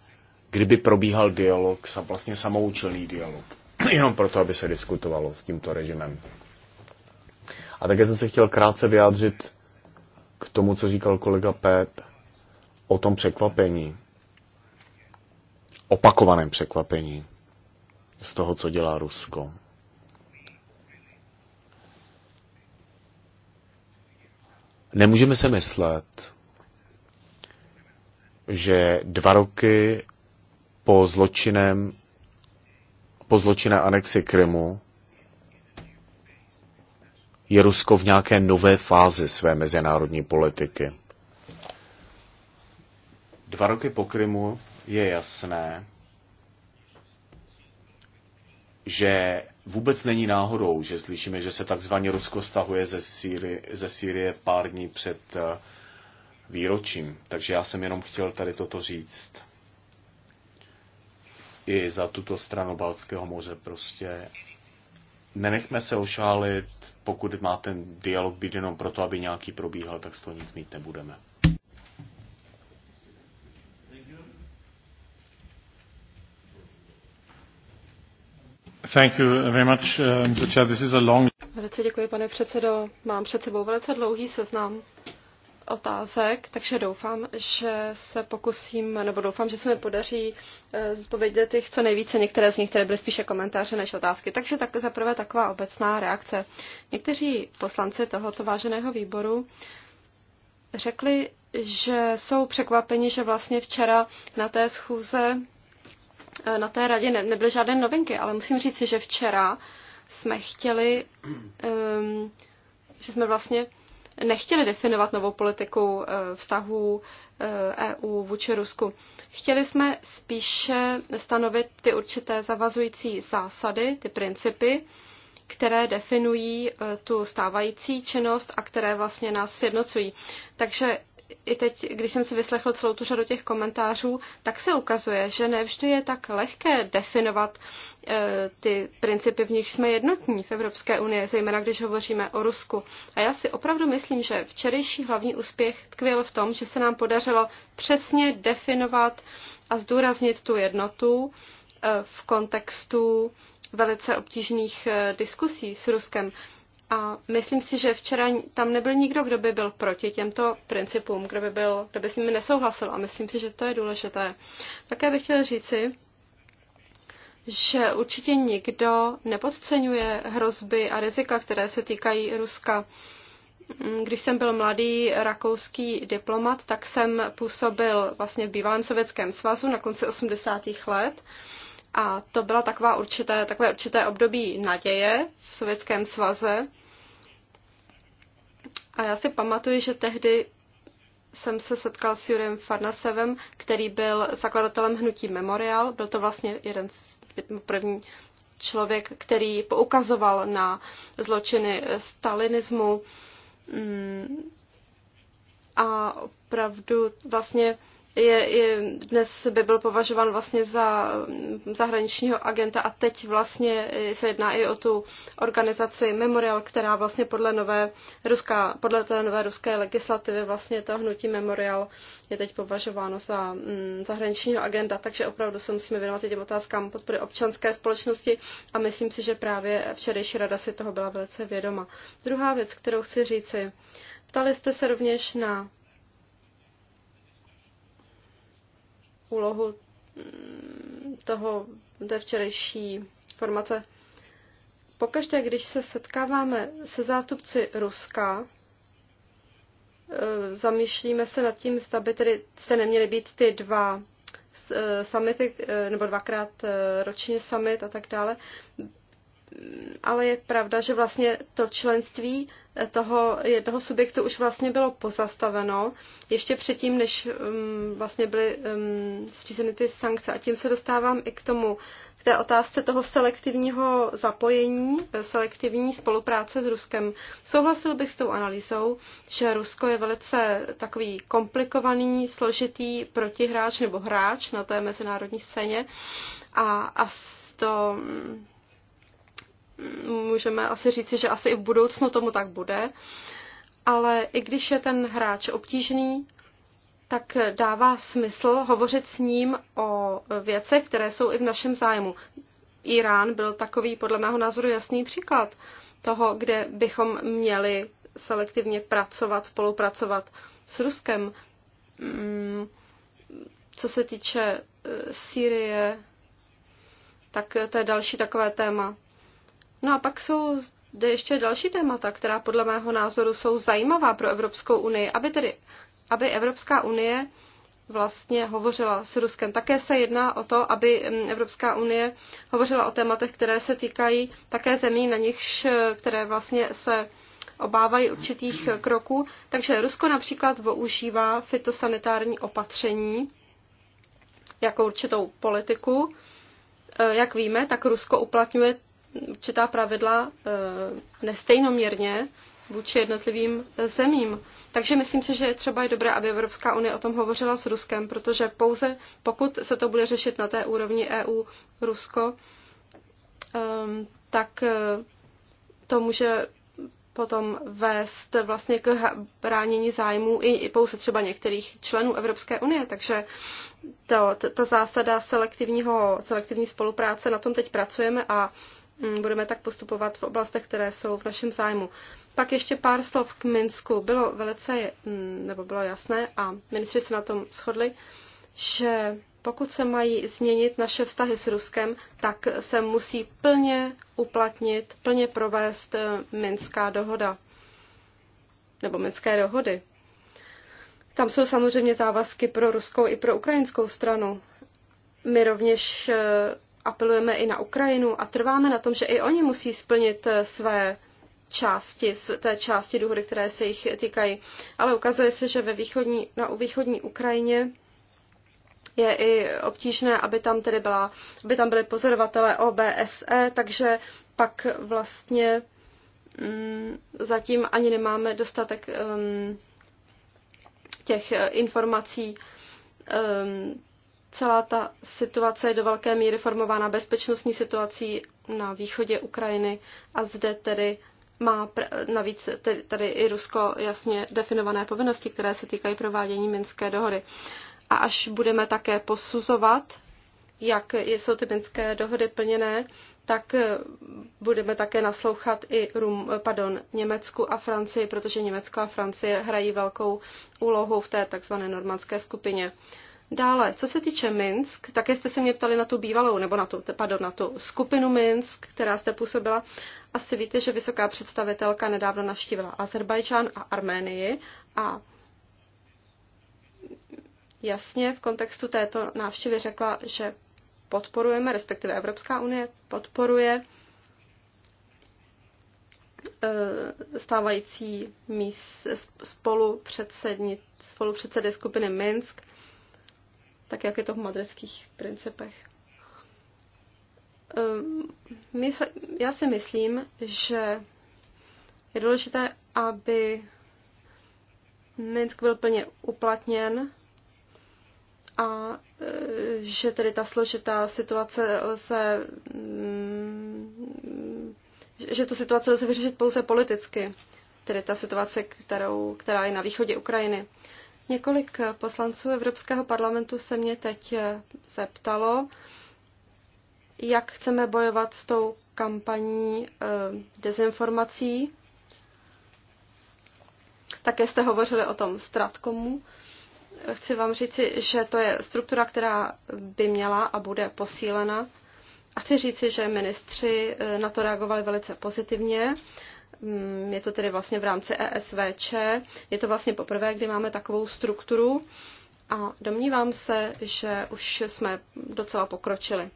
kdyby probíhal dialog, vlastně samoučelný dialog. Jenom proto, aby se diskutovalo s tímto režimem. A také jsem se chtěl krátce vyjádřit k tomu, co říkal kolega Pep o tom překvapení. Opakovaném překvapení z toho, co dělá Rusko. Nemůžeme se myslet, že dva roky po zločinem, po zločinné anexi Krymu je Rusko v nějaké nové fázi své mezinárodní politiky. Dva roky po Krymu je jasné, že vůbec není náhodou, že slyšíme, že se takzvaně Rusko stahuje ze Sýrie, ze Sýrie pár dní před eh, výročím. Takže já jsem jenom chtěl tady toto říct. I za tuto stranu Balckého moře prostě nenechme se ošálit, pokud má ten dialog být jenom proto, aby nějaký probíhal, tak z toho nic mít nebudeme. Uh, velice děkuji, pane předsedo. Mám před sebou velice dlouhý seznam otázek, takže doufám, že se pokusím, nebo doufám, že se mi podaří eh, zpovědět jich co nejvíce. Některé z nich které byly spíše komentáře než otázky. Takže tak, zaprvé taková obecná reakce. Někteří poslanci tohoto váženého výboru řekli, že jsou překvapeni, že vlastně včera na té schůze Eh, na té radě ne, nebyly žádné novinky, ale musím říct, že včera jsme chtěli, um, že jsme vlastně nechtěli definovat novou politiku eh, vztahů EU eh, e vůči Rusku. Chtěli jsme spíše stanovit ty určité zavazující zásady, ty principy, které definují tu stávající činnost a které vlastně nás sjednocují. Takže i teď, když jsem si vyslechl celou tu řadu těch komentářů, tak se ukazuje, že nevždy je tak lehké definovat e, ty principy, v nich jsme jednotní v Evropské unii, zejména když hovoříme o Rusku. A já si opravdu myslím, že včerejší hlavní úspěch tkvěl v tom, že se nám podařilo přesně definovat a zdůraznit tu jednotu e, v kontextu velice obtížných e, diskusí s Ruskem. A myslím si, že včera tam nebyl nikdo, kdo by byl proti těmto principům, kdo by, byl, kdo by s nimi nesouhlasil. A myslím si, že to je důležité. Také bych chtěl říci, že určitě nikdo nepodceňuje hrozby a rizika, které se týkají Ruska. Když jsem byl mladý rakouský diplomat, tak jsem působil vlastně v bývalém sovětském svazu na konci 80. let a to byla taková určité, takové určité období naděje v Sovětském svaze. A já si pamatuju, že tehdy jsem se setkal s Jurem Farnasevem, který byl zakladatelem hnutí Memorial. Byl to vlastně jeden z první člověk, který poukazoval na zločiny stalinismu mm. a opravdu vlastně je, je, dnes by byl považován vlastně za mm, zahraničního agenta a teď vlastně se jedná i o tu organizaci Memorial, která vlastně podle nové, ruská, podle té nové ruské legislativy vlastně to hnutí Memorial je teď považováno za mm, zahraničního agenta, takže opravdu se musíme věnovat i těm otázkám podpory občanské společnosti a myslím si, že právě včerejší rada si toho byla velice vědoma. Druhá věc, kterou chci říci, ptali jste se rovněž na úlohu mm, toho, té včerejší formace. Pokaždé, když se setkáváme se zástupci Ruska, e, zamýšlíme se nad tím, zda by tedy jste neměly být ty dva e, summity, e, nebo dvakrát ročně summit a tak dále ale je pravda, že vlastně to členství toho jednoho subjektu už vlastně bylo pozastaveno ještě předtím, než um, vlastně byly um, stízeny ty sankce. A tím se dostávám i k tomu, k té otázce toho selektivního zapojení, selektivní spolupráce s Ruskem. Souhlasil bych s tou analýzou, že Rusko je velice takový komplikovaný, složitý protihráč nebo hráč na té mezinárodní scéně a, a to můžeme asi říci, že asi i v budoucnu tomu tak bude. Ale i když je ten hráč obtížný, tak dává smysl hovořit s ním o věcech, které jsou i v našem zájmu. Irán byl takový, podle mého názoru, jasný příklad toho, kde bychom měli selektivně pracovat, spolupracovat s Ruskem. Mm, co se týče e, Sýrie, tak to je další takové téma. No a pak jsou zde ještě další témata, která podle mého názoru jsou zajímavá pro Evropskou unii, aby tedy aby Evropská unie vlastně hovořila s Ruskem. Také se jedná o to, aby mm, Evropská unie hovořila o tématech, které se týkají také zemí, na nichž, které vlastně se obávají určitých kroků. Takže Rusko například využívá fitosanitární opatření jako určitou politiku. E, jak víme, tak Rusko uplatňuje určitá pravidla eh, nestejnoměrně vůči jednotlivým zemím. Takže myslím si, že třeba je dobré, aby Evropská unie o tom hovořila s Ruskem, protože pouze pokud se to bude řešit na té úrovni EU-Rusko, ehm, tak eh, to může potom vést vlastně k bránění zájmů i pouze třeba některých členů Evropské unie. Takže to, ta zásada selektivního, selektivní spolupráce, na tom teď pracujeme a Mm, budeme tak postupovat v oblastech, které jsou v našem zájmu. Pak ještě pár slov k Minsku. Bylo velice, mm, nebo bylo jasné a ministři se na tom shodli, že pokud se mají změnit naše vztahy s Ruskem, tak se musí plně uplatnit, plně provést eh, Minská dohoda nebo Minské dohody. Tam jsou samozřejmě závazky pro ruskou i pro ukrajinskou stranu. My rovněž eh, apelujeme i na Ukrajinu a trváme na tom, že i oni musí splnit eh, své části, té části důhody, které se jich týkají. Ale ukazuje se, že ve východní, na východní Ukrajině je i obtížné, aby tam tedy byla, aby tam byly pozorovatelé OBSE, takže pak vlastně mm, zatím ani nemáme dostatek um, těch eh, informací um, Celá ta situace je do velké míry formována bezpečnostní situací na východě Ukrajiny a zde tedy má navíc tady i Rusko jasně definované povinnosti, které se týkají provádění Minské dohody. A až budeme také posuzovat, jak jsou ty Minské dohody plněné, tak budeme také naslouchat i Rum, pardon, Německu a Francii, protože Německo a Francie hrají velkou úlohu v té takzvané normandské skupině. Dále, co se týče Minsk, také jste se mě ptali na tu bývalou, nebo na tu, pardon, na tu skupinu Minsk, která jste působila. Asi víte, že vysoká představitelka nedávno navštívila Azerbajdžán a Arménii a jasně v kontextu této návštěvy řekla, že podporujeme, respektive Evropská unie podporuje eh, stávající míst spolu, spolu předsedy skupiny Minsk, tak jak je to v madridských principech. Ehm, já si myslím, že je důležité, aby Minsk byl plně uplatněn a eh, že tedy ta složitá situace lze, mm, že tu situaci lze vyřešit pouze politicky, tedy ta situace, kterou, která je na východě Ukrajiny. Několik poslanců Evropského parlamentu se mě teď zeptalo, jak chceme bojovat s tou kampaní eh, dezinformací. Také jste hovořili o tom Stratkomu. Chci vám říci, že to je struktura, která by měla a bude posílena. A chci říci, že ministři eh, na to reagovali velice pozitivně. Mm, je to tedy vlastně v rámci ESVČ. Je to vlastně poprvé, kdy máme takovou strukturu a domnívám se, že už jsme docela pokročili.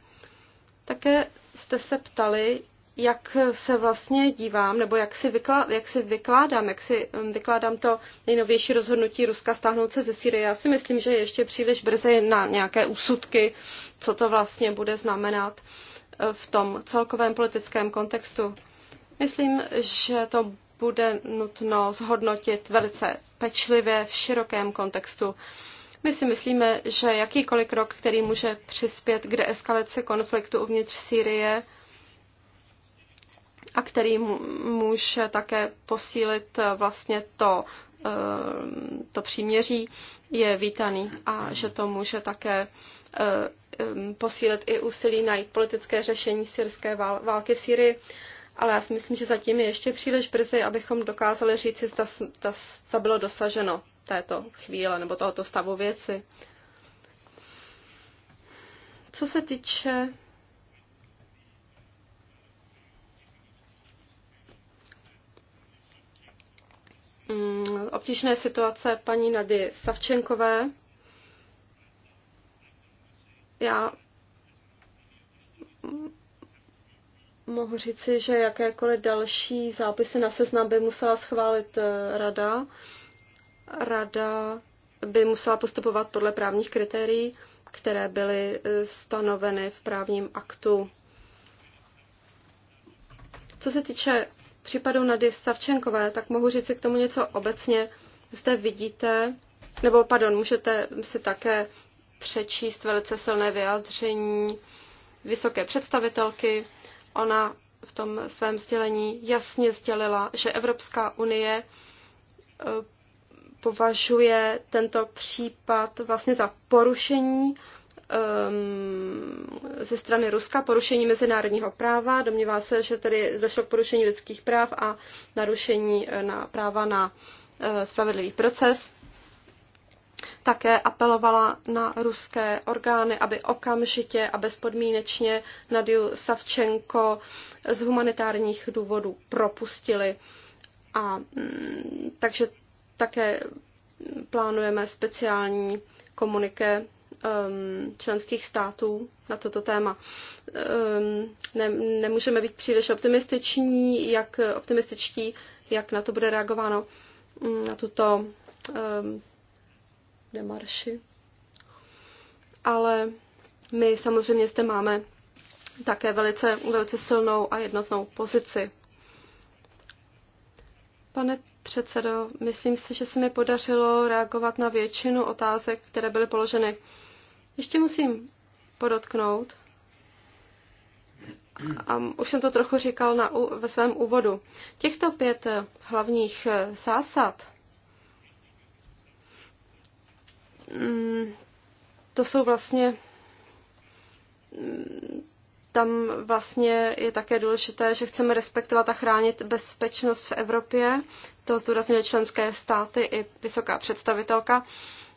Také jste se ptali, jak se vlastně dívám, nebo jak si, vyklá, jak si vykládám, jak si mm, vykládám to nejnovější rozhodnutí Ruska stáhnout se ze Syrie. Já si myslím, že ještě příliš brzy na nějaké úsudky, co to vlastně bude znamenat eh, v tom celkovém politickém kontextu. Myslím, že to bude nutno zhodnotit velice pečlivě v širokém kontextu. My si myslíme, že jakýkoliv krok, který může přispět k deeskalaci konfliktu uvnitř Sýrie a který může také posílit eh, vlastně to, eh, to příměří, je vítaný a že to může také eh, posílit i úsilí najít politické řešení syrské války v Sýrii ale já si myslím, že zatím je ještě příliš brzy, abychom dokázali říct, zda, zda, zda bylo dosaženo této chvíle nebo tohoto stavu věci. Co se týče mm, obtížné situace paní Nady Savčenkové, já mohu říci, že jakékoliv další zápisy na seznam by musela schválit eh, rada. Rada by musela postupovat podle právních kritérií, které byly eh, stanoveny v právním aktu. Co se týče případu Nady Savčenkové, tak mohu říci k tomu něco obecně. Zde vidíte, nebo pardon, můžete si také přečíst velice silné vyjádření vysoké představitelky Ona v tom svém sdělení jasně sdělila, že Evropská unie eh, považuje tento případ vlastně za porušení ehm, ze strany Ruska, porušení mezinárodního práva. Domnívá se, že tedy došlo k porušení lidských práv a narušení eh, na práva na eh, spravedlivý proces. Také apelovala na ruské orgány, aby okamžitě a bezpodmínečně Nadiu Savčenko z humanitárních důvodů propustili. A mm, takže také plánujeme speciální komuniké ehm, členských států na toto téma. Ehm, ne, nemůžeme být příliš optimističní, jak optimističtí, jak na to bude reagováno, mm, na tuto ehm, demarši. Ale my samozřejmě zde máme také velice, velice silnou a jednotnou pozici. Pane předsedo, myslím si, že se mi podařilo reagovat na většinu otázek, které byly položeny. Ještě musím podotknout, a už jsem to trochu říkal na, ve svém úvodu, těchto pět hlavních eh, zásad Mm, to jsou vlastně mm, tam vlastně je také důležité, že chceme respektovat a chránit bezpečnost v Evropě. To zdůrazňuje členské státy i vysoká představitelka.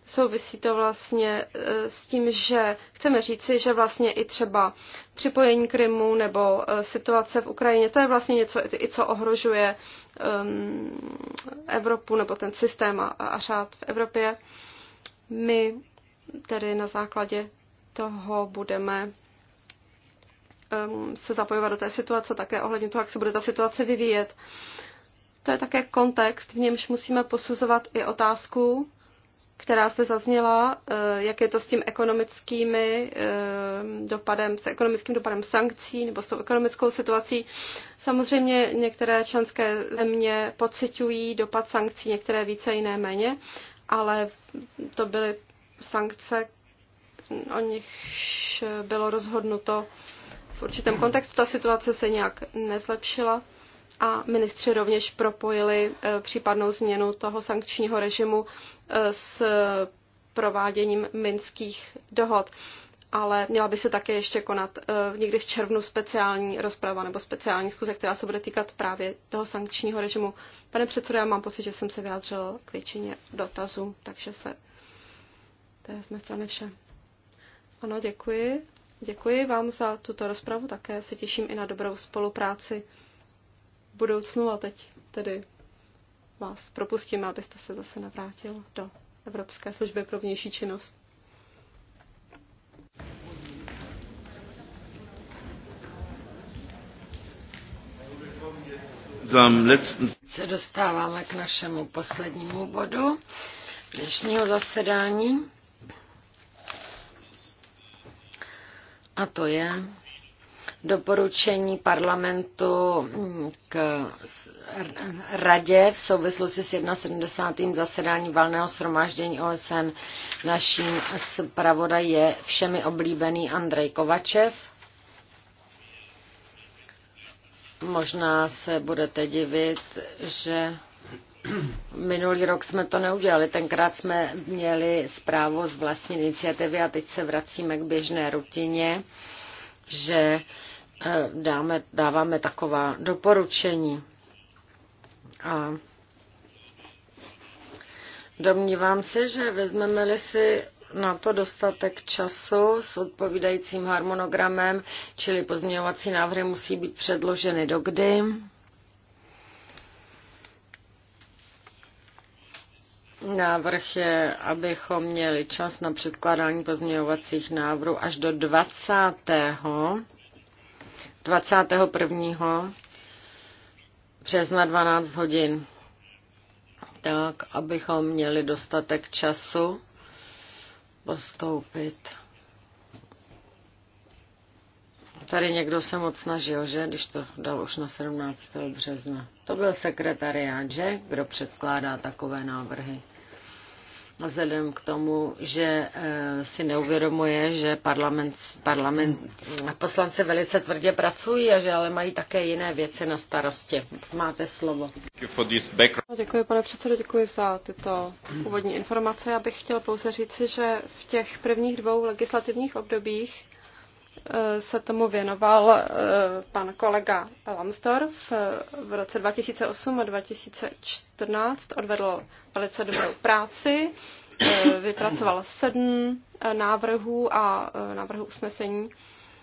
Souvisí to vlastně eh, s tím, že chceme říci, že vlastně i třeba připojení Krymu nebo eh, situace v Ukrajině, to je vlastně něco, i co ohrožuje ehm, Evropu nebo ten systém a, a řád v Evropě. My tedy na základě toho budeme ehm, se zapojovat do té situace, také ohledně toho, jak se bude ta situace vyvíjet. To je také kontext, v němž musíme posuzovat i otázku, která se zazněla, eh, jak je to s tím ekonomickými ehm, dopadem, s ekonomickým dopadem sankcí nebo s tou ekonomickou situací. Samozřejmě některé členské země pociťují dopad sankcí, některé více, jiné méně ale to byly sankce, o nich bylo rozhodnuto v určitém kontextu. Ta situace se nějak nezlepšila a ministři rovněž propojili eh, případnou změnu toho sankčního režimu eh, s prováděním minských dohod ale měla by se také ještě konat uh, někdy v červnu speciální rozprava nebo speciální zkuze, která se bude týkat právě toho sankčního režimu. Pane předsedo, já mám pocit, že jsem se vyjádřil k většině dotazů, takže se to je z mé strany vše. Ano, děkuji. Děkuji vám za tuto rozpravu, také se těším i na dobrou spolupráci v budoucnu a teď tedy vás propustím, abyste se zase navrátil do Evropské služby pro vnější činnost. Se dostáváme k našemu poslednímu bodu dnešního zasedání. A to je doporučení parlamentu k radě v souvislosti s 71. zasedání valného shromáždění OSN. Naším zpravodaj je všemi oblíbený Andrej Kovačev. Možná se budete divit, že minulý rok jsme to neudělali. Tenkrát jsme měli zprávu z vlastní iniciativy a teď se vracíme k běžné rutině, že eh, dáme, dáváme taková doporučení. A domnívám se, že vezmeme-li si na to dostatek času s odpovídajícím harmonogramem, čili pozměňovací návrhy musí být předloženy dokdy. Návrh je, abychom měli čas na předkládání pozměňovacích návrhů až do 20. 21. března 12 hodin. Tak, abychom měli dostatek času postoupit. Tady někdo se moc snažil, že, když to dal už na 17. března. To byl sekretariát, že, kdo předkládá takové návrhy vzhledem k tomu, že eh, si neuvědomuje, že parlament, parlament, eh, poslanci velice tvrdě pracují a že ale mají také jiné věci na starosti. Máte slovo. No, děkuji, pane předsedo, děkuji za tyto úvodní informace. Já bych chtěl pouze říci, že v těch prvních dvou legislativních obdobích Eh, se tomu věnoval eh, pan kolega Lamsdorf. V roce 2008 a 2014 odvedl velice dobrou práci, eh, vypracoval sedm návrhů a návrhů usnesení,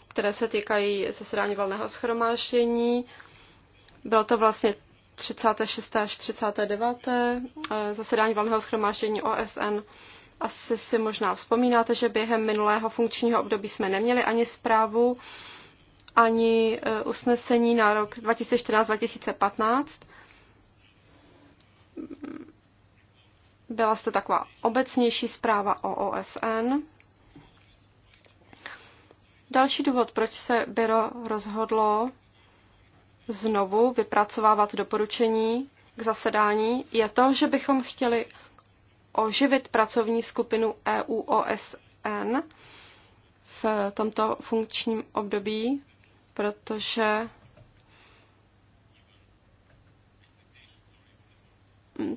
které se týkají zasedání volného schromáždění. Bylo to vlastně 36. až 39. zasedání volného schromáždění OSN asi si možná vzpomínáte, že během minulého funkčního období jsme neměli ani zprávu, ani e, usnesení na rok 2014-2015. Byla to taková obecnější zpráva o OSN. Další důvod, proč se Byro rozhodlo znovu vypracovávat doporučení k zasedání, je to, že bychom chtěli oživit pracovní skupinu EU-OSN v tomto funkčním období, protože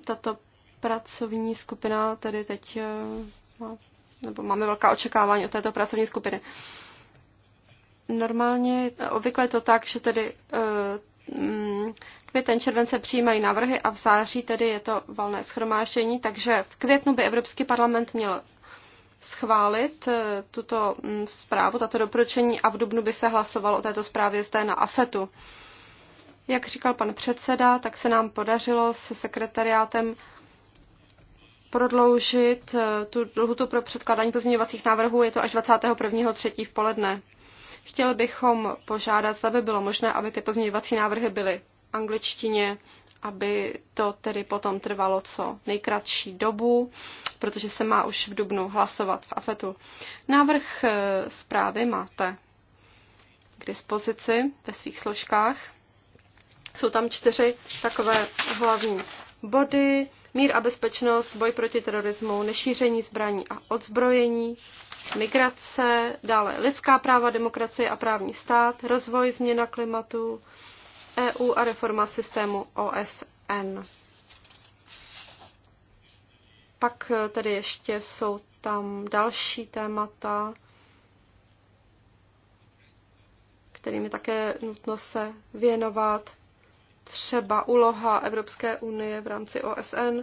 tato pracovní skupina tedy teď, eh, nebo máme velká očekávání od této pracovní skupiny. Normálně, obvykle je to tak, že tedy eh, mm, Květen červen se přijímají návrhy a v září tedy je to valné schromáždění, takže v květnu by Evropský parlament měl schválit eh, tuto mm, zprávu, tato doporučení a v dubnu by se hlasovalo o této zprávě zde na AFETu. Jak říkal pan předseda, tak se nám podařilo se sekretariátem prodloužit eh, tu lhutu pro předkládání pozměňovacích návrhů, je to až 21.3. v poledne. Chtěli bychom požádat, aby bylo možné, aby ty pozměňovací návrhy byly angličtině, aby to tedy potom trvalo co nejkratší dobu, protože se má už v dubnu hlasovat v AFETu. Návrh eh, zprávy máte k dispozici ve svých složkách. Jsou tam čtyři takové hlavní body. Mír a bezpečnost, boj proti terorismu, nešíření zbraní a odzbrojení, migrace, dále lidská práva, demokracie a právní stát, rozvoj, změna klimatu, EU a reforma systému OSN. Pak e, tady ještě jsou tam další témata, kterými také nutno se věnovat, třeba úloha Evropské unie v rámci OSN.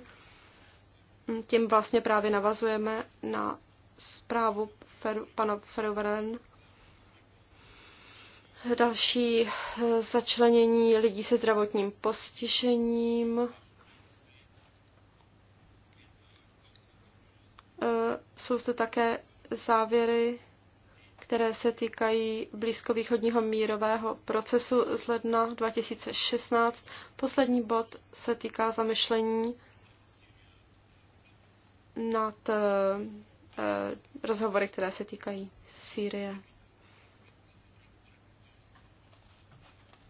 Tím vlastně právě navazujeme na zprávu Feru, pana Ferroveren. Další eh, začlenění lidí se zdravotním postižením. Eh, jsou zde také závěry, které se týkají blízkovýchodního mírového procesu z ledna 2016. Poslední bod se týká zamyšlení nad eh, rozhovory, které se týkají Sýrie.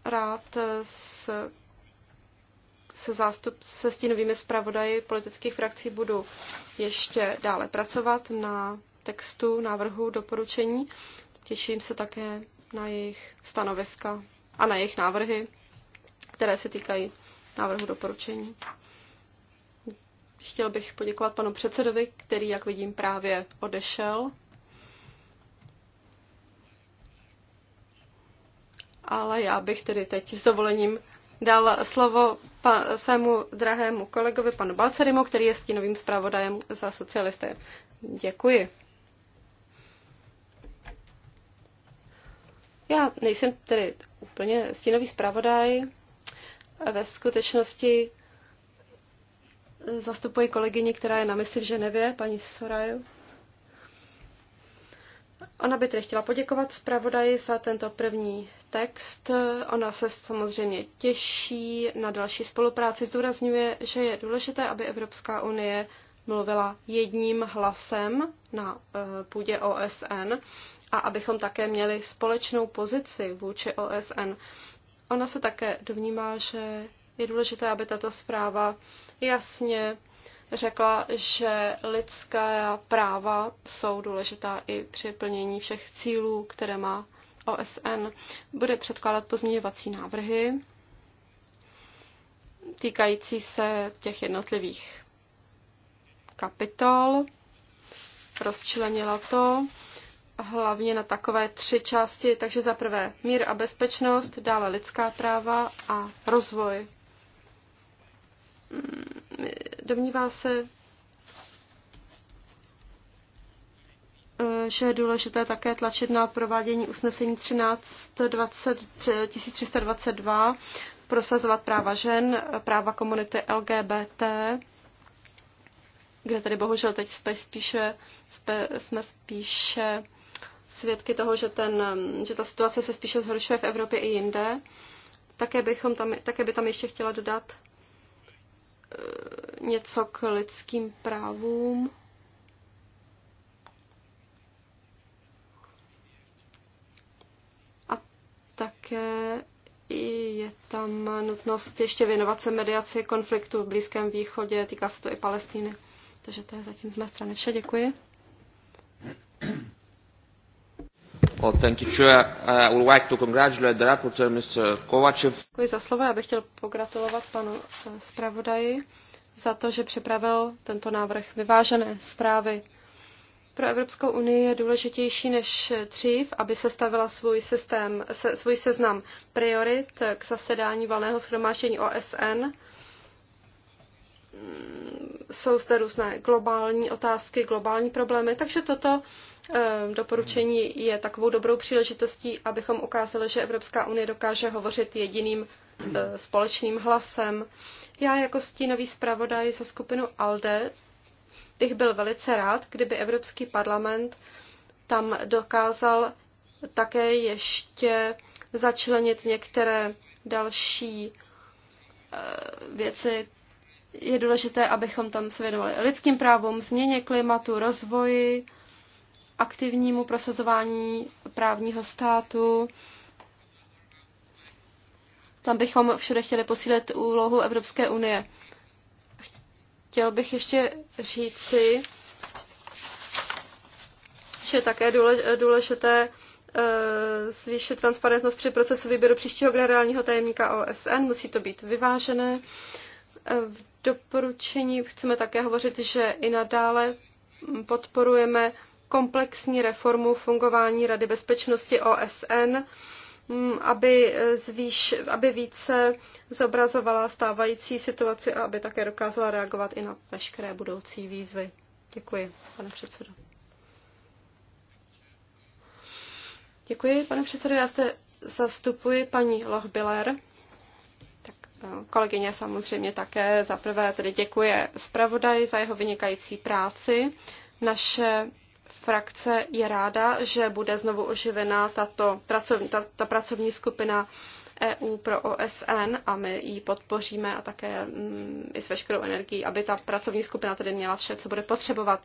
rád eh, s, se, zástup, se stínovými zpravodaji politických frakcí budu ještě dále pracovat na textu, návrhu, doporučení. Těším se také na jejich stanoviska a na jejich návrhy, které se týkají návrhu doporučení. Chtěl bych poděkovat panu předsedovi, který, jak vidím, právě odešel. ale já bych tedy teď s dovolením dal slovo pa, svému drahému kolegovi panu Balcerimu, který je stínovým zpravodajem za socialisté. Děkuji. Já nejsem tedy úplně stínový zpravodaj. Ve skutečnosti zastupuji kolegyni, která je na misi v Ženevě, paní Soraju. Ona by tedy chtěla poděkovat zpravodaji za tento první text. Ona se samozřejmě těší na další spolupráci. Zdůrazňuje, že je důležité, aby Evropská unie mluvila jedním hlasem na eh, půdě OSN a abychom také měli společnou pozici vůči OSN. Ona se také domnívá, že je důležité, aby tato zpráva jasně řekla, že lidská práva jsou důležitá i při plnění všech cílů, které má OSN. Bude předkládat pozměňovací návrhy týkající se těch jednotlivých kapitol. Rozčlenila to hlavně na takové tři části, takže za prvé mír a bezpečnost, dále lidská práva a rozvoj Mm, domnívá se, eh, že je důležité také tlačit na provádění usnesení 1320, 1322, prosazovat práva žen, práva komunity LGBT, kde tady bohužel teď jsme spíše, jsme spíše svědky toho, že, ten, že ta situace se spíše zhoršuje v Evropě i jinde. Také, bychom tam, také by tam ještě chtěla dodat Eh, něco k lidským právům. A také je tam nutnost ještě věnovat se mediaci konfliktu v Blízkém východě, týká se to i Palestíny. Takže to je zatím z mé strany vše, děkuji. Well, thank you, Chair. Uh, I would like to congratulate the rapporteur, Mr. Děkuji za slovo. Já bych chtěl pogratulovat panu eh, zpravodaji za to, že připravil tento návrh vyvážené zprávy. Pro Evropskou unii je důležitější než dřív, aby sestavila svůj, systém, se, svůj seznam priorit k zasedání valného schromáždění OSN jsou zde různé globální otázky, globální problémy, takže toto eh, doporučení je takovou dobrou příležitostí, abychom ukázali, že Evropská unie dokáže hovořit jediným eh, společným hlasem. Já jako stínový zpravodaj za skupinu ALDE bych byl velice rád, kdyby Evropský parlament tam dokázal také ještě začlenit některé další eh, věci, je důležité, abychom tam se věnovali lidským právům, změně klimatu, rozvoji, aktivnímu prosazování právního státu. Tam bychom všude chtěli posílit úlohu Evropské unie. Chtěl bych ještě říci, že je také důležité eh, zvýšit transparentnost při procesu výběru příštího generálního tajemníka OSN. Musí to být vyvážené. V eh, doporučení chceme také hovořit, že i nadále podporujeme komplexní reformu fungování Rady bezpečnosti OSN, mm, aby, zvýš, aby více zobrazovala stávající situaci a aby také dokázala reagovat i na veškeré budoucí výzvy. Děkuji, pane předsedo. Děkuji, pane předsedo. Já zde zastupuji paní Lochbiller. Kolegyně samozřejmě také zaprvé tedy děkuje zpravodaj za jeho vynikající práci. Naše frakce je ráda, že bude znovu oživena tato pracovní, ta, ta pracovní skupina EU pro OSN a my ji podpoříme a také mm, i s veškerou energií, aby ta pracovní skupina tedy měla vše, co bude potřebovat.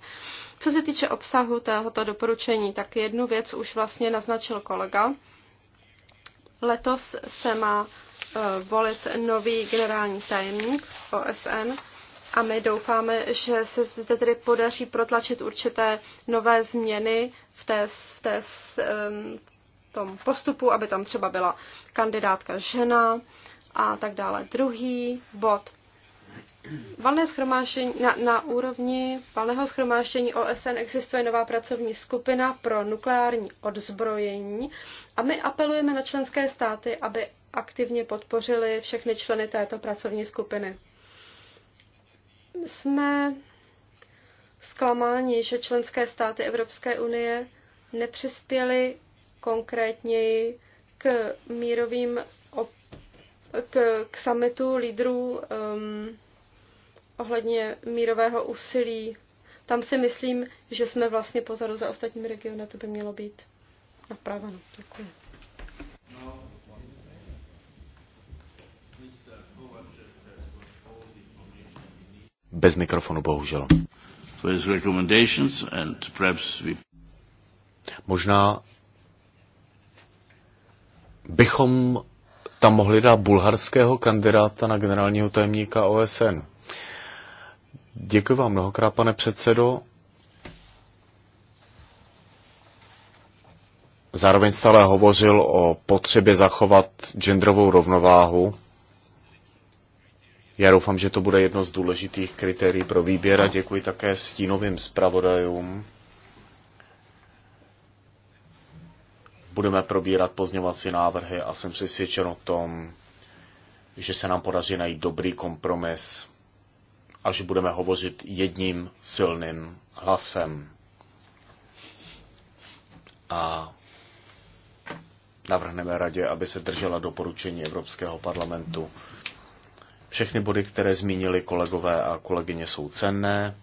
Co se týče obsahu tohoto doporučení, tak jednu věc už vlastně naznačil kolega. Letos se má Eh, volit nový generální tajemník OSN a my doufáme, že se zde tedy podaří protlačit určité nové změny v té, v té v tom postupu, aby tam třeba byla kandidátka žena a tak dále. Druhý bod. Valné schromáždění, na, na úrovni valného schromáždění OSN existuje nová pracovní skupina pro nukleární odzbrojení a my apelujeme na členské státy, aby aktivně podpořili všechny členy této pracovní skupiny. Jsme zklamáni, že členské státy Evropské unie nepřispěly konkrétněji k mírovým k, k summitu lídrů um, ohledně mírového úsilí. Tam si myslím, že jsme vlastně pozadu za ostatními regiony, to by mělo být napraveno. Děkuji. bez mikrofonu, bohužel. Možná bychom tam mohli dát bulharského kandidáta na generálního tajemníka OSN. Děkuji vám mnohokrát, pane předsedo. Zároveň stále hovořil o potřebě zachovat genderovou rovnováhu já doufám, že to bude jedno z důležitých kritérií pro výběr a děkuji také stínovým zpravodajům. Budeme probírat pozněvací návrhy a jsem přesvědčen o tom, že se nám podaří najít dobrý kompromis a že budeme hovořit jedním silným hlasem. A navrhneme radě, aby se držela doporučení Evropského parlamentu všechny body, které zmínili kolegové a kolegyně, jsou cenné.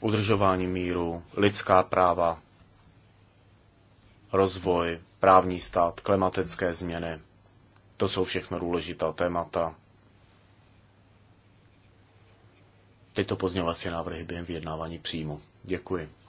Udržování míru, lidská práva, rozvoj, právní stát, klimatické změny. To jsou všechno důležitá témata. Tyto pozměňovací návrhy během vyjednávání příjmu. Děkuji.